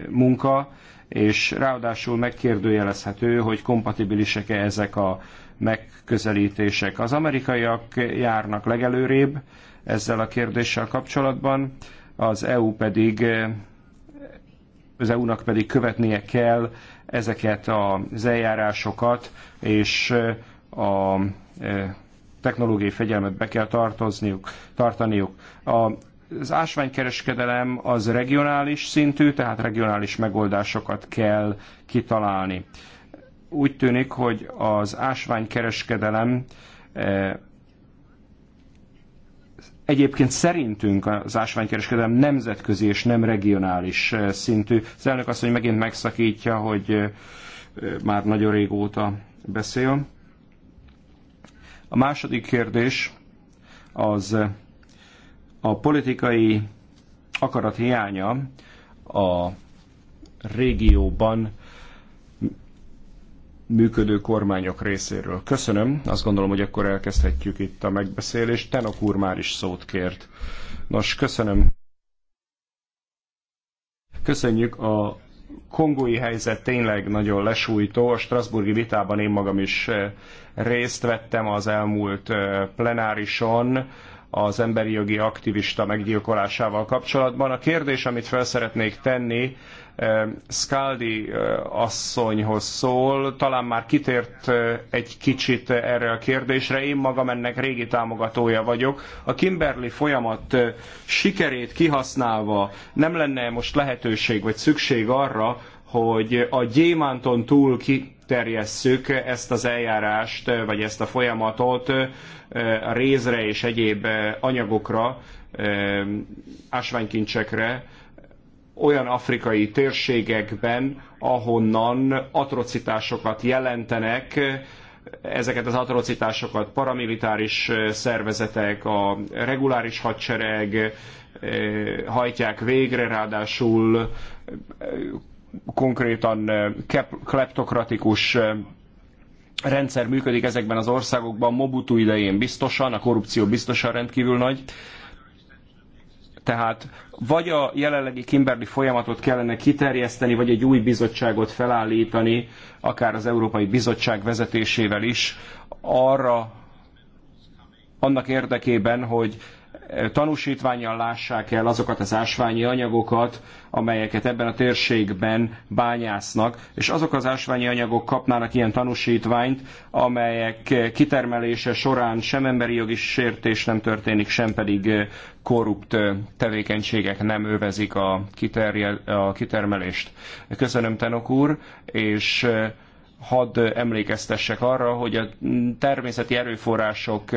munka, és ráadásul megkérdőjelezhető, hogy kompatibilisek-e ezek a megközelítések. Az amerikaiak járnak legelőrébb ezzel a kérdéssel kapcsolatban, az EU pedig az EU-nak pedig követnie kell ezeket az eljárásokat, és a e, technológiai fegyelmet be kell tartozniuk, tartaniuk. A, az ásványkereskedelem az regionális szintű, tehát regionális megoldásokat kell kitalálni úgy tűnik, hogy az ásványkereskedelem eh, egyébként szerintünk az ásványkereskedelem nemzetközi és nem regionális eh, szintű. Az elnök azt, hogy megint megszakítja, hogy eh, már nagyon régóta beszél. A második kérdés az a politikai akarat hiánya a régióban működő kormányok részéről. Köszönöm, azt gondolom, hogy akkor elkezdhetjük itt a megbeszélést. Tenok úr már is szót kért. Nos, köszönöm. Köszönjük a kongói helyzet tényleg nagyon lesújtó. A Strasburgi vitában én magam is eh, részt vettem az elmúlt eh, plenárison az emberi jogi aktivista meggyilkolásával kapcsolatban. A kérdés, amit fel szeretnék tenni, Ehm, Skaldi eh, asszonyhoz szól. Talán már kitért eh, egy kicsit erre a kérdésre. Én magam ennek régi támogatója vagyok. A Kimberley folyamat eh, sikerét kihasználva nem lenne most lehetőség vagy szükség arra, hogy a gyémánton túl kiterjesszük ezt az eljárást, vagy ezt a folyamatot a rézre és egyéb anyagokra, ásványkincsekre, olyan afrikai térségekben, ahonnan atrocitásokat jelentenek, ezeket az atrocitásokat paramilitáris szervezetek, a reguláris hadsereg eh, hajtják végre, ráadásul eh, konkrétan eh, kleptokratikus rendszer működik ezekben az országokban Mobutu idején biztosan, a korrupció biztosan rendkívül nagy. Tehát vagy a jelenlegi Kimberley folyamatot kellene kiterjeszteni, vagy egy új bizottságot felállítani, akár az Európai Bizottság vezetésével is, arra annak érdekében, hogy tanúsítványjal lássák el azokat az ásványi anyagokat, amelyeket ebben a térségben bányásznak, és azok az ásványi anyagok kapnának ilyen tanúsítványt, amelyek kitermelése során sem emberi jogi sértés nem történik, sem pedig eh, korrupt eh, tevékenységek nem övezik a, kiterjel, a kitermelést. Köszönöm, Tenok úr, és eh, hadd emlékeztessek arra, hogy a természeti erőforrások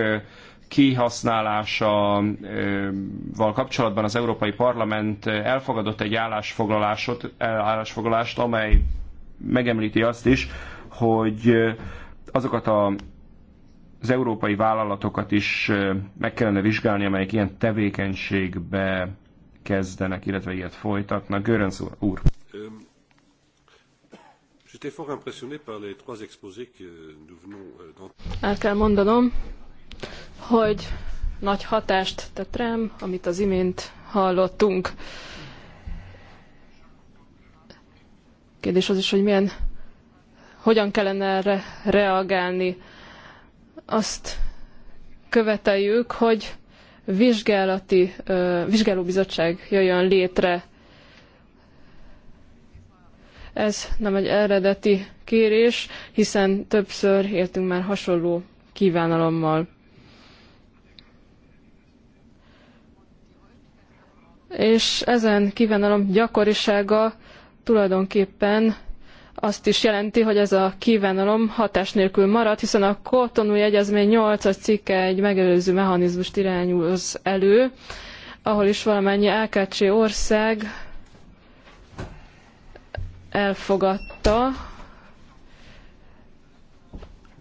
kihasználásával kapcsolatban az Európai Parlament elfogadott egy állásfoglalást, amely megemlíti azt is, hogy azokat a az európai vállalatokat is meg kellene vizsgálni, amelyek ilyen tevékenységbe kezdenek, illetve ilyet folytatnak. Görönc úr. Euh, El kell mondanom, hogy nagy hatást tett rám, amit az imént hallottunk. Kérdés az is, hogy milyen, hogyan kellene erre reagálni. Azt követeljük, hogy vizsgálati, vizsgálóbizottság jöjjön létre. Ez nem egy eredeti kérés, hiszen többször éltünk már hasonló kívánalommal. és ezen kívánalom gyakorisága tulajdonképpen azt is jelenti, hogy ez a kívánalom hatás nélkül marad, hiszen a Kotonúi Egyezmény 8-as cikke egy megelőző mechanizmust irányoz elő, ahol is valamennyi LKC ország elfogadta,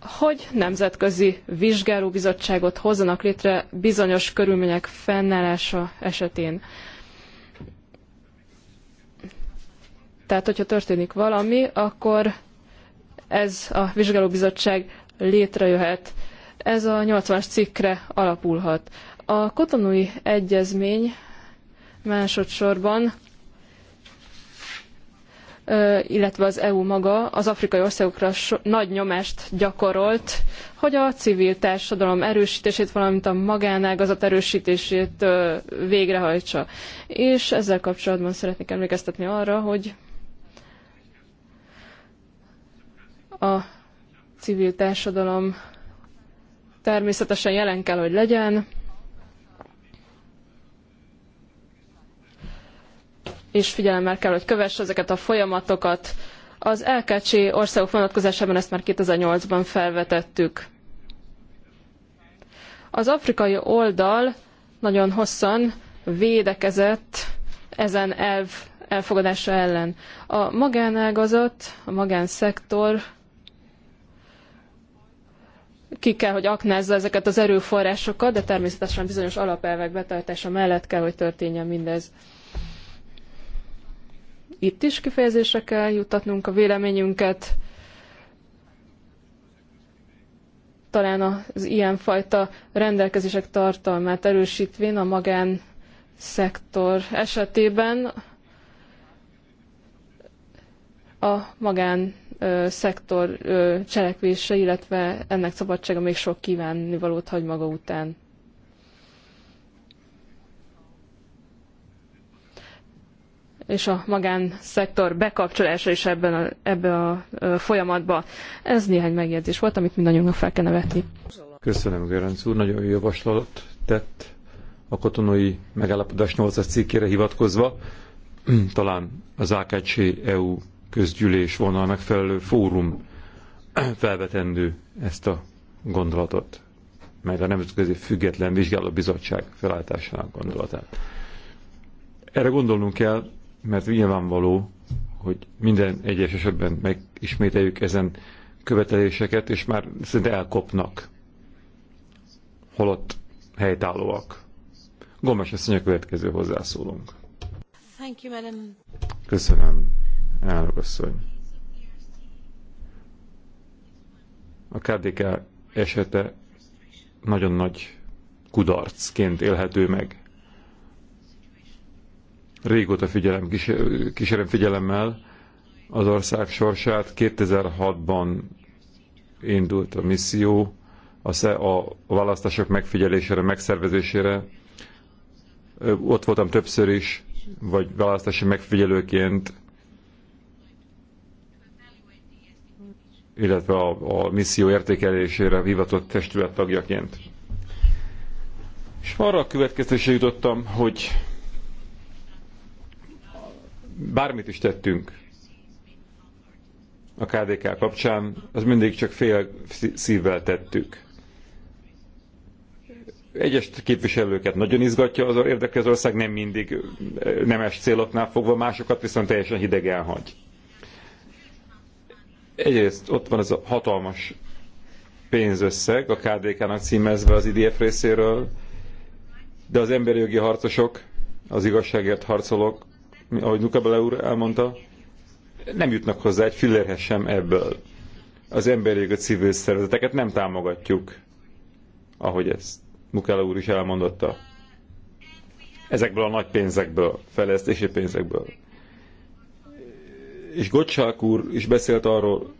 hogy nemzetközi vizsgálóbizottságot hozzanak létre bizonyos körülmények fennállása esetén. Tehát, hogyha történik valami, akkor ez a vizsgálóbizottság létrejöhet. Ez a 80-as cikkre alapulhat. A kotonui egyezmény másodszorban illetve az EU maga az afrikai országokra nagy nyomást gyakorolt, hogy a civil társadalom erősítését, valamint a magánágazat erősítését végrehajtsa. És ezzel kapcsolatban szeretnék emlékeztetni arra, hogy A civil társadalom természetesen jelen kell, hogy legyen, és figyelemmel kell, hogy kövesse ezeket a folyamatokat. Az LKC országok vonatkozásában ezt már 2008-ban felvetettük. Az afrikai oldal nagyon hosszan védekezett ezen elv elfogadása ellen. A magánágazat, a magánszektor ki kell, hogy aknázza ezeket az erőforrásokat, de természetesen bizonyos alapelvek betartása mellett kell, hogy történjen mindez. Itt is kifejezésre kell juttatnunk a véleményünket. Talán az ilyenfajta rendelkezések tartalmát erősítvén a magán szektor esetében a magán szektor cselekvése, illetve ennek szabadsága még sok kívánnivalót hagy maga után. és a magánszektor bekapcsolása is ebben a, ebbe a folyamatba. Ez néhány megjegyzés volt, amit mindannyiunknak fel kell nevetni. Köszönöm, Gerenc úr, nagyon jó javaslatot tett a katonai megállapodás 8-as cikkére hivatkozva. Talán az AKC EU közgyűlés volna a megfelelő fórum felvetendő ezt a gondolatot, meg a Nemzetközi Független Vizsgáló Bizottság felállításának gondolatát. Erre gondolnunk kell, mert nyilvánvaló, hogy minden egyes esetben megismételjük ezen követeléseket, és már szinte elkopnak, holott helytállóak. Gomes asszony a következő hozzászólunk. Thank you, madam. Köszönöm. Elnök asszony. A KDK esete nagyon nagy kudarcként élhető meg. Régóta figyelem, kísérem figyelemmel az ország sorsát. 2006-ban indult a misszió a, a választások megfigyelésére, megszervezésére. Ott voltam többször is, vagy választási megfigyelőként illetve a, a misszió értékelésére hivatott testület tagjaként. És arra a következtésre jutottam, hogy bármit is tettünk a KDK kapcsán, az mindig csak fél szívvel tettük. Egyes képviselőket nagyon izgatja az érdekes ország, nem mindig nemes céloknál fogva, másokat viszont teljesen hidegen hagy. Egyrészt ott van ez a hatalmas pénzösszeg, a KDK-nak címezve az IDF részéről, de az emberi jogi harcosok, az igazságért harcolók, ahogy Nukabele úr elmondta, nem jutnak hozzá egy fillérhez sem ebből. Az emberi jogi civil szervezeteket nem támogatjuk, ahogy ezt Mukele úr is elmondotta. Ezekből a nagy pénzekből, fejlesztési pénzekből és Gocsák úr is beszélt arról,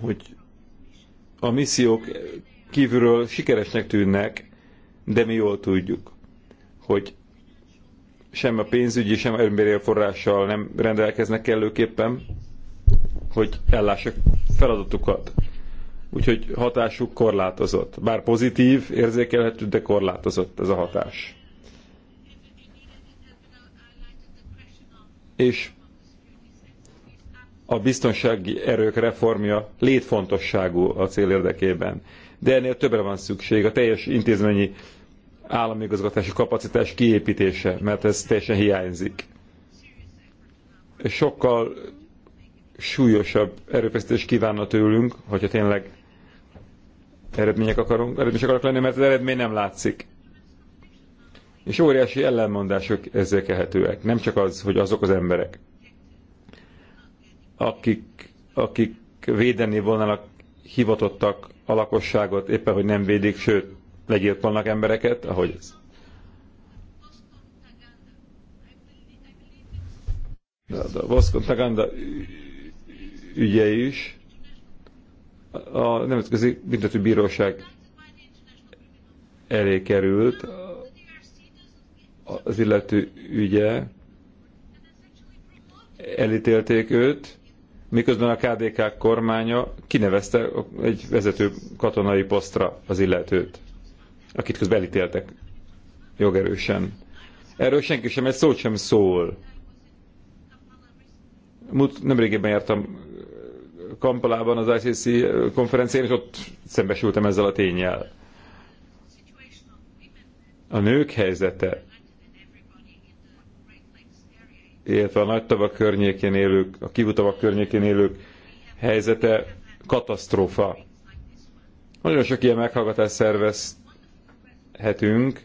hogy a missziók kívülről sikeresnek tűnnek, de mi jól tudjuk, hogy sem a pénzügyi, sem emberi forrással nem rendelkeznek kellőképpen, hogy ellássak feladatukat. Úgyhogy hatásuk korlátozott. Bár pozitív, érzékelhető, de korlátozott ez a hatás. és a biztonsági erők reformja létfontosságú a cél érdekében. De ennél többre van szükség, a teljes intézményi államigazgatási kapacitás kiépítése, mert ez teljesen hiányzik. Sokkal súlyosabb erőfeszítés kívánna tőlünk, hogyha tényleg eredmények akarunk, eredmények akarok lenni, mert az eredmény nem látszik. És óriási ellenmondások lehetőek Nem csak az, hogy azok az emberek, akik, akik védeni volnának hivatottak a lakosságot, éppen hogy nem védik, sőt, legyilkolnak embereket, ahogy ez. A Voskontaganda ügye is a Nemzetközi Büntető Bíróság elé került az illető ügye, elítélték őt, miközben a KDK kormánya kinevezte egy vezető katonai posztra az illetőt, akit közben elítéltek jogerősen. Erről senki sem, egy szót sem szól. Múlt, nemrégében jártam Kampalában az ICC konferencián, és ott szembesültem ezzel a tényel. A nők helyzete illetve a nagy tavak környékén élők, a kivutavak környékén élők helyzete katasztrófa. Nagyon sok ilyen meghallgatást szervezhetünk,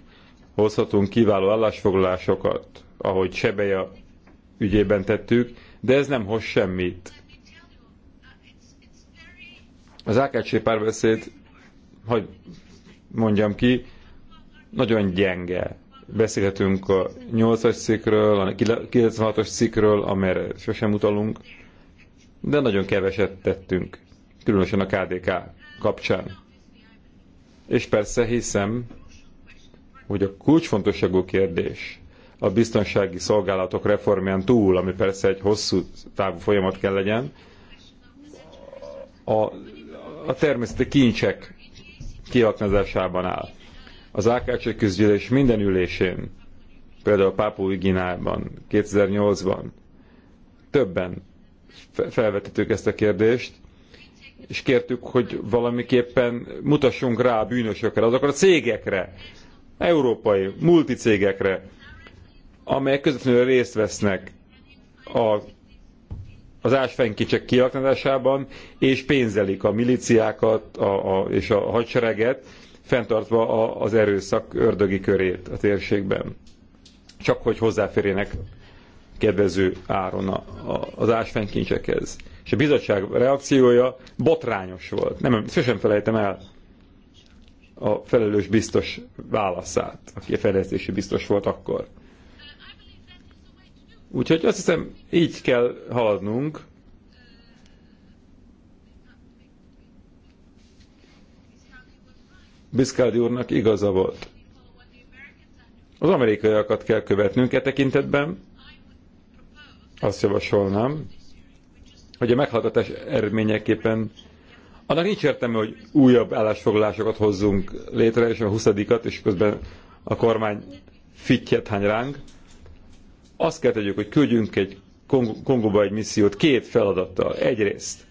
hozhatunk kiváló állásfoglalásokat, ahogy Sebeja ügyében tettük, de ez nem hoz semmit. Az AKC párbeszéd, hogy mondjam ki, nagyon gyenge. Beszélhetünk a 8-as cikkről, a 96-as cikkről, amelyre sosem utalunk, de nagyon keveset tettünk, különösen a KDK kapcsán. És persze hiszem, hogy a kulcsfontosságú kérdés a biztonsági szolgálatok reformján túl, ami persze egy hosszú távú folyamat kell legyen, a, a természeti kincsek kiaknázásában áll. Az AKC közgyűlés minden ülésén, például Pápúi Ginában 2008-ban többen felvetettük ezt a kérdést, és kértük, hogy valamiképpen mutassunk rá a bűnösökre, azokra a cégekre, európai multicégekre, amelyek közvetlenül részt vesznek a, az ásványkicsek kiaknázásában, és pénzelik a miliciákat a, a, és a hadsereget, fenntartva az erőszak ördögi körét a térségben. Csak hogy hozzáférjenek kedvező áron a, a, az ásványkincsekhez. És a bizottság reakciója botrányos volt. Nem, sosem felejtem el a felelős biztos válaszát, aki a fejlesztési biztos volt akkor. Úgyhogy azt hiszem, így kell haladnunk, Biscardi úrnak igaza volt. Az amerikaiakat kell követnünk e tekintetben. Azt javasolnám, hogy a meghallgatás eredményeképpen annak nincs értelme, hogy újabb állásfoglalásokat hozzunk létre, és a 20 és közben a kormány fittyet hány ránk. Azt kell tegyük, hogy küldjünk egy Kongóba egy missziót két feladattal. Egyrészt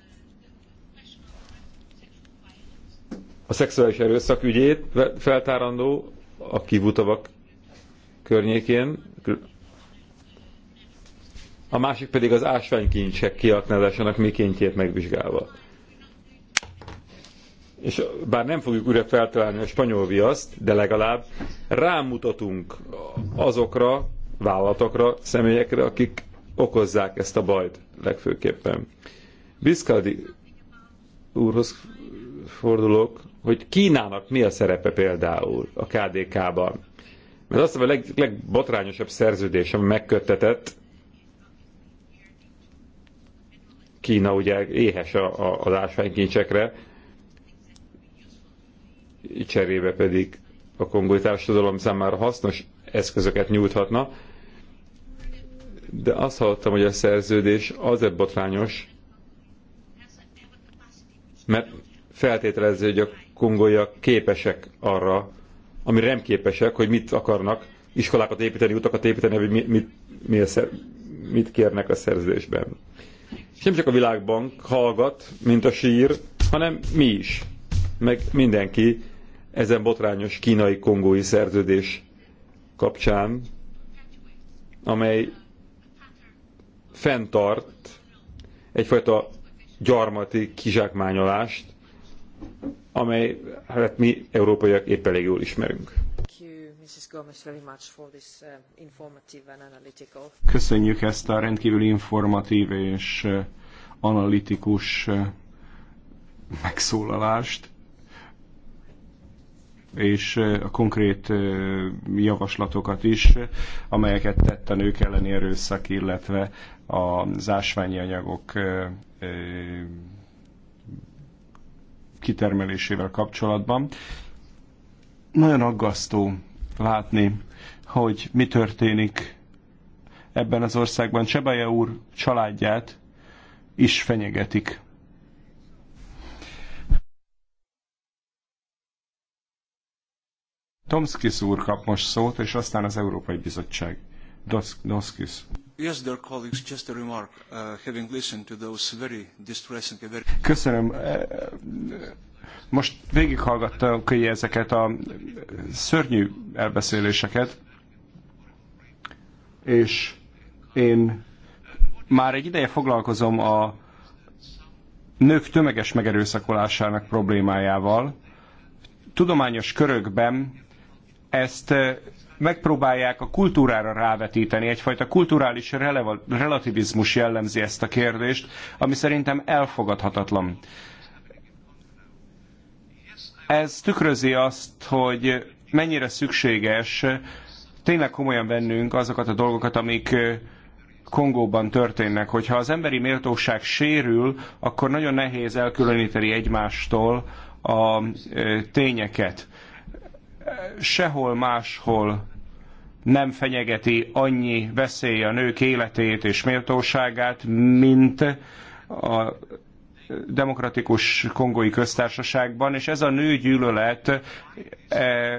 a szexuális erőszak ügyét feltárandó a kivutavak környékén, a másik pedig az ásványkincsek kiaknázásának mikéntjét megvizsgálva. És bár nem fogjuk újra feltalálni a spanyol viaszt, de legalább rámutatunk azokra, vállalatokra, személyekre, akik okozzák ezt a bajt legfőképpen. Biszkaldi úrhoz fordulok, hogy Kínának mi a szerepe például a KDK-ban. Mert azt hiszem a leg, legbotrányosabb szerződés, ami megköttetett, Kína ugye éhes a, a, az ásványkincsekre, cserébe pedig a kongói társadalom számára hasznos eszközöket nyújthatna, de azt hallottam, hogy a szerződés azért botrányos, mert feltételező, hogy a kongolja képesek arra, ami nem képesek, hogy mit akarnak iskolákat építeni, utakat építeni, hogy mit, mit, mit, mit kérnek a szerződésben. És nem csak a világbank hallgat, mint a sír, hanem mi is, meg mindenki ezen botrányos kínai-kongói szerződés kapcsán, amely fenntart egyfajta gyarmati kizsákmányolást, amely hát mi európaiak épp elég jól ismerünk. Uh, Köszönjük ezt a rendkívül informatív és uh, analitikus uh, megszólalást, és a konkrét javaslatokat is, amelyeket tett a nők elleni erőszak, illetve az ásványi anyagok kitermelésével kapcsolatban. Nagyon aggasztó látni, hogy mi történik ebben az országban. Csebaja úr családját is fenyegetik. Tomskis úr kap most szót, és aztán az Európai Bizottság. Donskis. Yes, dear colleagues, just a remark, uh, having listened to those very distressing... Very... Köszönöm. Most végighallgattam ezeket a szörnyű elbeszéléseket, és én már egy ideje foglalkozom a nők tömeges megerőszakolásának problémájával. Tudományos körökben ezt megpróbálják a kultúrára rávetíteni. Egyfajta kulturális relativizmus jellemzi ezt a kérdést, ami szerintem elfogadhatatlan. Ez tükrözi azt, hogy mennyire szükséges tényleg komolyan vennünk azokat a dolgokat, amik Kongóban történnek. Hogyha az emberi méltóság sérül, akkor nagyon nehéz elkülöníteni egymástól a tényeket sehol máshol nem fenyegeti annyi veszély a nők életét és méltóságát, mint a demokratikus kongói köztársaságban, és ez a nőgyűlölet e,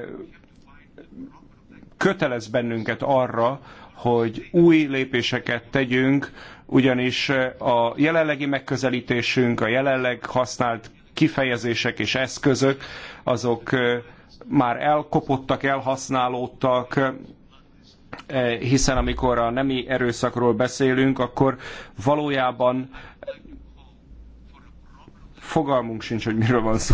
kötelez bennünket arra, hogy új lépéseket tegyünk, ugyanis a jelenlegi megközelítésünk, a jelenleg használt kifejezések és eszközök, azok e, már elkopottak, elhasználódtak, eh, hiszen amikor a nemi erőszakról beszélünk, akkor valójában fogalmunk sincs, hogy miről van szó.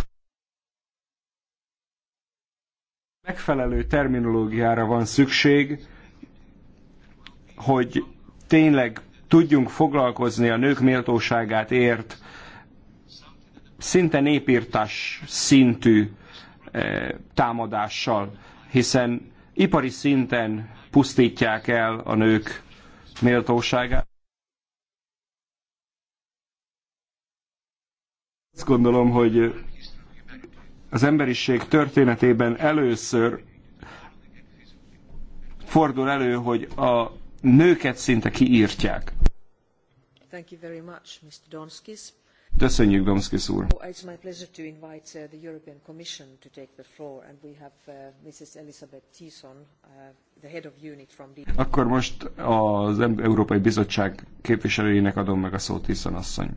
Megfelelő terminológiára van szükség, hogy tényleg tudjunk foglalkozni a nők méltóságát ért szinte népírtás szintű támadással, hiszen ipari szinten pusztítják el a nők méltóságát. Azt gondolom, hogy az emberiség történetében először fordul elő, hogy a nőket szinte kiírtják. Thank you very much, Mr. Köszönjük, úr! Oh, uh, uh, uh, Akkor most az Európai Bizottság képviselőjének adom meg a szót, Thiessen asszony.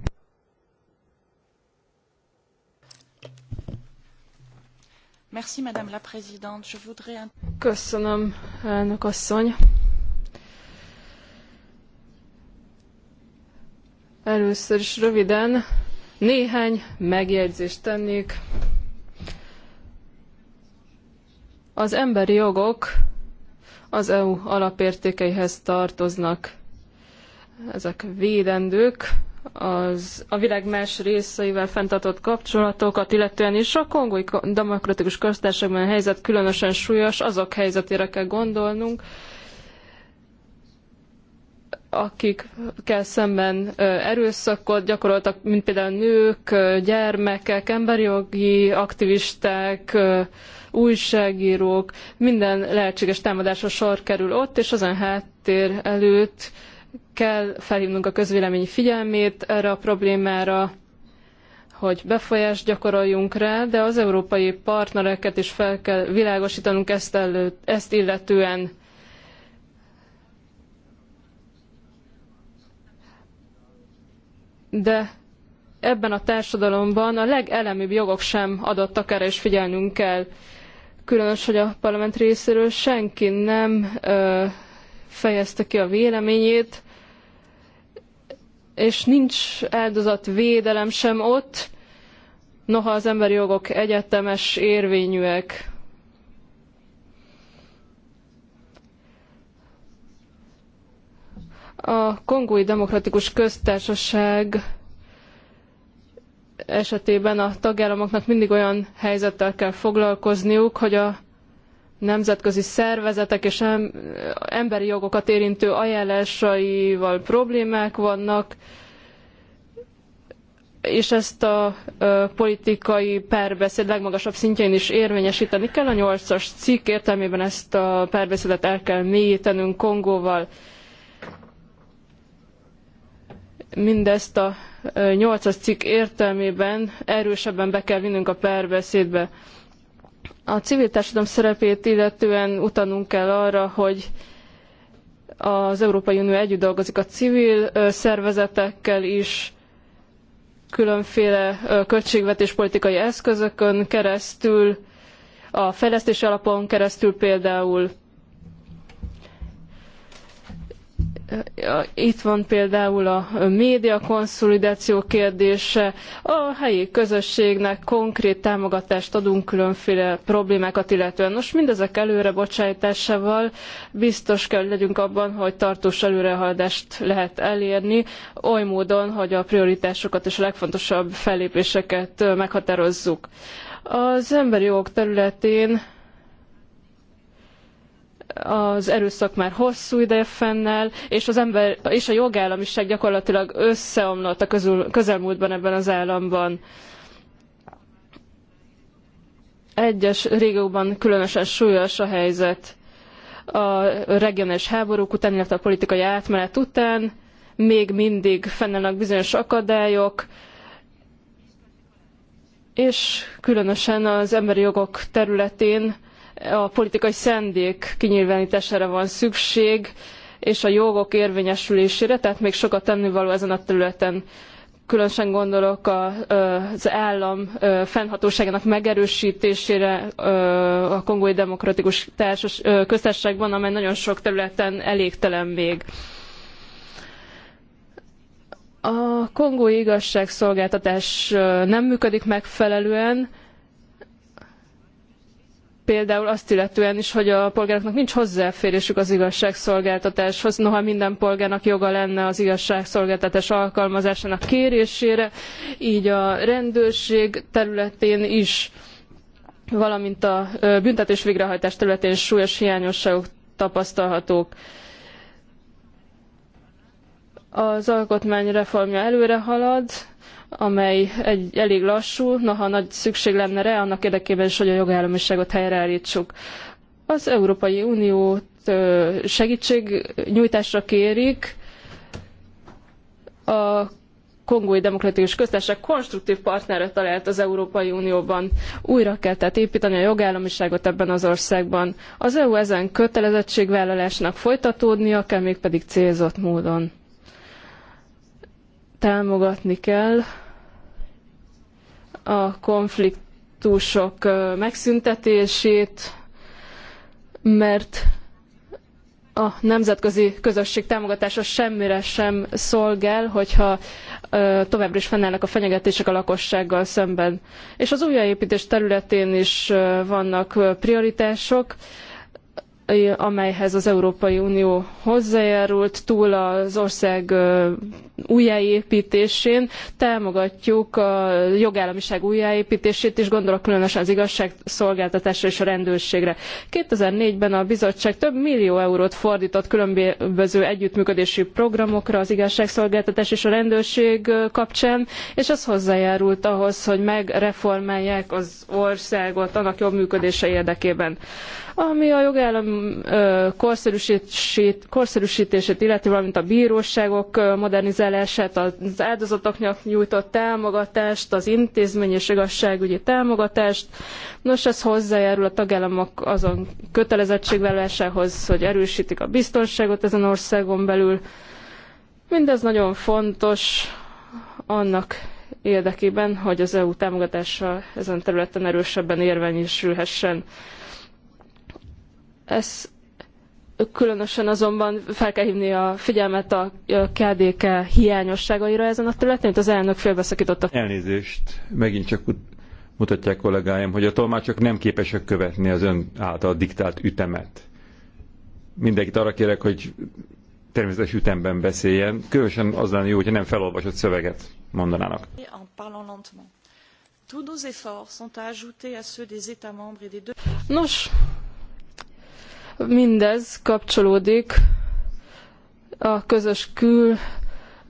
Merci, Madame la Présidente. Je voudrais... Köszönöm, elnök asszony. Először is röviden néhány megjegyzést tennék. Az emberi jogok az EU alapértékeihez tartoznak. Ezek védendők, az a világ más részeivel fenntartott kapcsolatokat, illetően is a kongói demokratikus köztársaságban a helyzet különösen súlyos, azok helyzetére kell gondolnunk, akikkel szemben erőszakot gyakoroltak, mint például nők, gyermekek, emberi jogi aktivisták, újságírók, minden lehetséges támadásra sor kerül ott, és ezen háttér előtt kell felhívnunk a közvélemény figyelmét erre a problémára, hogy befolyást gyakoroljunk rá, de az európai partnereket is fel kell világosítanunk ezt, előtt, ezt illetően de ebben a társadalomban a legelemibb jogok sem adottak erre, és figyelnünk kell. Különös, hogy a parlament részéről senki nem ö, fejezte ki a véleményét, és nincs áldozatvédelem sem ott, noha az emberi jogok egyetemes érvényűek. A Kongói Demokratikus Köztársaság esetében a tagállamoknak mindig olyan helyzettel kell foglalkozniuk, hogy a nemzetközi szervezetek és emberi jogokat érintő ajánlásaival problémák vannak, és ezt a politikai párbeszéd legmagasabb szintjén is érvényesíteni kell. A nyolcas cikk értelmében ezt a párbeszédet el kell mélyítenünk Kongóval mindezt a nyolcas cikk értelmében erősebben be kell vinnünk a párbeszédbe. A civil társadalom szerepét illetően utanunk kell arra, hogy az Európai Unió együtt dolgozik a civil szervezetekkel is, különféle politikai eszközökön keresztül, a fejlesztési alapon keresztül például Itt van például a média konszolidáció kérdése. A helyi közösségnek konkrét támogatást adunk különféle problémákat illetően. Nos, mindezek előre bocsájtásával biztos kell legyünk abban, hogy tartós előrehaladást lehet elérni, oly módon, hogy a prioritásokat és a legfontosabb fellépéseket meghatározzuk. Az emberi jogok területén az erőszak már hosszú ideje fennáll, és az ember és a jogállamiság gyakorlatilag összeomlott a közül, közelmúltban ebben az államban. Egyes régióban különösen súlyos a helyzet a regionális háborúk után, illetve a politikai átmenet után még mindig fennállnak bizonyos akadályok, és különösen az emberi jogok területén a politikai szendék kinyilvánítására van szükség, és a jogok érvényesülésére, tehát még sokat tennivaló ezen a területen. Különösen gondolok az állam fennhatóságának megerősítésére a Kongói Demokratikus Társas, Köztársaságban, amely nagyon sok területen elégtelen még. A kongói igazságszolgáltatás nem működik megfelelően, például azt illetően is, hogy a polgároknak nincs hozzáférésük az igazságszolgáltatáshoz, noha minden polgárnak joga lenne az igazságszolgáltatás alkalmazásának kérésére, így a rendőrség területén is, valamint a büntetés végrehajtás területén súlyos hiányosságok tapasztalhatók az alkotmány reformja előre halad, amely egy, elég lassú, noha nagy szükség lenne rá, annak érdekében is, hogy a jogállamiságot helyreállítsuk. Az Európai Uniót segítségnyújtásra kérik a Kongói Demokratikus Köztársaság konstruktív partnerre talált az Európai Unióban. Újra kell tehát építeni a jogállamiságot ebben az országban. Az EU ezen kötelezettségvállalásnak folytatódnia kell, mégpedig célzott módon támogatni kell a konfliktusok megszüntetését, mert a nemzetközi közösség támogatása semmire sem szolgál, hogyha továbbra is fennállnak a fenyegetések a lakossággal szemben. És az újjáépítés területén is vannak prioritások, amelyhez az Európai Unió hozzájárult, túl az ország újjáépítésén, támogatjuk a jogállamiság újjáépítését, is gondolok különösen az igazságszolgáltatásra és a rendőrségre. 2004-ben a bizottság több millió eurót fordított különböző együttműködési programokra az igazságszolgáltatás és a rendőrség kapcsán, és ez hozzájárult ahhoz, hogy megreformálják az országot annak jobb működése érdekében. Ami a jogállam korszerűsítését, korszerűsítését illeti, valamint a bíróságok modernizációját, elképzelását, az áldozatoknak nyújtott támogatást, az intézmény és igazságügyi támogatást. Nos, ez hozzájárul a tagállamok azon kötelezettségvállalásához, hogy erősítik a biztonságot ezen országon belül. Mindez nagyon fontos annak érdekében, hogy az EU támogatása ezen területen erősebben érvényesülhessen. Ez Különösen azonban fel kell hívni a figyelmet a KDK hiányosságaira ezen a területen, mint az elnök félbeszakította. Elnézést, megint csak mutatják kollégáim, hogy a tolmácsok nem képesek követni az ön által diktált ütemet. Mindenkit arra kérek, hogy természetes ütemben beszéljen. Különösen az lenne jó, hogyha nem felolvasott szöveget mondanának. Nos, Mindez kapcsolódik a közös kül,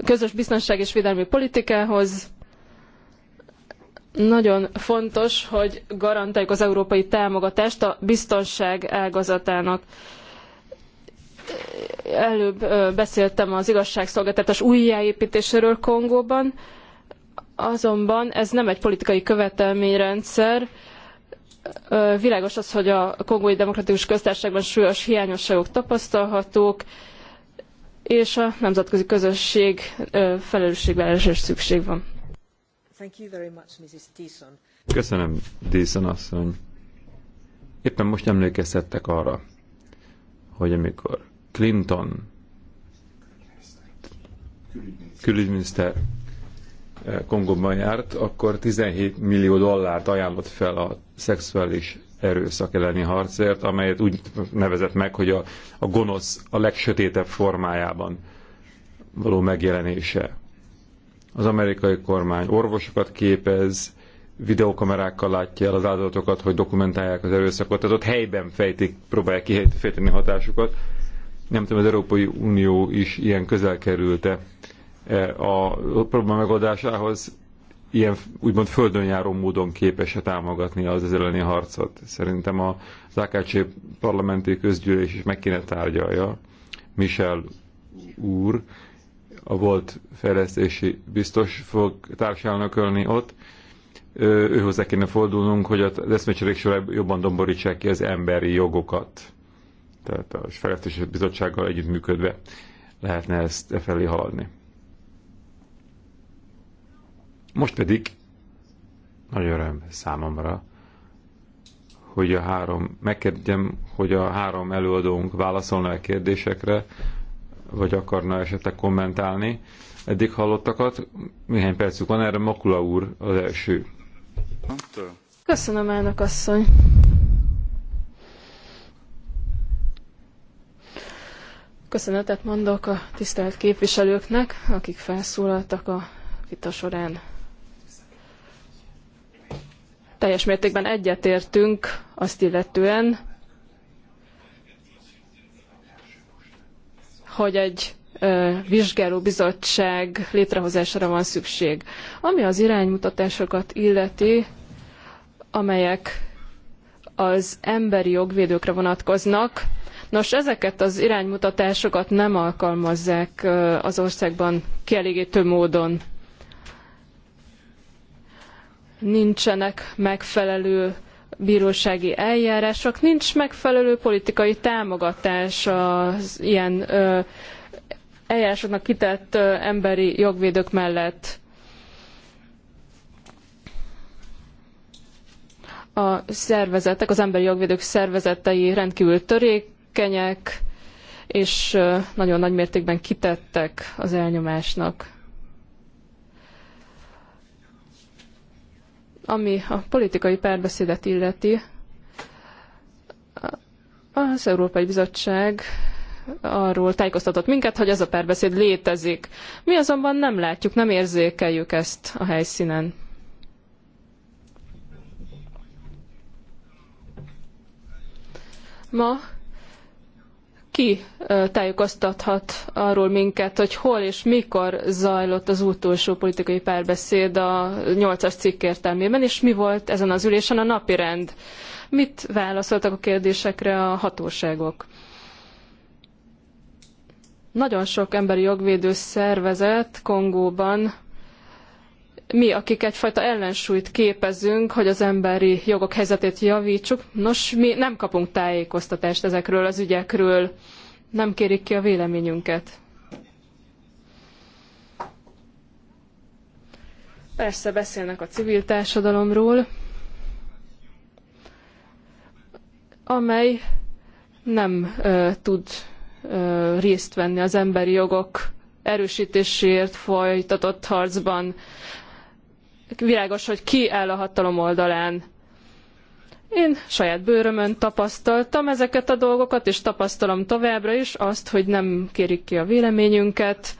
közös biztonság és védelmi politikához. Nagyon fontos, hogy garantáljuk az európai támogatást a biztonság ágazatának előbb beszéltem az igazságszolgáltatás újjáépítéséről Kongóban, azonban ez nem egy politikai követelményrendszer, Világos az, hogy a Kongói Demokratikus Köztársaságban súlyos hiányosságok tapasztalhatók, és a nemzetközi közösség felelősségvállalásra is szükség van. Köszönöm, Dyson asszony. Éppen most emlékeztettek arra, hogy amikor Clinton külügyminiszter Kongóban járt, akkor 17 millió dollárt ajánlott fel a szexuális erőszak elleni harcért, amelyet úgy nevezett meg, hogy a, a gonosz a legsötétebb formájában való megjelenése. Az amerikai kormány orvosokat képez, videókamerákkal látja el az áldozatokat, hogy dokumentálják az erőszakot, tehát ott helyben fejtik, próbálják kifejteni hatásukat. Nem tudom, az Európai Unió is ilyen közel kerülte a probléma megoldásához ilyen úgymond földönjáró módon képes-e támogatni az ez elleni harcot. Szerintem az AKC parlamenti közgyűlés is meg kéne tárgyalja. Michel úr, a volt fejlesztési biztos fog ölni ott, Őhoz kéne fordulnunk, hogy az eszmecserék során jobban domborítsák ki az emberi jogokat. Tehát a fejlesztési bizottsággal együttműködve lehetne ezt e felé haladni. Most pedig nagy öröm számomra, hogy a három, megkérdjem, hogy a három előadónk válaszolna a kérdésekre, vagy akarna esetleg kommentálni eddig hallottakat. Néhány percük van erre, Makula úr az első. Köszönöm, elnök asszony. Köszönetet mondok a tisztelt képviselőknek, akik felszólaltak a vita során teljes mértékben egyetértünk azt illetően, hogy egy vizsgálóbizottság létrehozására van szükség. Ami az iránymutatásokat illeti, amelyek az emberi jogvédőkre vonatkoznak. Nos, ezeket az iránymutatásokat nem alkalmazzák az országban kielégítő módon nincsenek megfelelő bírósági eljárások, nincs megfelelő politikai támogatás az ilyen ö, eljárásoknak kitett ö, emberi jogvédők mellett. A szervezetek, az emberi jogvédők szervezetei rendkívül törékenyek, és ö, nagyon nagy mértékben kitettek az elnyomásnak. Ami a politikai párbeszédet illeti, az Európai Bizottság arról tájékoztatott minket, hogy ez a párbeszéd létezik. Mi azonban nem látjuk, nem érzékeljük ezt a helyszínen. Ma ki tájékoztathat arról minket, hogy hol és mikor zajlott az utolsó politikai párbeszéd a 8-as cikk értelmében, és mi volt ezen az ülésen a napirend? Mit válaszoltak a kérdésekre a hatóságok? Nagyon sok emberi jogvédő szervezet Kongóban mi, akik egyfajta ellensúlyt képezünk, hogy az emberi jogok helyzetét javítsuk, nos, mi nem kapunk tájékoztatást ezekről az ügyekről, nem kérik ki a véleményünket. Persze beszélnek a civil társadalomról, amely nem ö, tud ö, részt venni az emberi jogok erősítéséért folytatott harcban világos, hogy ki áll a hatalom oldalán. Én saját bőrömön tapasztaltam ezeket a dolgokat, és tapasztalom továbbra is azt, hogy nem kérik ki a véleményünket,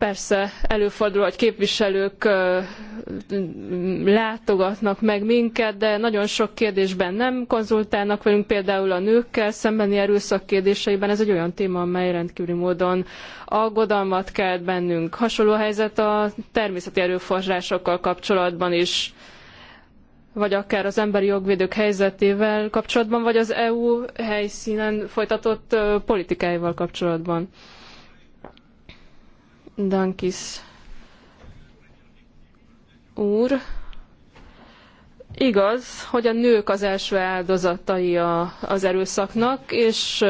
Persze előfordul, hogy képviselők látogatnak meg minket, de nagyon sok kérdésben nem konzultálnak velünk, például a nőkkel szembeni erőszak kérdéseiben. Ez egy olyan téma, amely rendkívüli módon aggodalmat kelt bennünk. Hasonló helyzet a természeti erőforrásokkal kapcsolatban is vagy akár az emberi jogvédők helyzetével kapcsolatban, vagy az EU helyszínen folytatott politikáival kapcsolatban. Dankis úr. Igaz, hogy a nők az első áldozatai a, az erőszaknak, és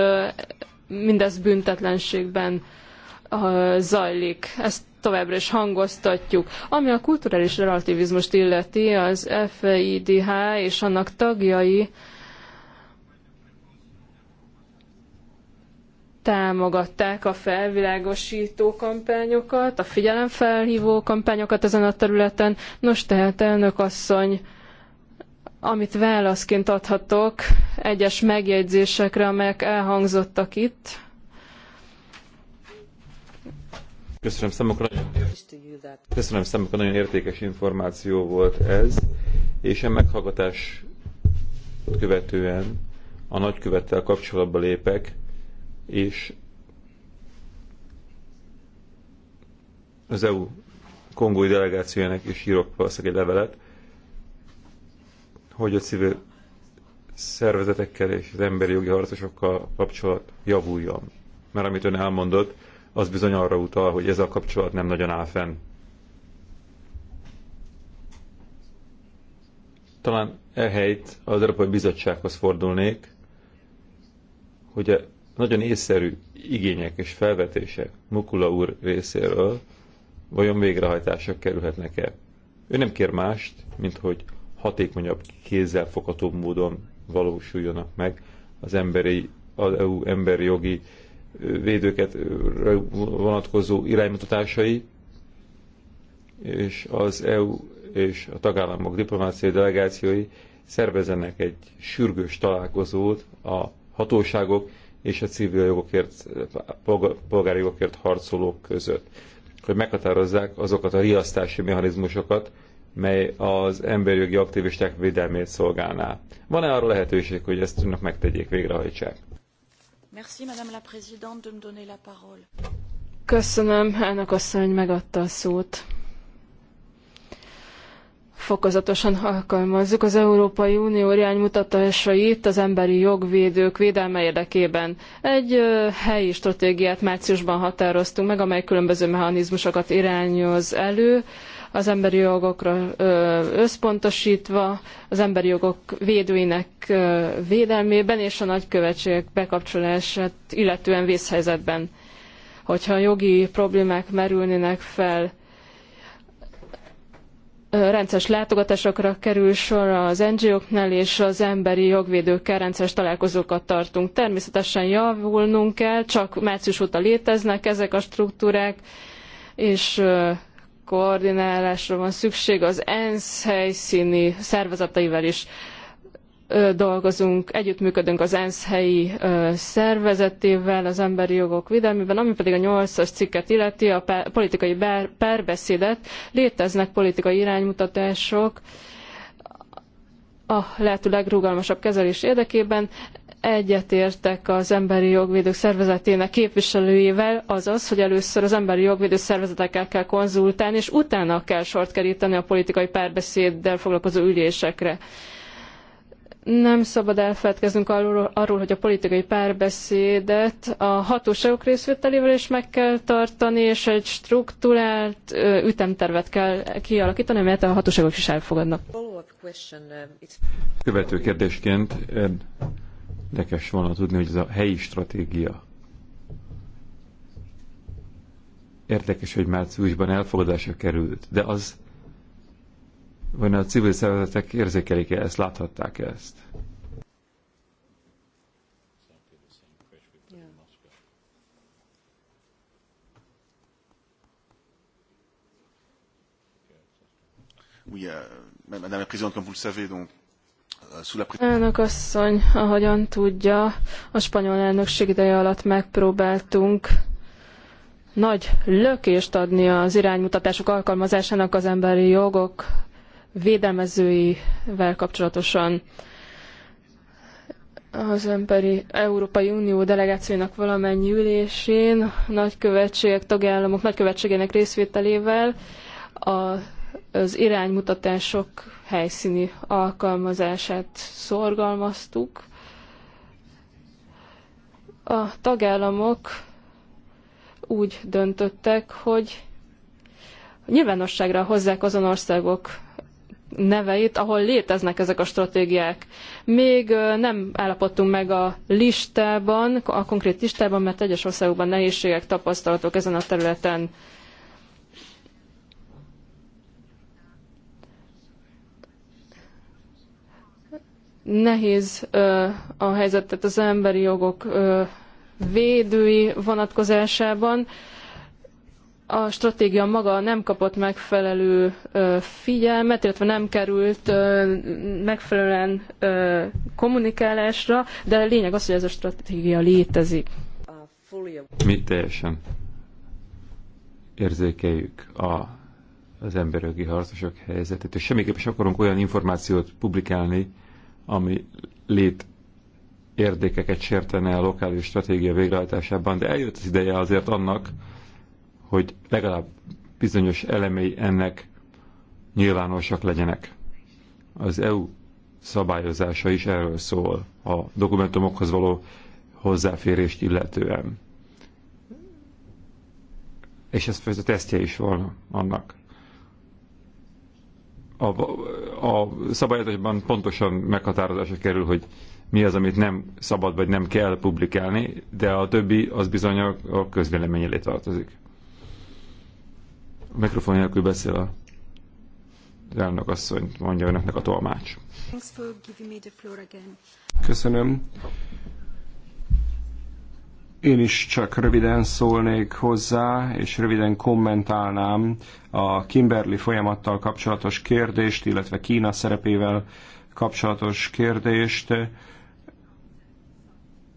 mindez büntetlenségben zajlik. Ezt továbbra is hangoztatjuk. Ami a kulturális relativizmust illeti, az FIDH és annak tagjai támogatták a felvilágosító kampányokat, a figyelemfelhívó kampányokat ezen a területen. Nos, tehát elnök asszony, amit válaszként adhatok egyes megjegyzésekre, amelyek elhangzottak itt. Köszönöm számokra. Köszönöm számokra, nagyon értékes információ volt ez, és a meghallgatás követően a nagykövettel kapcsolatba lépek, és az EU kongói delegációjának is írok valószínűleg egy levelet, hogy a civil szervezetekkel és az emberi jogi harcosokkal kapcsolat javuljon. Mert amit ön elmondott, az bizony arra utal, hogy ez a kapcsolat nem nagyon áll fenn. Talán ehelyt az Európai Bizottsághoz fordulnék, hogy nagyon észszerű igények és felvetések Mukula úr részéről vajon végrehajtásra kerülhetnek-e. Ő nem kér mást, mint hogy hatékonyabb, kézzelfoghatóbb módon valósuljanak meg az, emberi, az EU emberi jogi védőket vonatkozó iránymutatásai, és az EU és a tagállamok diplomáciai delegációi szervezenek egy sürgős találkozót a hatóságok és a civil jogokért, polgári jogokért harcolók között. Hogy meghatározzák azokat a riasztási mechanizmusokat, mely az emberjogi aktivisták védelmét szolgálná. Van-e arra lehetőség, hogy ezt önök megtegyék, végrehajtsák? Merci, Madame la Présidente, de me donner la parole. Köszönöm, elnök asszony megadta a szót fokozatosan alkalmazzuk az Európai Unió iránymutatásait az emberi jogvédők védelme érdekében. Egy helyi stratégiát márciusban határoztunk meg, amely különböző mechanizmusokat irányoz elő, az emberi jogokra összpontosítva, az emberi jogok védőinek védelmében és a nagykövetségek bekapcsolását illetően vészhelyzetben. Hogyha jogi problémák merülnének fel, rendszeres látogatásokra kerül sor az NGO-knál és az emberi jogvédőkkel rendszeres találkozókat tartunk. Természetesen javulnunk kell, csak március óta léteznek ezek a struktúrák, és koordinálásra van szükség az ENSZ helyszíni szervezeteivel is dolgozunk, együttműködünk az ENSZ helyi szervezetével az emberi jogok védelmében, ami pedig a 8-as cikket illeti, a politikai párbeszédet. Léteznek politikai iránymutatások a lehető legrugalmasabb kezelés érdekében. Egyetértek az emberi jogvédők szervezetének képviselőjével, azaz, hogy először az emberi jogvédő szervezetekkel kell konzultálni, és utána kell sort keríteni a politikai párbeszéddel foglalkozó ülésekre nem szabad elfeledkeznünk arról, arról, hogy a politikai párbeszédet a hatóságok részvételével is meg kell tartani, és egy struktúrált ütemtervet kell kialakítani, amelyet a hatóságok is elfogadnak. Követő kérdésként érdekes volna tudni, hogy ez a helyi stratégia. Érdekes, hogy márciusban elfogadásra került, de az vagy a civil szervezetek érzékelik-e ezt, láthatták -e ezt? Oui, euh, Madame la Présidente, comme vous le savez, donc euh, Elnök asszony, ahogyan tudja, a spanyol elnökség ideje alatt megpróbáltunk nagy lökést adni az iránymutatások alkalmazásának az emberi jogok védelmezőivel kapcsolatosan az emberi Európai Unió delegációinak valamennyi ülésén, nagykövetségek, tagállamok nagykövetségének részvételével a, az iránymutatások helyszíni alkalmazását szorgalmaztuk. A tagállamok úgy döntöttek, hogy nyilvánosságra hozzák azon országok neveit, ahol léteznek ezek a stratégiák. Még nem állapodtunk meg a listában, a konkrét listában, mert egyes országokban nehézségek tapasztalatok ezen a területen. Nehéz a helyzetet az emberi jogok védői vonatkozásában a stratégia maga nem kapott megfelelő figyelmet, illetve nem került megfelelően kommunikálásra, de a lényeg az, hogy ez a stratégia létezik. Mi teljesen érzékeljük a, az emberjogi harcosok helyzetét, és semmiképp sem akarunk olyan információt publikálni, ami lét érdekeket sértene a lokális stratégia végrehajtásában, de eljött az ideje azért annak, hogy legalább bizonyos elemei ennek nyilvánosak legyenek. Az EU szabályozása is erről szól, a dokumentumokhoz való hozzáférést illetően. És ez a tesztje is van annak. A, a szabályozásban pontosan meghatározása kerül, hogy mi az, amit nem szabad vagy nem kell publikálni, de a többi az bizony a, a közvélemény elé tartozik. Mikrofon nélkül beszél a elnök asszony, mondja önöknek a tolmács. Köszönöm. Én is csak röviden szólnék hozzá, és röviden kommentálnám a Kimberly folyamattal kapcsolatos kérdést, illetve Kína szerepével kapcsolatos kérdést.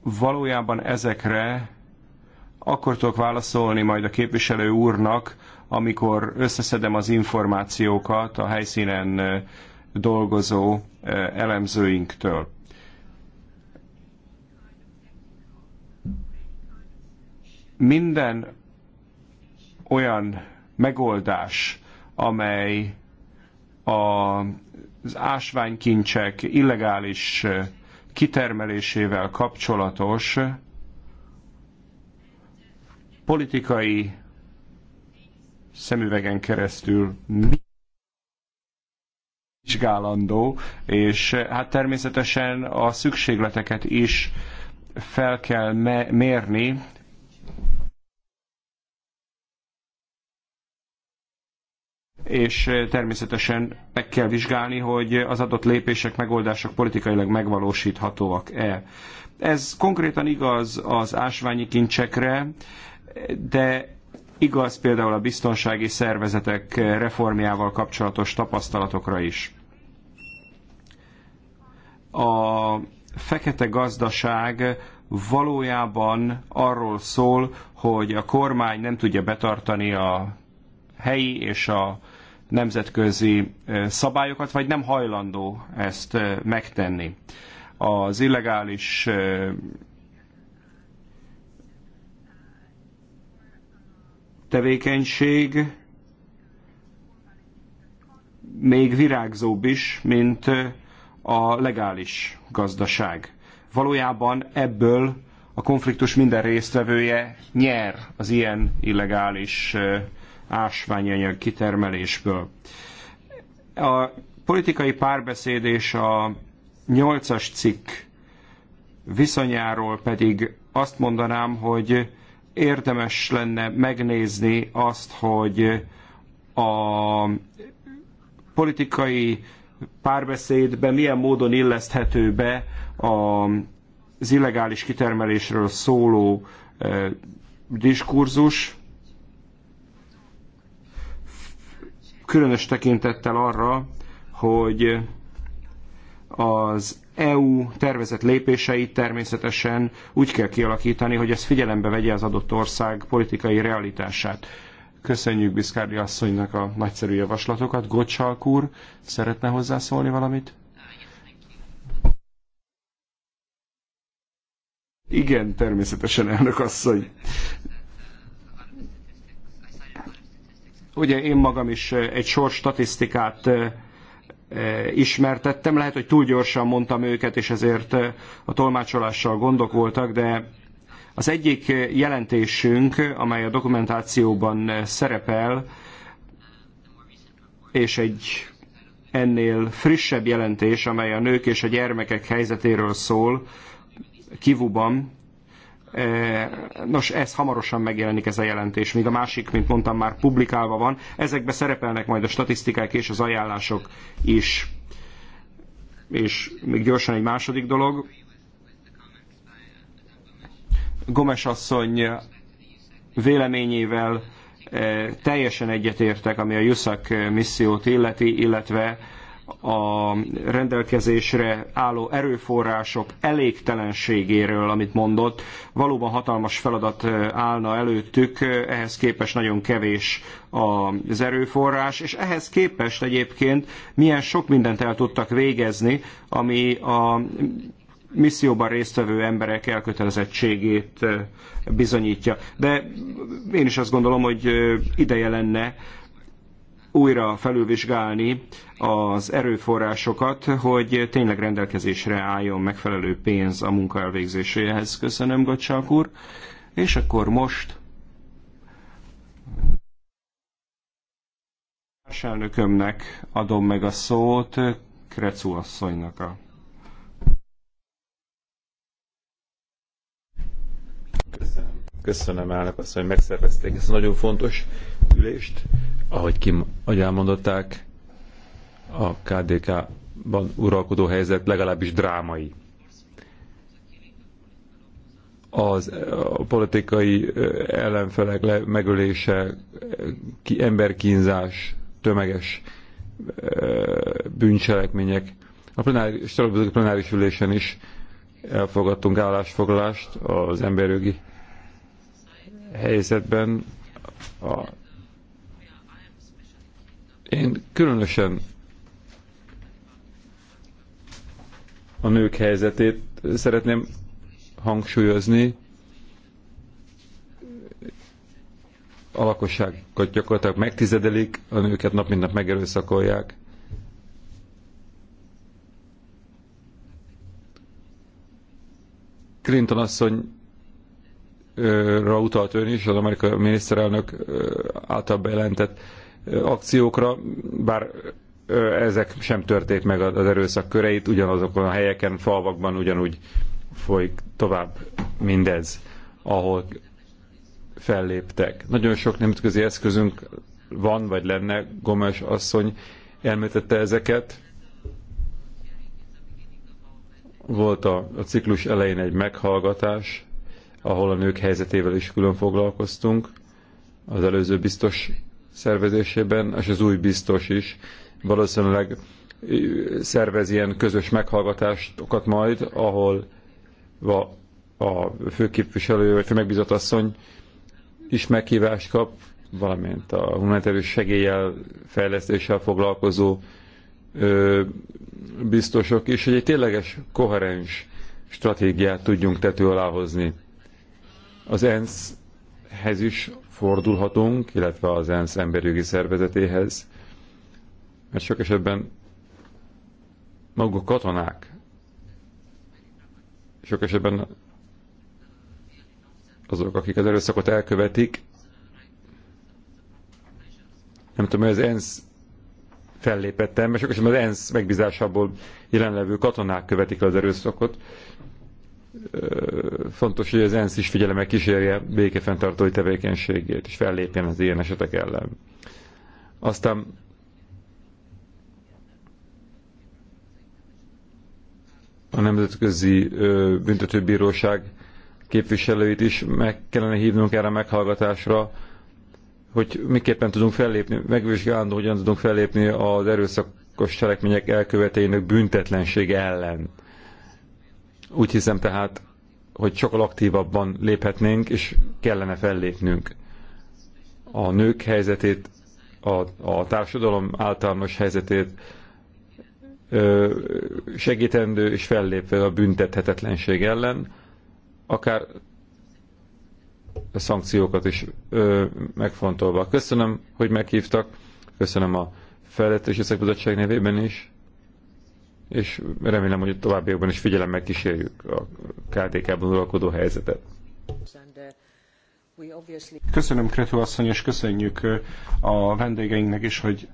Valójában ezekre akkor tudok válaszolni majd a képviselő úrnak, amikor összeszedem az információkat a helyszínen dolgozó elemzőinktől. Minden olyan megoldás, amely az ásványkincsek illegális kitermelésével kapcsolatos politikai szemüvegen keresztül mi vizsgálandó, és eh, hát természetesen a szükségleteket is fel kell mérni, és eh, természetesen meg kell vizsgálni, hogy az adott lépések, megoldások politikailag megvalósíthatóak-e. Ez konkrétan igaz az ásványi kincsekre, de igaz például a biztonsági szervezetek reformjával kapcsolatos tapasztalatokra is. A fekete gazdaság valójában arról szól, hogy a kormány nem tudja betartani a helyi és a nemzetközi szabályokat, vagy nem hajlandó ezt megtenni. Az illegális tevékenység még virágzóbb is, mint a legális gazdaság. Valójában ebből a konfliktus minden résztvevője nyer az ilyen illegális eh, ásványanyag kitermelésből. A politikai párbeszéd és a nyolcas cikk viszonyáról pedig azt mondanám, hogy érdemes lenne megnézni azt, hogy a politikai párbeszédbe milyen módon illeszthető be az illegális kitermelésről szóló diskurzus, különös tekintettel arra, hogy az EU tervezett lépéseit természetesen úgy kell kialakítani, hogy ez figyelembe vegye az adott ország politikai realitását. Köszönjük Biszkárdi asszonynak a nagyszerű javaslatokat. Gocsalk úr, szeretne hozzászólni valamit? Igen, természetesen, elnök asszony. Ugye én magam is egy sor statisztikát Eh, ismertettem. Lehet, hogy túl gyorsan mondtam őket, és ezért eh, a tolmácsolással gondok voltak, de az egyik eh, jelentésünk, amely a dokumentációban szerepel, és egy ennél frissebb jelentés, amely a nők és a gyermekek helyzetéről szól, Kivuban, Nos, ez hamarosan megjelenik ez a jelentés, míg a másik, mint mondtam, már publikálva van. Ezekbe szerepelnek majd a statisztikák és az ajánlások is. És még gyorsan egy második dolog. Gomes asszony véleményével eh, teljesen egyetértek, ami a Juszak missziót illeti, illetve a rendelkezésre álló erőforrások elégtelenségéről, amit mondott. Valóban hatalmas feladat állna előttük, ehhez képest nagyon kevés az erőforrás, és ehhez képest egyébként milyen sok mindent el tudtak végezni, ami a misszióban résztvevő emberek elkötelezettségét bizonyítja. De én is azt gondolom, hogy ideje lenne újra felülvizsgálni az erőforrásokat, hogy tényleg rendelkezésre álljon megfelelő pénz a munka elvégzéséhez. Köszönöm, Gocsák úr. És akkor most elnökömnek adom meg a szót, Krecu asszonynak a Köszönöm. Köszönöm elnök azt, hogy megszervezték ezt a nagyon fontos ülést. Ahogy kim, ahogy elmondották, a KDK-ban uralkodó helyzet legalábbis drámai. Az a politikai ellenfelek megölése, ki, emberkínzás, tömeges bűncselekmények. A plenáris, plenáris ülésen is elfogadtunk állásfoglalást az emberjogi helyzetben a... én különösen a nők helyzetét szeretném hangsúlyozni. A lakosságot gyakorlatilag megtizedelik, a nőket nap mint nap megerőszakolják. Clinton asszony ra utalt ön is, az amerikai miniszterelnök által bejelentett akciókra, bár ezek sem törték meg az erőszak köreit, ugyanazokon a helyeken, falvakban ugyanúgy folyik tovább mindez, ahol felléptek. Nagyon sok nemzetközi eszközünk van, vagy lenne, Gomes asszony elmétette ezeket. Volt a, a ciklus elején egy meghallgatás, ahol a nők helyzetével is külön foglalkoztunk, az előző biztos szervezésében, és az új biztos is valószínűleg szervez ilyen közös meghallgatásokat majd, ahol a főképviselő vagy főmegbizott asszony is meghívást kap, valamint a humanitárius segéllyel, fejlesztéssel foglalkozó ö, biztosok is, hogy egy tényleges, koherens stratégiát tudjunk tető alá hozni az ENSZ-hez is fordulhatunk, illetve az ENSZ emberjogi szervezetéhez, mert sok esetben maguk a katonák sok esetben azok, akik az erőszakot elkövetik, nem tudom, hogy az ENSZ fellépettem, mert sok esetben az ENSZ megbízásából jelenlevő katonák követik az erőszakot, fontos, hogy az ENSZ is figyelemmel kísérje békefenntartói tevékenységét, és fellépjen az ilyen esetek ellen. Aztán a Nemzetközi Büntetőbíróság képviselőit is meg kellene hívnunk erre a meghallgatásra, hogy miképpen tudunk fellépni, megvizsgálandó, hogyan tudunk fellépni az erőszakos cselekmények elköveteinek büntetlensége ellen úgy hiszem tehát, hogy sokkal aktívabban léphetnénk, és kellene fellépnünk. A nők helyzetét, a, a társadalom általános helyzetét ö, segítendő és fellépve a büntethetetlenség ellen, akár a szankciókat is ö, megfontolva. Köszönöm, hogy meghívtak, köszönöm a Fejlett és Bizottság nevében is és remélem, hogy a továbbiakban is figyelemmel kísérjük a KDK-ban uralkodó helyzetet. Köszönöm, Kretó asszony, és köszönjük a vendégeinknek is, hogy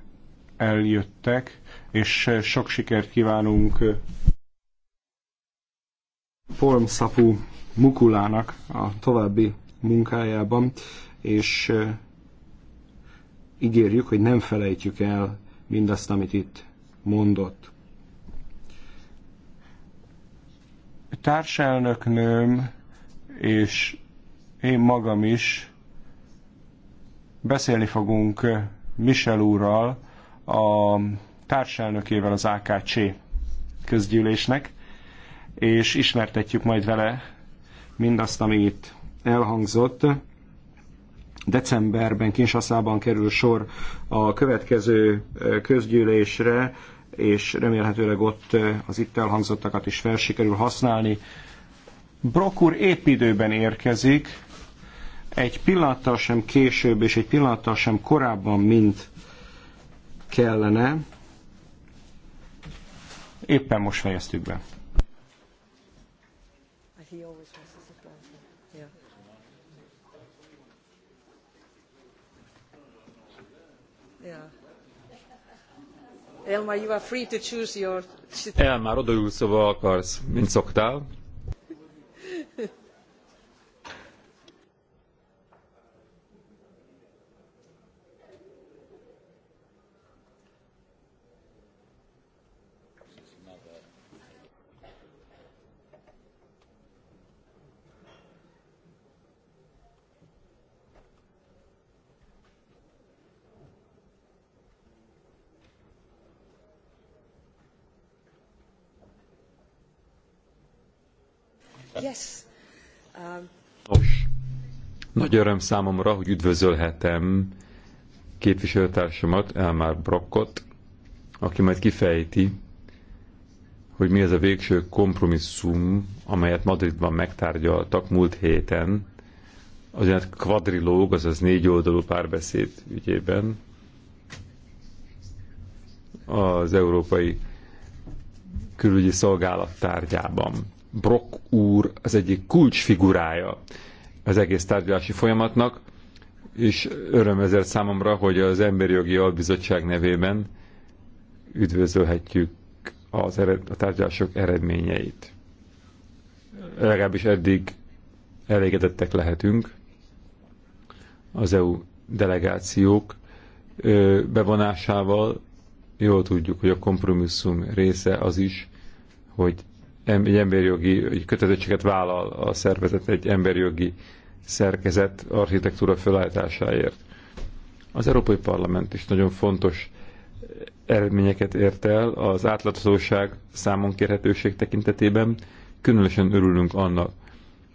eljöttek, és sok sikert kívánunk Formszapú Mukulának a további munkájában, és ígérjük, hogy nem felejtjük el mindazt, amit itt mondott. Társelnöknőm és én magam is beszélni fogunk Michel úrral, a társelnökével az AKC közgyűlésnek, és ismertetjük majd vele mindazt, ami itt elhangzott. Decemberben Kinsaszában kerül sor a következő közgyűlésre, és remélhetőleg ott eh, az itt elhangzottakat is fel sikerül használni. Brock úr épp időben érkezik, egy pillanattal sem később, és egy pillanattal sem korábban, mint kellene. Éppen most fejeztük be. Elmar, you are free to choose your... Elmar, odaülsz, szóval akarsz, mint szoktál. Um, Nos, nagy öröm számomra, hogy üdvözölhetem képviselőtársamat, Elmar Brockot, aki majd kifejti, hogy mi ez a végső kompromisszum, amelyet Madridban megtárgyaltak múlt héten, az ilyen kvadrilóg, azaz négy oldalú párbeszéd ügyében az Európai Külügyi Szolgálat tárgyában. Brock úr az egyik kulcsfigurája az egész tárgyalási folyamatnak, és öröm ezért számomra, hogy az Emberi Jogi Albizottság nevében üdvözölhetjük az ered, a tárgyalások eredményeit. Legalábbis eddig elégedettek lehetünk. Az EU delegációk bevonásával jól tudjuk, hogy a kompromisszum része az is, hogy egy emberjogi kötelezettséget vállal a szervezet egy emberjogi szerkezet architektúra felállításáért. Az Európai Parlament is nagyon fontos eredményeket ért el az átláthatóság számon kérhetőség tekintetében. Különösen örülünk annak,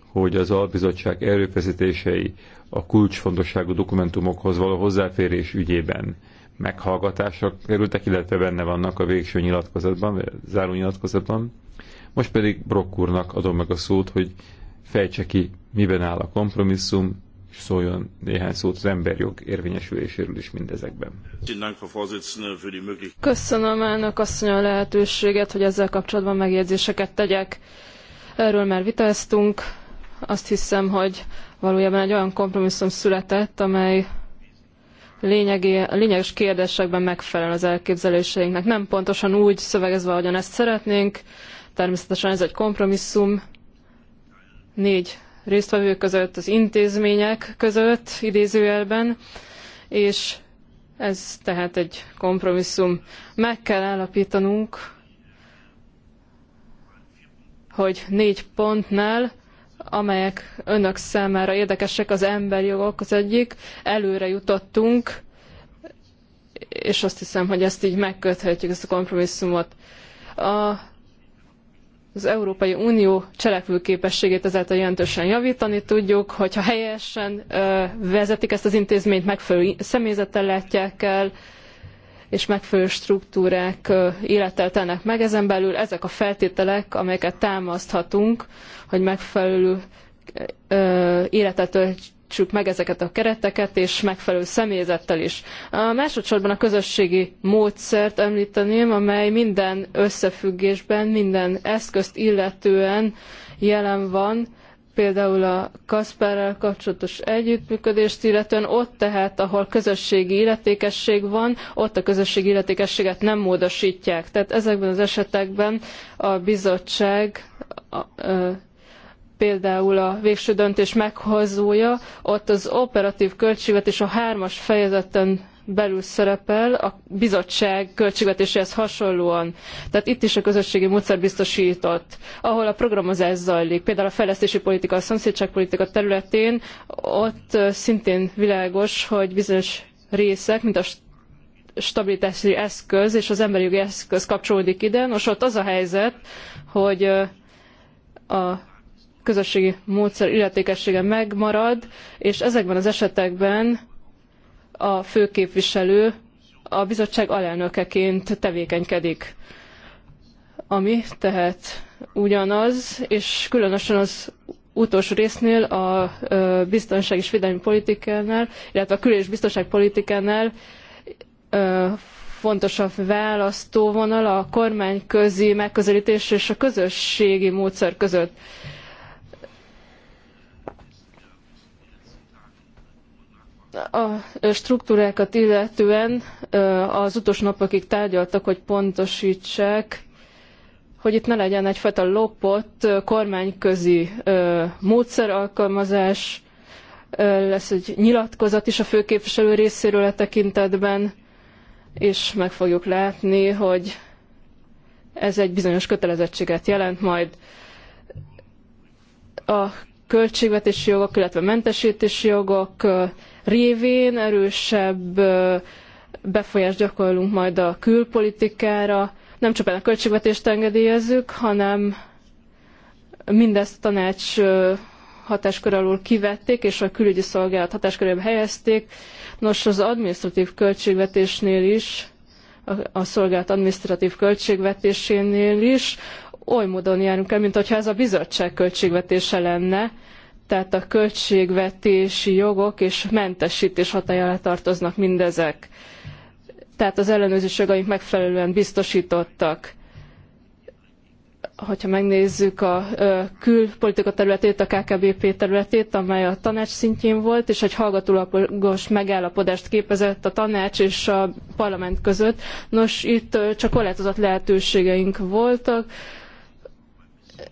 hogy az albizottság erőfeszítései a kulcsfontosságú dokumentumokhoz való hozzáférés ügyében meghallgatásra kerültek, illetve benne vannak a végső nyilatkozatban, záró nyilatkozatban. Most pedig Brock úrnak adom meg a szót, hogy fejtse ki, miben áll a kompromisszum, és szóljon néhány szót az emberjog érvényesüléséről is mindezekben. Köszönöm elnök asszony a lehetőséget, hogy ezzel kapcsolatban megjegyzéseket tegyek. Erről már vitáztunk. Azt hiszem, hogy valójában egy olyan kompromisszum született, amely lényegi, lényeges kérdésekben megfelel az elképzeléseinknek. Nem pontosan úgy szövegezve, ahogyan ezt szeretnénk, Természetesen ez egy kompromisszum négy résztvevő között, az intézmények között idézőjelben, és ez tehát egy kompromisszum. Meg kell állapítanunk, hogy négy pontnál, amelyek önök számára érdekesek, az emberi jogok az egyik, előre jutottunk, és azt hiszem, hogy ezt így megköthetjük, ezt a kompromisszumot. A az Európai Unió cselekvőképességét ezáltal jelentősen javítani tudjuk, hogyha helyesen vezetik ezt az intézményt, megfelelő személyzettel látják el, és megfelelő struktúrák élettel telnek meg ezen belül. Ezek a feltételek, amelyeket támaszthatunk, hogy megfelelő életet teremtsük meg ezeket a kereteket, és megfelelő személyzettel is. A másodszorban a közösségi módszert említeném, amely minden összefüggésben, minden eszközt illetően jelen van, például a Kasperrel kapcsolatos együttműködést, illetően ott tehát, ahol közösségi illetékesség van, ott a közösségi illetékességet nem módosítják. Tehát ezekben az esetekben a bizottság a, a, például a végső döntés meghozója, ott az operatív költségvetés a hármas fejezeten belül szerepel a bizottság költségvetéséhez hasonlóan. Tehát itt is a közösségi módszer biztosított, ahol a programozás zajlik. Például a fejlesztési politika, a szomszédságpolitika területén ott szintén világos, hogy bizonyos részek, mint a stabilitási eszköz és az emberi jogi eszköz kapcsolódik ide. Nos, ott az a helyzet, hogy a közösségi módszer illetékessége megmarad, és ezekben az esetekben a főképviselő a bizottság alelnökeként tevékenykedik. Ami tehát ugyanaz, és különösen az utolsó résznél a biztonság és védelmi politikánál, illetve a kül- és biztonságpolitikánál fontosabb választóvonal a kormányközi megközelítés és a közösségi módszer között. a struktúrákat illetően az utolsó napokig tárgyaltak, hogy pontosítsák, hogy itt ne legyen egyfajta lopott kormányközi módszer alkalmazás, lesz egy nyilatkozat is a főképviselő részéről a e tekintetben, és meg fogjuk látni, hogy ez egy bizonyos kötelezettséget jelent majd a költségvetési jogok, illetve mentesítési jogok révén erősebb befolyást gyakorlunk majd a külpolitikára, nem csupán a költségvetést engedélyezzük, hanem mindezt a tanács hatáskör alól kivették, és a külügyi szolgálat hatáskörébe helyezték. Nos, az administratív költségvetésnél is, a szolgálat administratív költségvetésénél is oly módon járunk el, mint hogyha ez a bizottság költségvetése lenne, tehát a költségvetési jogok és mentesítés hatájára tartoznak mindezek. Tehát az ellenőrzés jogaink megfelelően biztosítottak. Hogyha megnézzük a külpolitika területét, a KKBP területét, amely a tanács szintjén volt, és egy hallgatólagos megállapodást képezett a tanács és a parlament között. Nos, itt csak korlátozott lehetőségeink voltak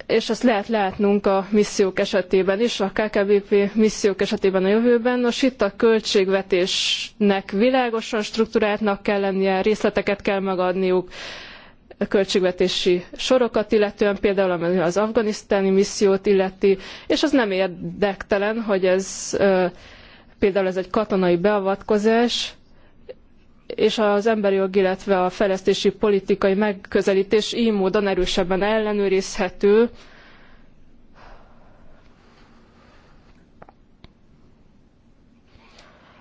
és ezt lehet látnunk a missziók esetében is, a KKBP missziók esetében a jövőben. Nos, itt a költségvetésnek világosan struktúráltnak kell lennie, részleteket kell megadniuk, a költségvetési sorokat illetően, például ami az afganisztáni missziót illeti, és az nem érdektelen, hogy ez például ez egy katonai beavatkozás, és az emberi jog, illetve a fejlesztési politikai megközelítés így módon erősebben ellenőrizhető,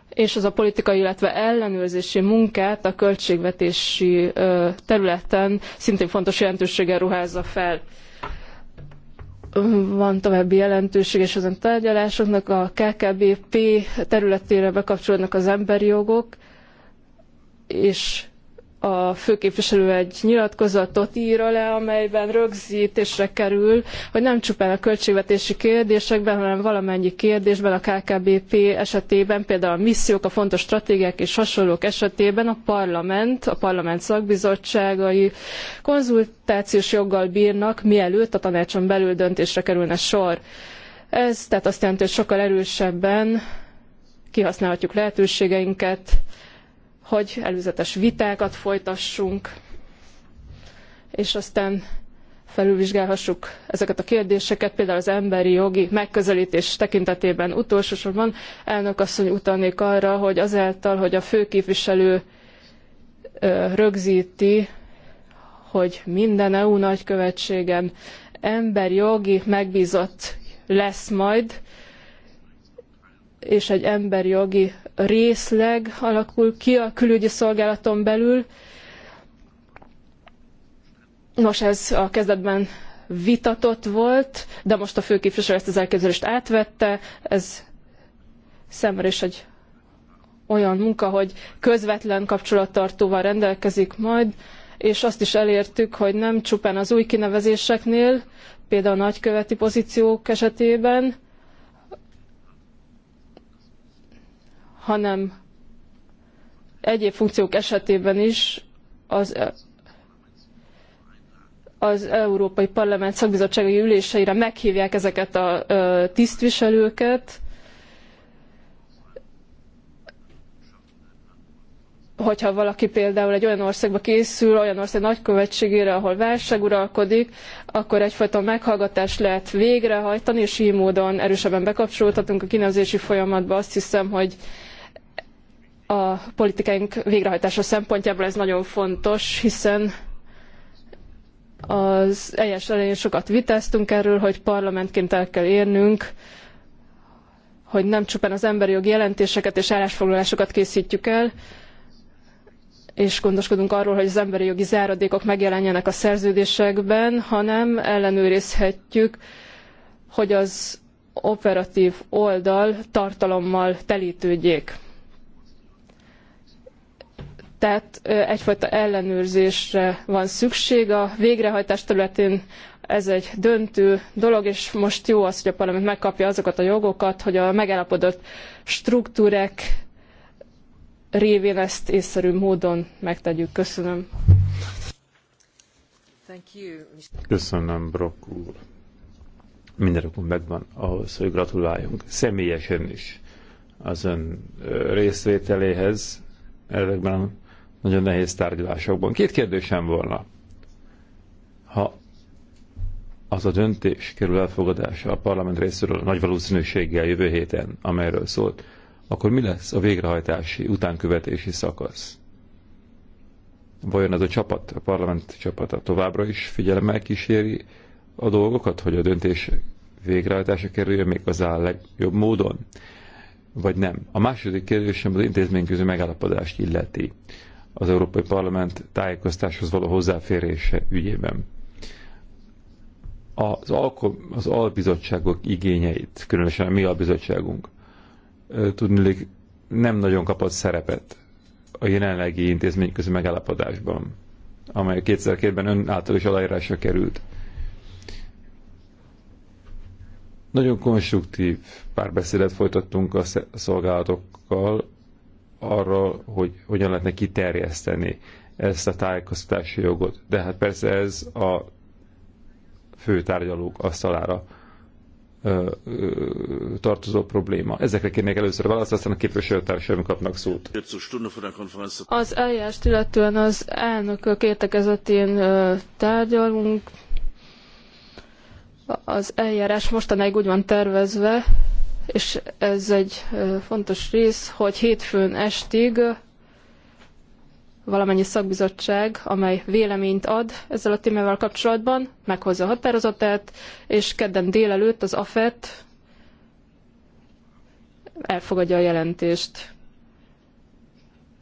és az a politikai, illetve ellenőrzési munkát a költségvetési területen szintén fontos jelentőséggel ruházza fel. Van további jelentőség és ezen tárgyalásoknak a KKBP területére bekapcsolódnak az emberi jogok, és a főképviselő egy nyilatkozatot ír alá, amelyben rögzítésre kerül, hogy nem csupán a költségvetési kérdésekben, hanem valamennyi kérdésben a KKBP esetében, például a missziók, a fontos stratégiák és hasonlók esetében a parlament, a parlament szakbizottságai konzultációs joggal bírnak, mielőtt a tanácson belül döntésre kerülne sor. Ez tehát azt jelenti, hogy sokkal erősebben kihasználhatjuk lehetőségeinket, hogy előzetes vitákat folytassunk, és aztán felülvizsgálhassuk ezeket a kérdéseket, például az emberi jogi megközelítés tekintetében utolsósorban. Elnök asszony utalnék arra, hogy azáltal, hogy a főképviselő rögzíti, hogy minden EU nagykövetségen emberi jogi megbízott lesz majd, és egy emberi jogi részleg alakul ki a külügyi szolgálaton belül. Nos, ez a kezdetben vitatott volt, de most a főképviselő ezt az elképzelést átvette. Ez szemre is egy olyan munka, hogy közvetlen kapcsolattartóval rendelkezik majd, és azt is elértük, hogy nem csupán az új kinevezéseknél, például a nagyköveti pozíciók esetében, hanem egyéb funkciók esetében is az, az Európai Parlament szakbizottsági üléseire meghívják ezeket a tisztviselőket, hogyha valaki például egy olyan országba készül, olyan ország nagykövetségére, ahol válság uralkodik, akkor egyfajta meghallgatást lehet végrehajtani, és így módon erősebben bekapcsolódhatunk a kinevezési folyamatba. Azt hiszem, hogy a politikánk végrehajtása szempontjából ez nagyon fontos, hiszen az egyes elején sokat vitáztunk erről, hogy parlamentként el kell érnünk, hogy nem csupán az emberi jogi jelentéseket és állásfoglalásokat készítjük el, és gondoskodunk arról, hogy az emberi jogi záradékok megjelenjenek a szerződésekben, hanem ellenőrizhetjük, hogy az operatív oldal tartalommal telítődjék tehát egyfajta ellenőrzésre van szükség. A végrehajtás területén ez egy döntő dolog, és most jó az, hogy a parlament megkapja azokat a jogokat, hogy a megállapodott struktúrák révén ezt észszerű módon megtegyük. Köszönöm. Köszönöm, Brock úr. Minden okunk megvan ahhoz, hogy gratuláljunk személyesen is az ön részvételéhez ezekben nagyon nehéz tárgyalásokban. Két kérdésem volna. Ha az a döntés kerül elfogadása a parlament részéről nagy valószínűséggel jövő héten, amelyről szólt, akkor mi lesz a végrehajtási, utánkövetési szakasz? Vajon ez a csapat, a parlament csapata továbbra is figyelemmel kíséri a dolgokat, hogy a döntés végrehajtása kerüljön még az a legjobb módon? Vagy nem? A második kérdésem az intézményközi megállapodást illeti az Európai Parlament tájékoztáshoz való hozzáférése ügyében. Az, alko, az albizottságok igényeit, különösen a mi albizottságunk, tudnilik nem nagyon kapott szerepet a jelenlegi intézményközi megállapodásban, amely 2002-ben ön által is aláírásra került. Nagyon konstruktív párbeszédet folytattunk a szolgálatokkal arról, hogy hogyan lehetne kiterjeszteni ezt a tájékoztatási jogot. De hát persze ez a fő tárgyalók asztalára ö, ö, tartozó probléma. Ezekre kérnék először választ, aztán a képviselőtársaim kapnak szót. Az eljárást illetően az elnökök értekezetén tárgyalunk. Az eljárás mostanáig úgy van tervezve, és ez egy fontos rész, hogy hétfőn estig valamennyi szakbizottság, amely véleményt ad ezzel a témával kapcsolatban, meghozza a határozatát, és kedden délelőtt az AFET elfogadja a jelentést,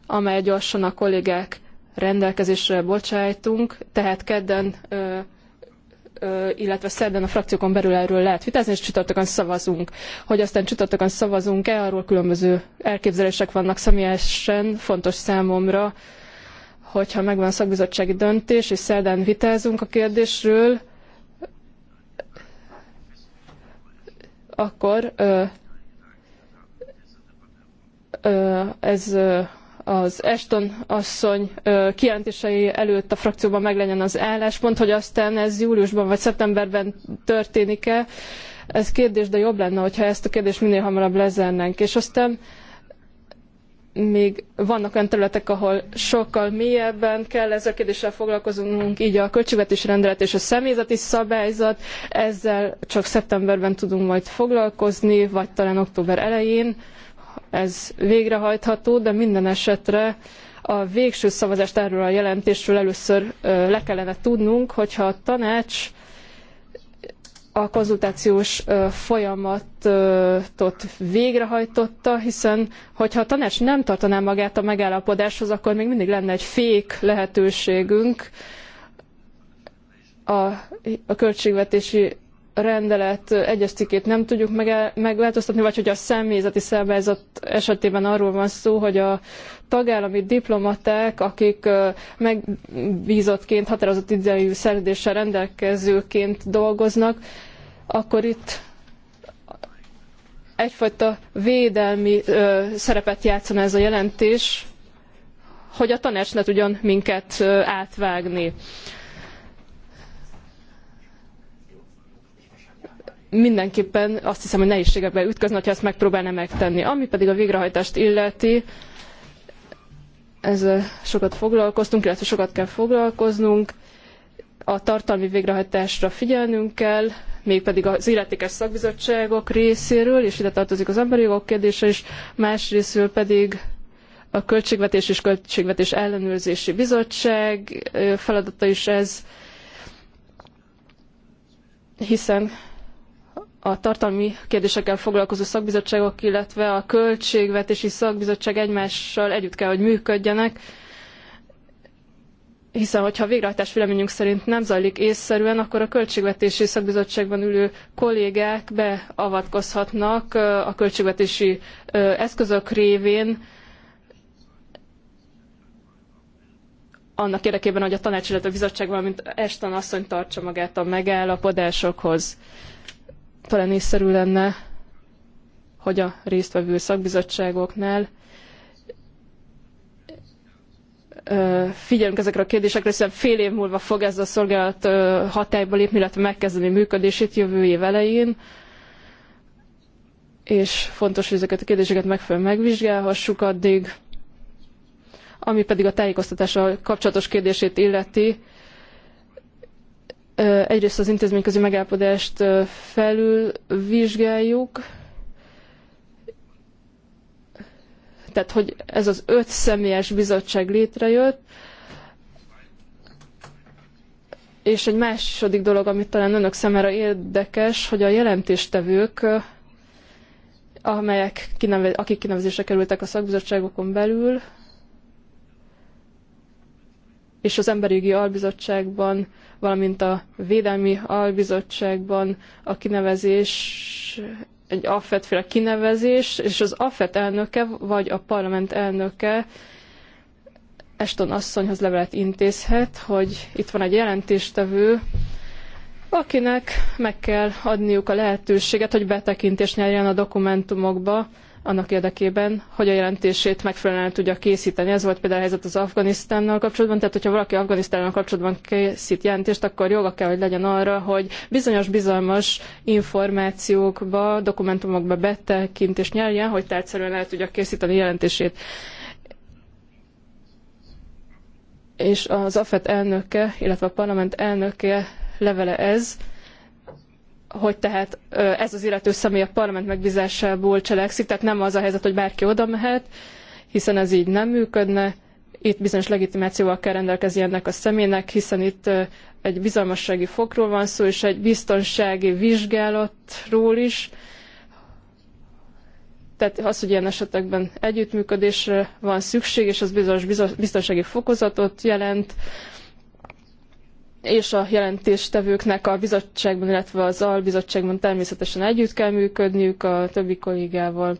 amely gyorsan a kollégák rendelkezésre bocsájtunk, tehát kedden illetve szerdán a frakciókon belül erről lehet vitázni, és csütörtökön szavazunk. Hogy aztán csütörtökön szavazunk-e, arról különböző elképzelések vannak személyesen, fontos számomra, hogyha megvan a szakbizottsági döntés, és szerdán vitázunk a kérdésről, akkor ö, ö, ez az Eston asszony kijelentései előtt a frakcióban meglegyen az álláspont, hogy aztán ez júliusban vagy szeptemberben történik-e. Ez kérdés, de jobb lenne, hogyha ezt a kérdést minél hamarabb lezárnánk. És aztán még vannak olyan területek, ahol sokkal mélyebben kell ezzel a kérdéssel foglalkoznunk, így a költségvetési rendelet és a személyzeti szabályzat, ezzel csak szeptemberben tudunk majd foglalkozni, vagy talán október elején ez végrehajtható, de minden esetre a végső szavazást erről a jelentésről először le kellene tudnunk, hogyha a tanács a konzultációs folyamatot végrehajtotta, hiszen hogyha a tanács nem tartaná magát a megállapodáshoz, akkor még mindig lenne egy fék lehetőségünk a, a költségvetési rendelet egyes cikkét nem tudjuk megváltoztatni, vagy hogy a személyzeti szabályzat esetében arról van szó, hogy a tagállami diplomaták, akik megbízottként, határozott idejű szerződéssel rendelkezőként dolgoznak, akkor itt egyfajta védelmi ö, szerepet játszana ez a jelentés, hogy a tanács ne tudjon minket ö, átvágni. mindenképpen azt hiszem, hogy nehézségekbe ütközne, ha ezt megpróbálna megtenni. Ami pedig a végrehajtást illeti, ezzel sokat foglalkoztunk, illetve sokat kell foglalkoznunk. A tartalmi végrehajtásra figyelnünk kell, mégpedig az illetékes szakbizottságok részéről, és ide tartozik az emberi jogok kérdése is, másrésztről pedig a Költségvetés és Költségvetés Ellenőrzési Bizottság feladata is ez, hiszen a tartalmi kérdésekkel foglalkozó szakbizottságok, illetve a költségvetési szakbizottság egymással együtt kell, hogy működjenek, hiszen hogyha a végrehajtás véleményünk szerint nem zajlik észszerűen, akkor a költségvetési szakbizottságban ülő kollégák beavatkozhatnak a költségvetési eszközök révén, annak érdekében, hogy a tanács, illetve a bizottság, valamint Eston asszony tartsa magát a megállapodásokhoz talán észszerű lenne, hogy a résztvevő szakbizottságoknál figyelünk ezekre a kérdésekre, hiszen fél év múlva fog ez a szolgálat hatályba lépni, illetve megkezdeni működését jövő év elején, és fontos, hogy ezeket a kérdéseket megfelelően megvizsgálhassuk addig. Ami pedig a tájékoztatással kapcsolatos kérdését illeti, Egyrészt az intézményközi megállapodást felül vizsgáljuk, tehát hogy ez az öt személyes bizottság létrejött, és egy második dolog, amit talán önök szemére érdekes, hogy a jelentéstevők, amelyek kinevez, akik kinevezésre kerültek a szakbizottságokon belül, és az emberi jogi albizottságban valamint a Védelmi Albizottságban a kinevezés egy affért-féle kinevezés, és az AFET elnöke, vagy a parlament elnöke Eston asszonyhoz levelet intézhet, hogy itt van egy jelentéstevő, akinek meg kell adniuk a lehetőséget, hogy betekintést nyerjen a dokumentumokba, annak érdekében, hogy a jelentését megfelelően tudja készíteni. Ez volt például a helyzet az Afganisztánnal kapcsolatban, tehát hogyha valaki Afganisztánnal kapcsolatban készít jelentést, akkor joga kell, hogy legyen arra, hogy bizonyos bizalmas információkba, dokumentumokba betekintést nyerjen, hogy tárgyszerűen el tudja készíteni jelentését. És az AFET elnöke, illetve a parlament elnöke levele ez, hogy tehát ez az illető személy a parlament megbízásából cselekszik, tehát nem az a helyzet, hogy bárki oda mehet, hiszen ez így nem működne. Itt bizonyos legitimációval kell rendelkezni ennek a személynek, hiszen itt egy bizalmassági fokról van szó, és egy biztonsági vizsgálatról is. Tehát az, hogy ilyen esetekben együttműködésre van szükség, és az bizonyos biztonsági fokozatot jelent, és a jelentéstevőknek a bizottságban, illetve az albizottságban természetesen együtt kell működniük a többi kollégával.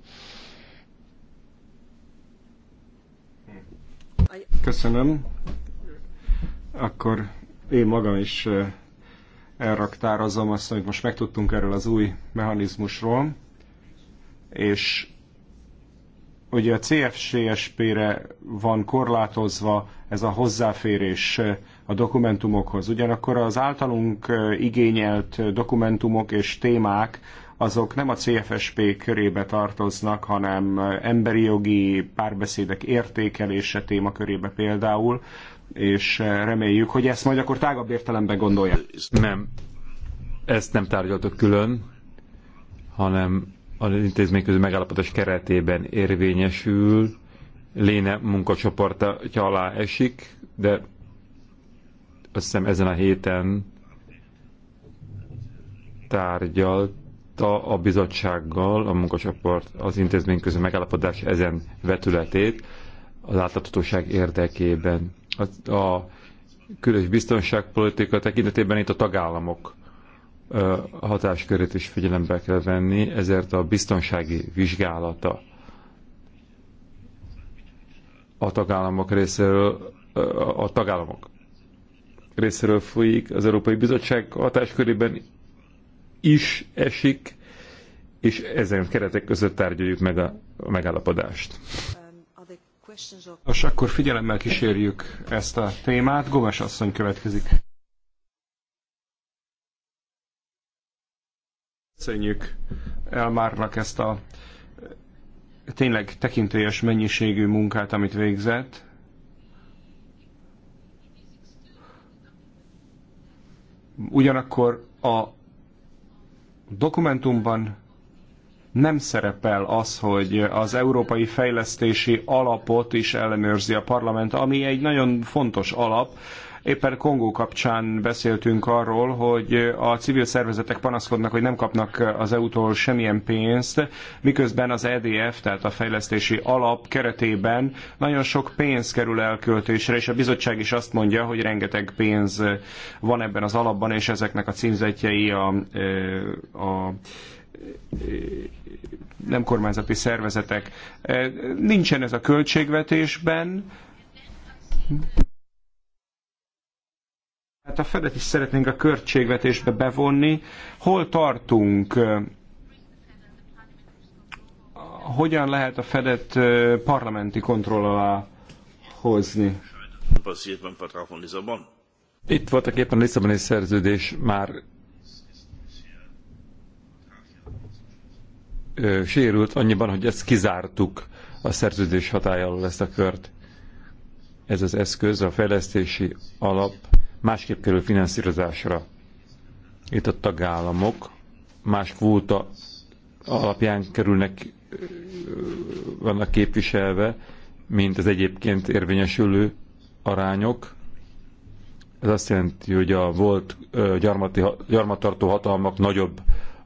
Köszönöm. Akkor én magam is elraktározom azt, amit most megtudtunk erről az új mechanizmusról, és ugye a CFCSP-re van korlátozva ez a hozzáférés a dokumentumokhoz. Ugyanakkor az általunk igényelt dokumentumok és témák azok nem a CFSP körébe tartoznak, hanem emberi jogi párbeszédek értékelése témakörébe például, és reméljük, hogy ezt majd akkor tágabb értelemben gondolja. Nem, ezt nem tárgyaltok külön, hanem az közül megállapodás keretében érvényesül, Léne munkacsoporta alá esik, de azt hiszem ezen a héten tárgyalta a bizottsággal, a munkacsoport az intézmény közül megállapodás ezen vetületét az átláthatóság érdekében. A, a külös biztonságpolitika tekintetében itt a tagállamok hatáskörét is figyelembe kell venni, ezért a biztonsági vizsgálata a tagállamok részéről a tagállamok részéről folyik, az Európai Bizottság hatáskörében is esik, és ezen keretek között tárgyaljuk meg a, megállapodást. Most akkor figyelemmel kísérjük ezt a témát. Gomes asszony következik. Köszönjük Elmárnak ezt a tényleg tekintélyes mennyiségű munkát, amit végzett. Ugyanakkor a dokumentumban nem szerepel az, hogy az Európai Fejlesztési Alapot is ellenőrzi a parlament, ami egy nagyon fontos alap, Éppen Kongó kapcsán beszéltünk arról, hogy a civil szervezetek panaszkodnak, hogy nem kapnak az EU-tól semmilyen pénzt, miközben az EDF, tehát a fejlesztési alap keretében nagyon sok pénz kerül elköltésre, és a bizottság is azt mondja, hogy rengeteg pénz van ebben az alapban, és ezeknek a címzetjei a, a nem kormányzati szervezetek. Nincsen ez a költségvetésben. Hát a Fedet is szeretnénk a költségvetésbe bevonni. Hol tartunk? Hogyan lehet a Fedet parlamenti kontroll alá hozni? Itt voltak éppen a Lisszaboni szerződés már sérült annyiban, hogy ezt kizártuk a szerződés hatája alól ezt a kört. Ez az eszköz, a fejlesztési alap másképp kerül finanszírozásra. Itt a tagállamok más kvóta alapján kerülnek, vannak képviselve, mint az egyébként érvényesülő arányok. Ez azt jelenti, hogy a volt gyarmati, gyarmatartó hatalmak nagyobb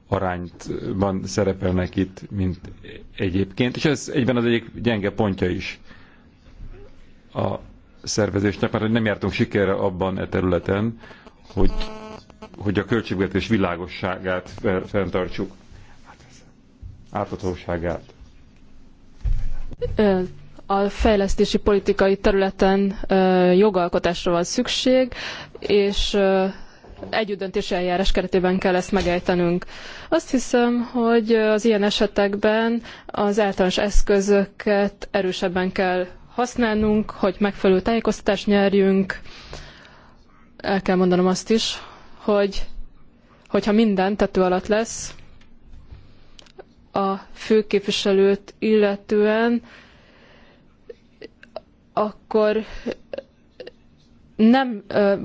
arányban szerepelnek itt, mint egyébként, és ez egyben az egyik gyenge pontja is a szervezésnek, mert nem jártunk sikerre abban a e területen, hogy, hogy a költségvetés világosságát fenntartsuk, átadhatóságát. A fejlesztési politikai területen jogalkotásra van szükség, és együttdöntési eljárás keretében kell ezt megejtenünk. Azt hiszem, hogy az ilyen esetekben az általános eszközöket erősebben kell használnunk, hogy megfelelő tájékoztatást nyerjünk. El kell mondanom azt is, hogy hogyha minden tető alatt lesz, a főképviselőt illetően, akkor nem,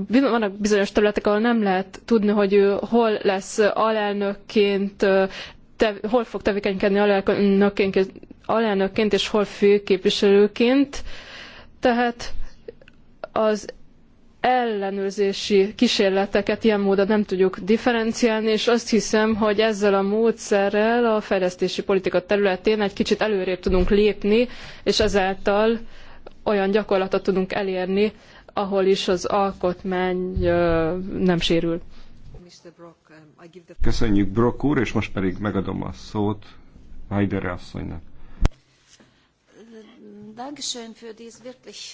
vannak bizonyos területek, ahol nem lehet tudni, hogy ő hol lesz alelnökként, te, hol fog tevékenykedni alelnökként alelnökként és hol főképviselőként. Tehát az ellenőrzési kísérleteket ilyen módon nem tudjuk differenciálni, és azt hiszem, hogy ezzel a módszerrel a fejlesztési politika területén egy kicsit előrébb tudunk lépni, és ezáltal olyan gyakorlatot tudunk elérni, ahol is az alkotmány nem sérül. Um, Köszönjük Brock úr, és most pedig megadom a szót Heidere asszonynak.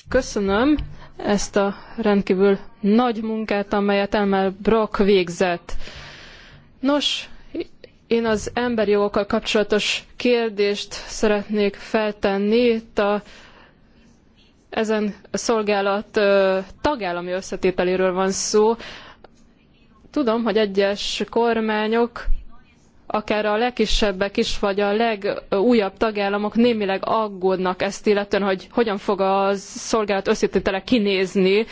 Köszönöm ezt a rendkívül nagy munkát, amelyet Elmer Brock végzett. Nos, én az emberi jogokkal kapcsolatos kérdést szeretnék feltenni. Itt a, ezen a szolgálat tagállami összetételéről van szó. Tudom, hogy egyes kormányok akár a legkisebbek is, vagy a legújabb tagállamok némileg aggódnak ezt illetően, hogy hogyan fog a szolgálat összetétele kinézni.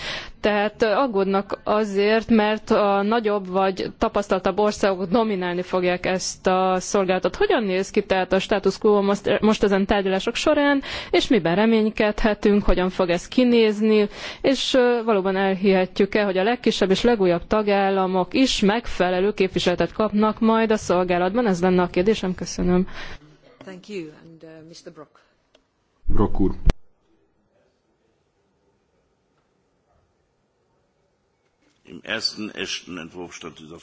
Tehát aggódnak azért, mert a nagyobb vagy tapasztaltabb országok dominálni fogják ezt a szolgáltat. Hogyan néz ki tehát a status quo most, most ezen tárgyalások során, és miben reménykedhetünk, hogyan fog ez kinézni, és valóban elhihetjük-e, hogy a legkisebb és legújabb tagállamok is megfelelő képviseletet kapnak majd a szolgálatban? Ez lenne a kérdésem. Köszönöm. Thank you. And, uh, Mr. Brock. Brock úr.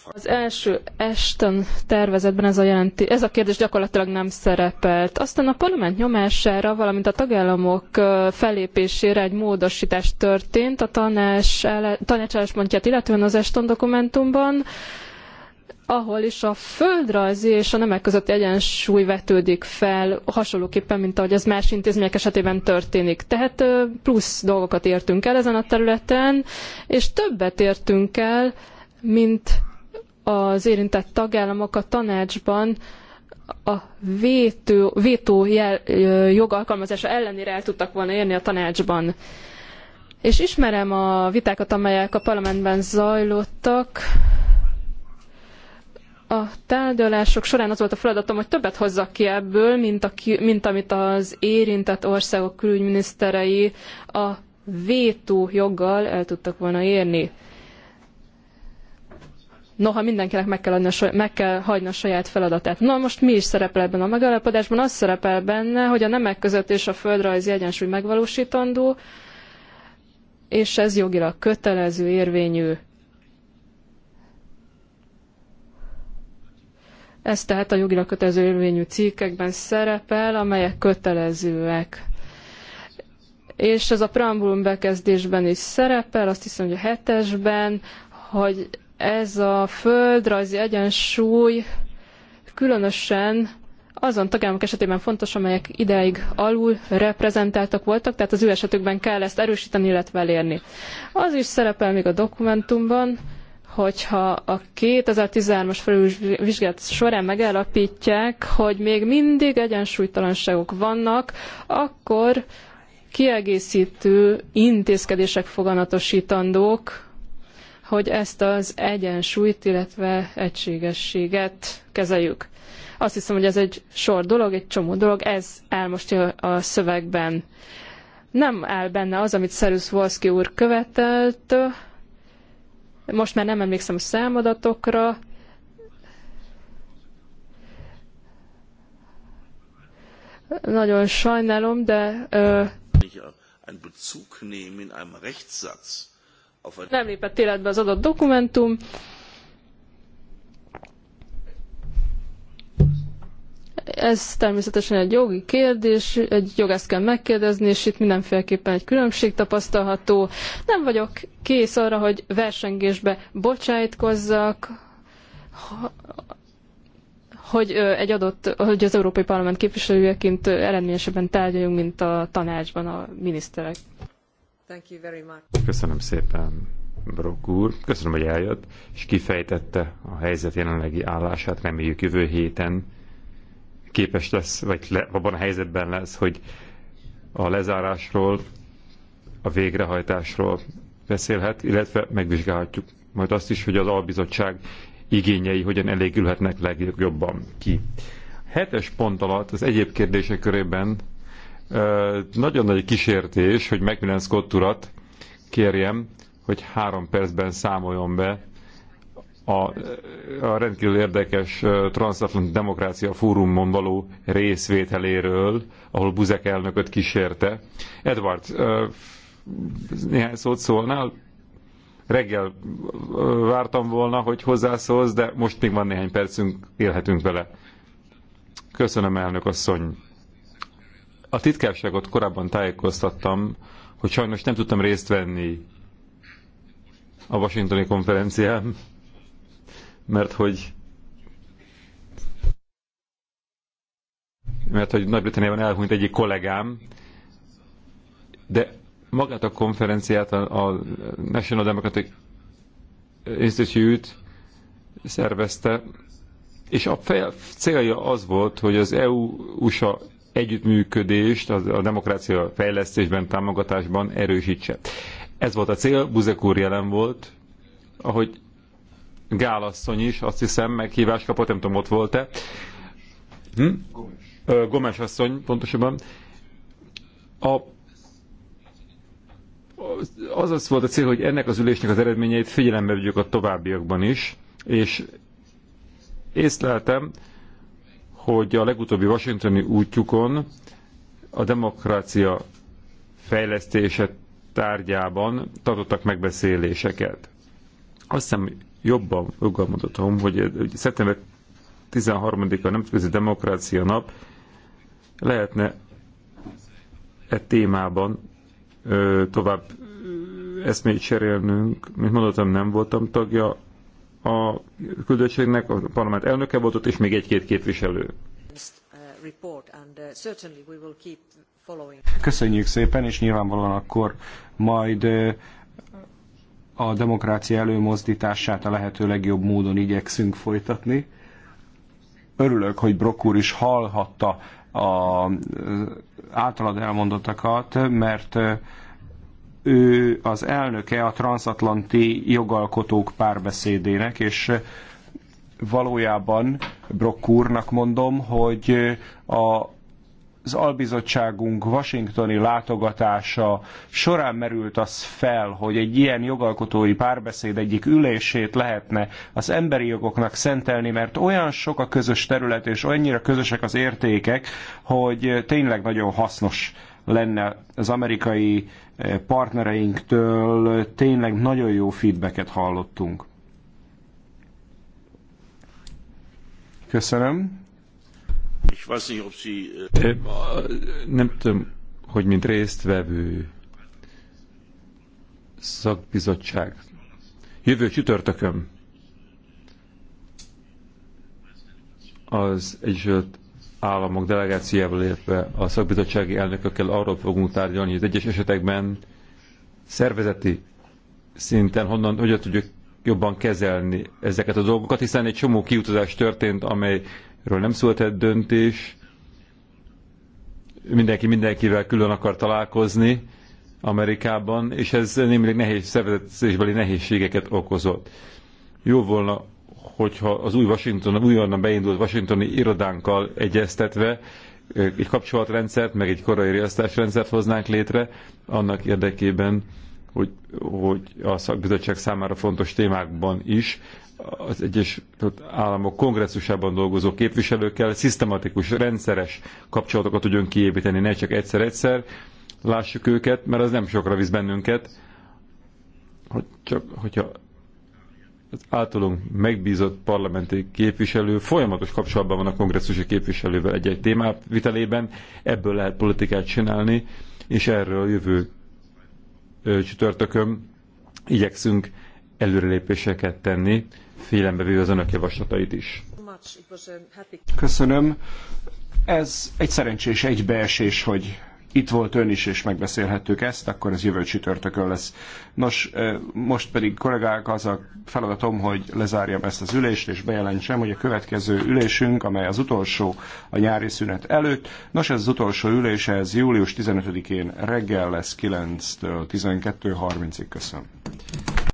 Az első Ashton tervezetben ez a, jelenti, ez a kérdés gyakorlatilag nem szerepelt. Aztán a parlament nyomására, valamint a tagállamok fellépésére egy módosítás történt a tanács, tanács álláspontját, illetően az Ashton dokumentumban ahol is a földrajzi és a nemek közötti egyensúly vetődik fel, hasonlóképpen, mint ahogy ez más intézmények esetében történik. Tehát plusz dolgokat értünk el ezen a területen, és többet értünk el, mint az érintett tagállamok a tanácsban a vétő, vétó jel, jog alkalmazása ellenére el tudtak volna érni a tanácsban. És ismerem a vitákat, amelyek a parlamentben zajlottak, a tárgyalások során az volt a feladatom, hogy többet hozzak ki ebből, mint, a, mint amit az érintett országok külügyminiszterei a vétó joggal el tudtak volna érni. Noha mindenkinek meg kell, adni a, meg kell hagyni a saját feladatát. Na most mi is szerepel ebben a megállapodásban? Az szerepel benne, hogy a nemek között és a földrajzi egyensúly megvalósítandó, és ez jogilag kötelező, érvényű. Ez tehát a jogilag kötelező érvényű cikkekben szerepel, amelyek kötelezőek. És ez a preambulum bekezdésben is szerepel, azt hiszem, hogy a hetesben, hogy ez a földrajzi egyensúly különösen azon tagállamok esetében fontos, amelyek ideig alul reprezentáltak voltak, tehát az ő esetükben kell ezt erősíteni, illetve elérni. Az is szerepel még a dokumentumban, hogyha a 2013-as felülvizsgálat során megállapítják, hogy még mindig egyensúlytalanságok vannak, akkor kiegészítő intézkedések foganatosítandók, hogy ezt az egyensúlyt, illetve egységességet kezeljük. Azt hiszem, hogy ez egy sor dolog, egy csomó dolog, ez áll most a szövegben. Nem áll benne az, amit Szerusz Wolski úr követelt, most már nem emlékszem a számadatokra, Nagyon sajnálom, de... Uh, nem lépett életbe az adott dokumentum, Ez természetesen egy jogi kérdés, egy jogászt kell megkérdezni, és itt mindenféleképpen egy különbség tapasztalható. Nem vagyok kész arra, hogy versengésbe bocsájtkozzak, hogy egy adott, hogy az Európai Parlament képviselőjeként eredményesebben tárgyaljunk, mint a tanácsban a miniszterek. Köszönöm szépen, Brock úr. Köszönöm, hogy eljött, és kifejtette a helyzet jelenlegi állását. Reméljük jövő héten képes lesz, vagy le, abban a helyzetben lesz, hogy a lezárásról, a végrehajtásról beszélhet, illetve megvizsgálhatjuk majd azt is, hogy az albizottság igényei hogyan elégülhetnek legjobban ki. Hetes pont alatt az egyéb kérdések körében nagyon nagy kísértés, hogy Macmillan Scott urat kérjem, hogy három percben számoljon be a, a rendkívül érdekes Transatlant Demokrácia Fórumon való részvételéről, ahol Buzek elnököt kísérte. Edward, néhány szót szólnál? Reggel vártam volna, hogy hozzászólsz, de most még van néhány percünk, élhetünk vele. Köszönöm, elnök asszony. A titkárságot korábban tájékoztattam, hogy sajnos nem tudtam részt venni a Washingtoni konferencián, mert hogy mert hogy Nagy-Britanniában elhunyt egyik kollégám, de magát a konferenciát a, a National Democratic Institute szervezte, és a fej, célja az volt, hogy az EU-USA együttműködést az, a demokrácia fejlesztésben, támogatásban erősítse. Ez volt a cél, Buzek úr jelen volt, ahogy Gálasszony is, azt hiszem, meghívást kapott, nem tudom, ott volt-e. Hm? Gomes. Gomes asszony, pontosabban. A, az az volt a cél, hogy ennek az ülésnek az eredményeit figyelembe vegyük a továbbiakban is, és észleltem, hogy a legutóbbi washingtoni útjukon a demokrácia fejlesztése tárgyában tartottak megbeszéléseket. Azt hiszem jobban, jobban mondhatom, hogy, hogy szeptember 13-a Nemzetközi Demokrácia Nap lehetne e témában ö, tovább eszmét cserélnünk. Mint mondottam, nem voltam tagja a küldöttségnek, a parlament elnöke volt ott, és még egy-két képviselő. Köszönjük szépen, és nyilvánvalóan akkor majd a demokrácia előmozdítását a lehető legjobb módon igyekszünk folytatni. Örülök, hogy Brock úr is hallhatta a általad elmondottakat, mert ő az elnöke a transatlanti jogalkotók párbeszédének, és valójában Brock úrnak mondom, hogy a az albizottságunk washingtoni látogatása során merült az fel, hogy egy ilyen jogalkotói párbeszéd egyik ülését lehetne az emberi jogoknak szentelni, mert olyan sok a közös terület és annyira közösek az értékek, hogy tényleg nagyon hasznos lenne az amerikai eh, partnereinktől, tényleg nagyon jó feedbacket hallottunk. Köszönöm. Äh, nem tudom, hogy mint résztvevő szakbizottság. Jövő csütörtökön az Egyesült Államok delegáciával, illetve a szakbizottsági elnökökkel arról fogunk tárgyalni, hogy az egyes esetekben szervezeti szinten honnan, hogyan tudjuk jobban kezelni ezeket a dolgokat, hiszen egy csomó kiutazás történt, amely ről nem született döntés, mindenki mindenkivel külön akar találkozni Amerikában, és ez némileg nehéz, szervezésbeli nehézségeket okozott. Jó volna, hogyha az új Washington, újonnan beindult washingtoni irodánkkal egyeztetve egy kapcsolatrendszert, meg egy korai riasztásrendszert hoznánk létre, annak érdekében, hogy, hogy a szakbizottság számára fontos témákban is az egyes államok kongresszusában dolgozó képviselőkkel szisztematikus, rendszeres kapcsolatokat tudjon kiépíteni, ne csak egyszer-egyszer lássuk őket, mert az nem sokra visz bennünket, hogy csak, hogyha az általunk megbízott parlamenti képviselő folyamatos kapcsolatban van a kongresszusi képviselővel egy-egy témát vitelében, ebből lehet politikát csinálni, és erről a jövő csütörtökön igyekszünk előrelépéseket tenni figyelembe véve az önök javaslatait is. Köszönöm. Ez egy szerencsés egybeesés, hogy itt volt ön is, és megbeszélhettük ezt, akkor ez jövő csütörtökön lesz. Nos, most pedig kollégák, az a feladatom, hogy lezárjam ezt az ülést, és bejelentsem, hogy a következő ülésünk, amely az utolsó a nyári szünet előtt, nos, ez az utolsó ülés, ez július 15-én reggel lesz 9-től 12.30-ig. Köszönöm.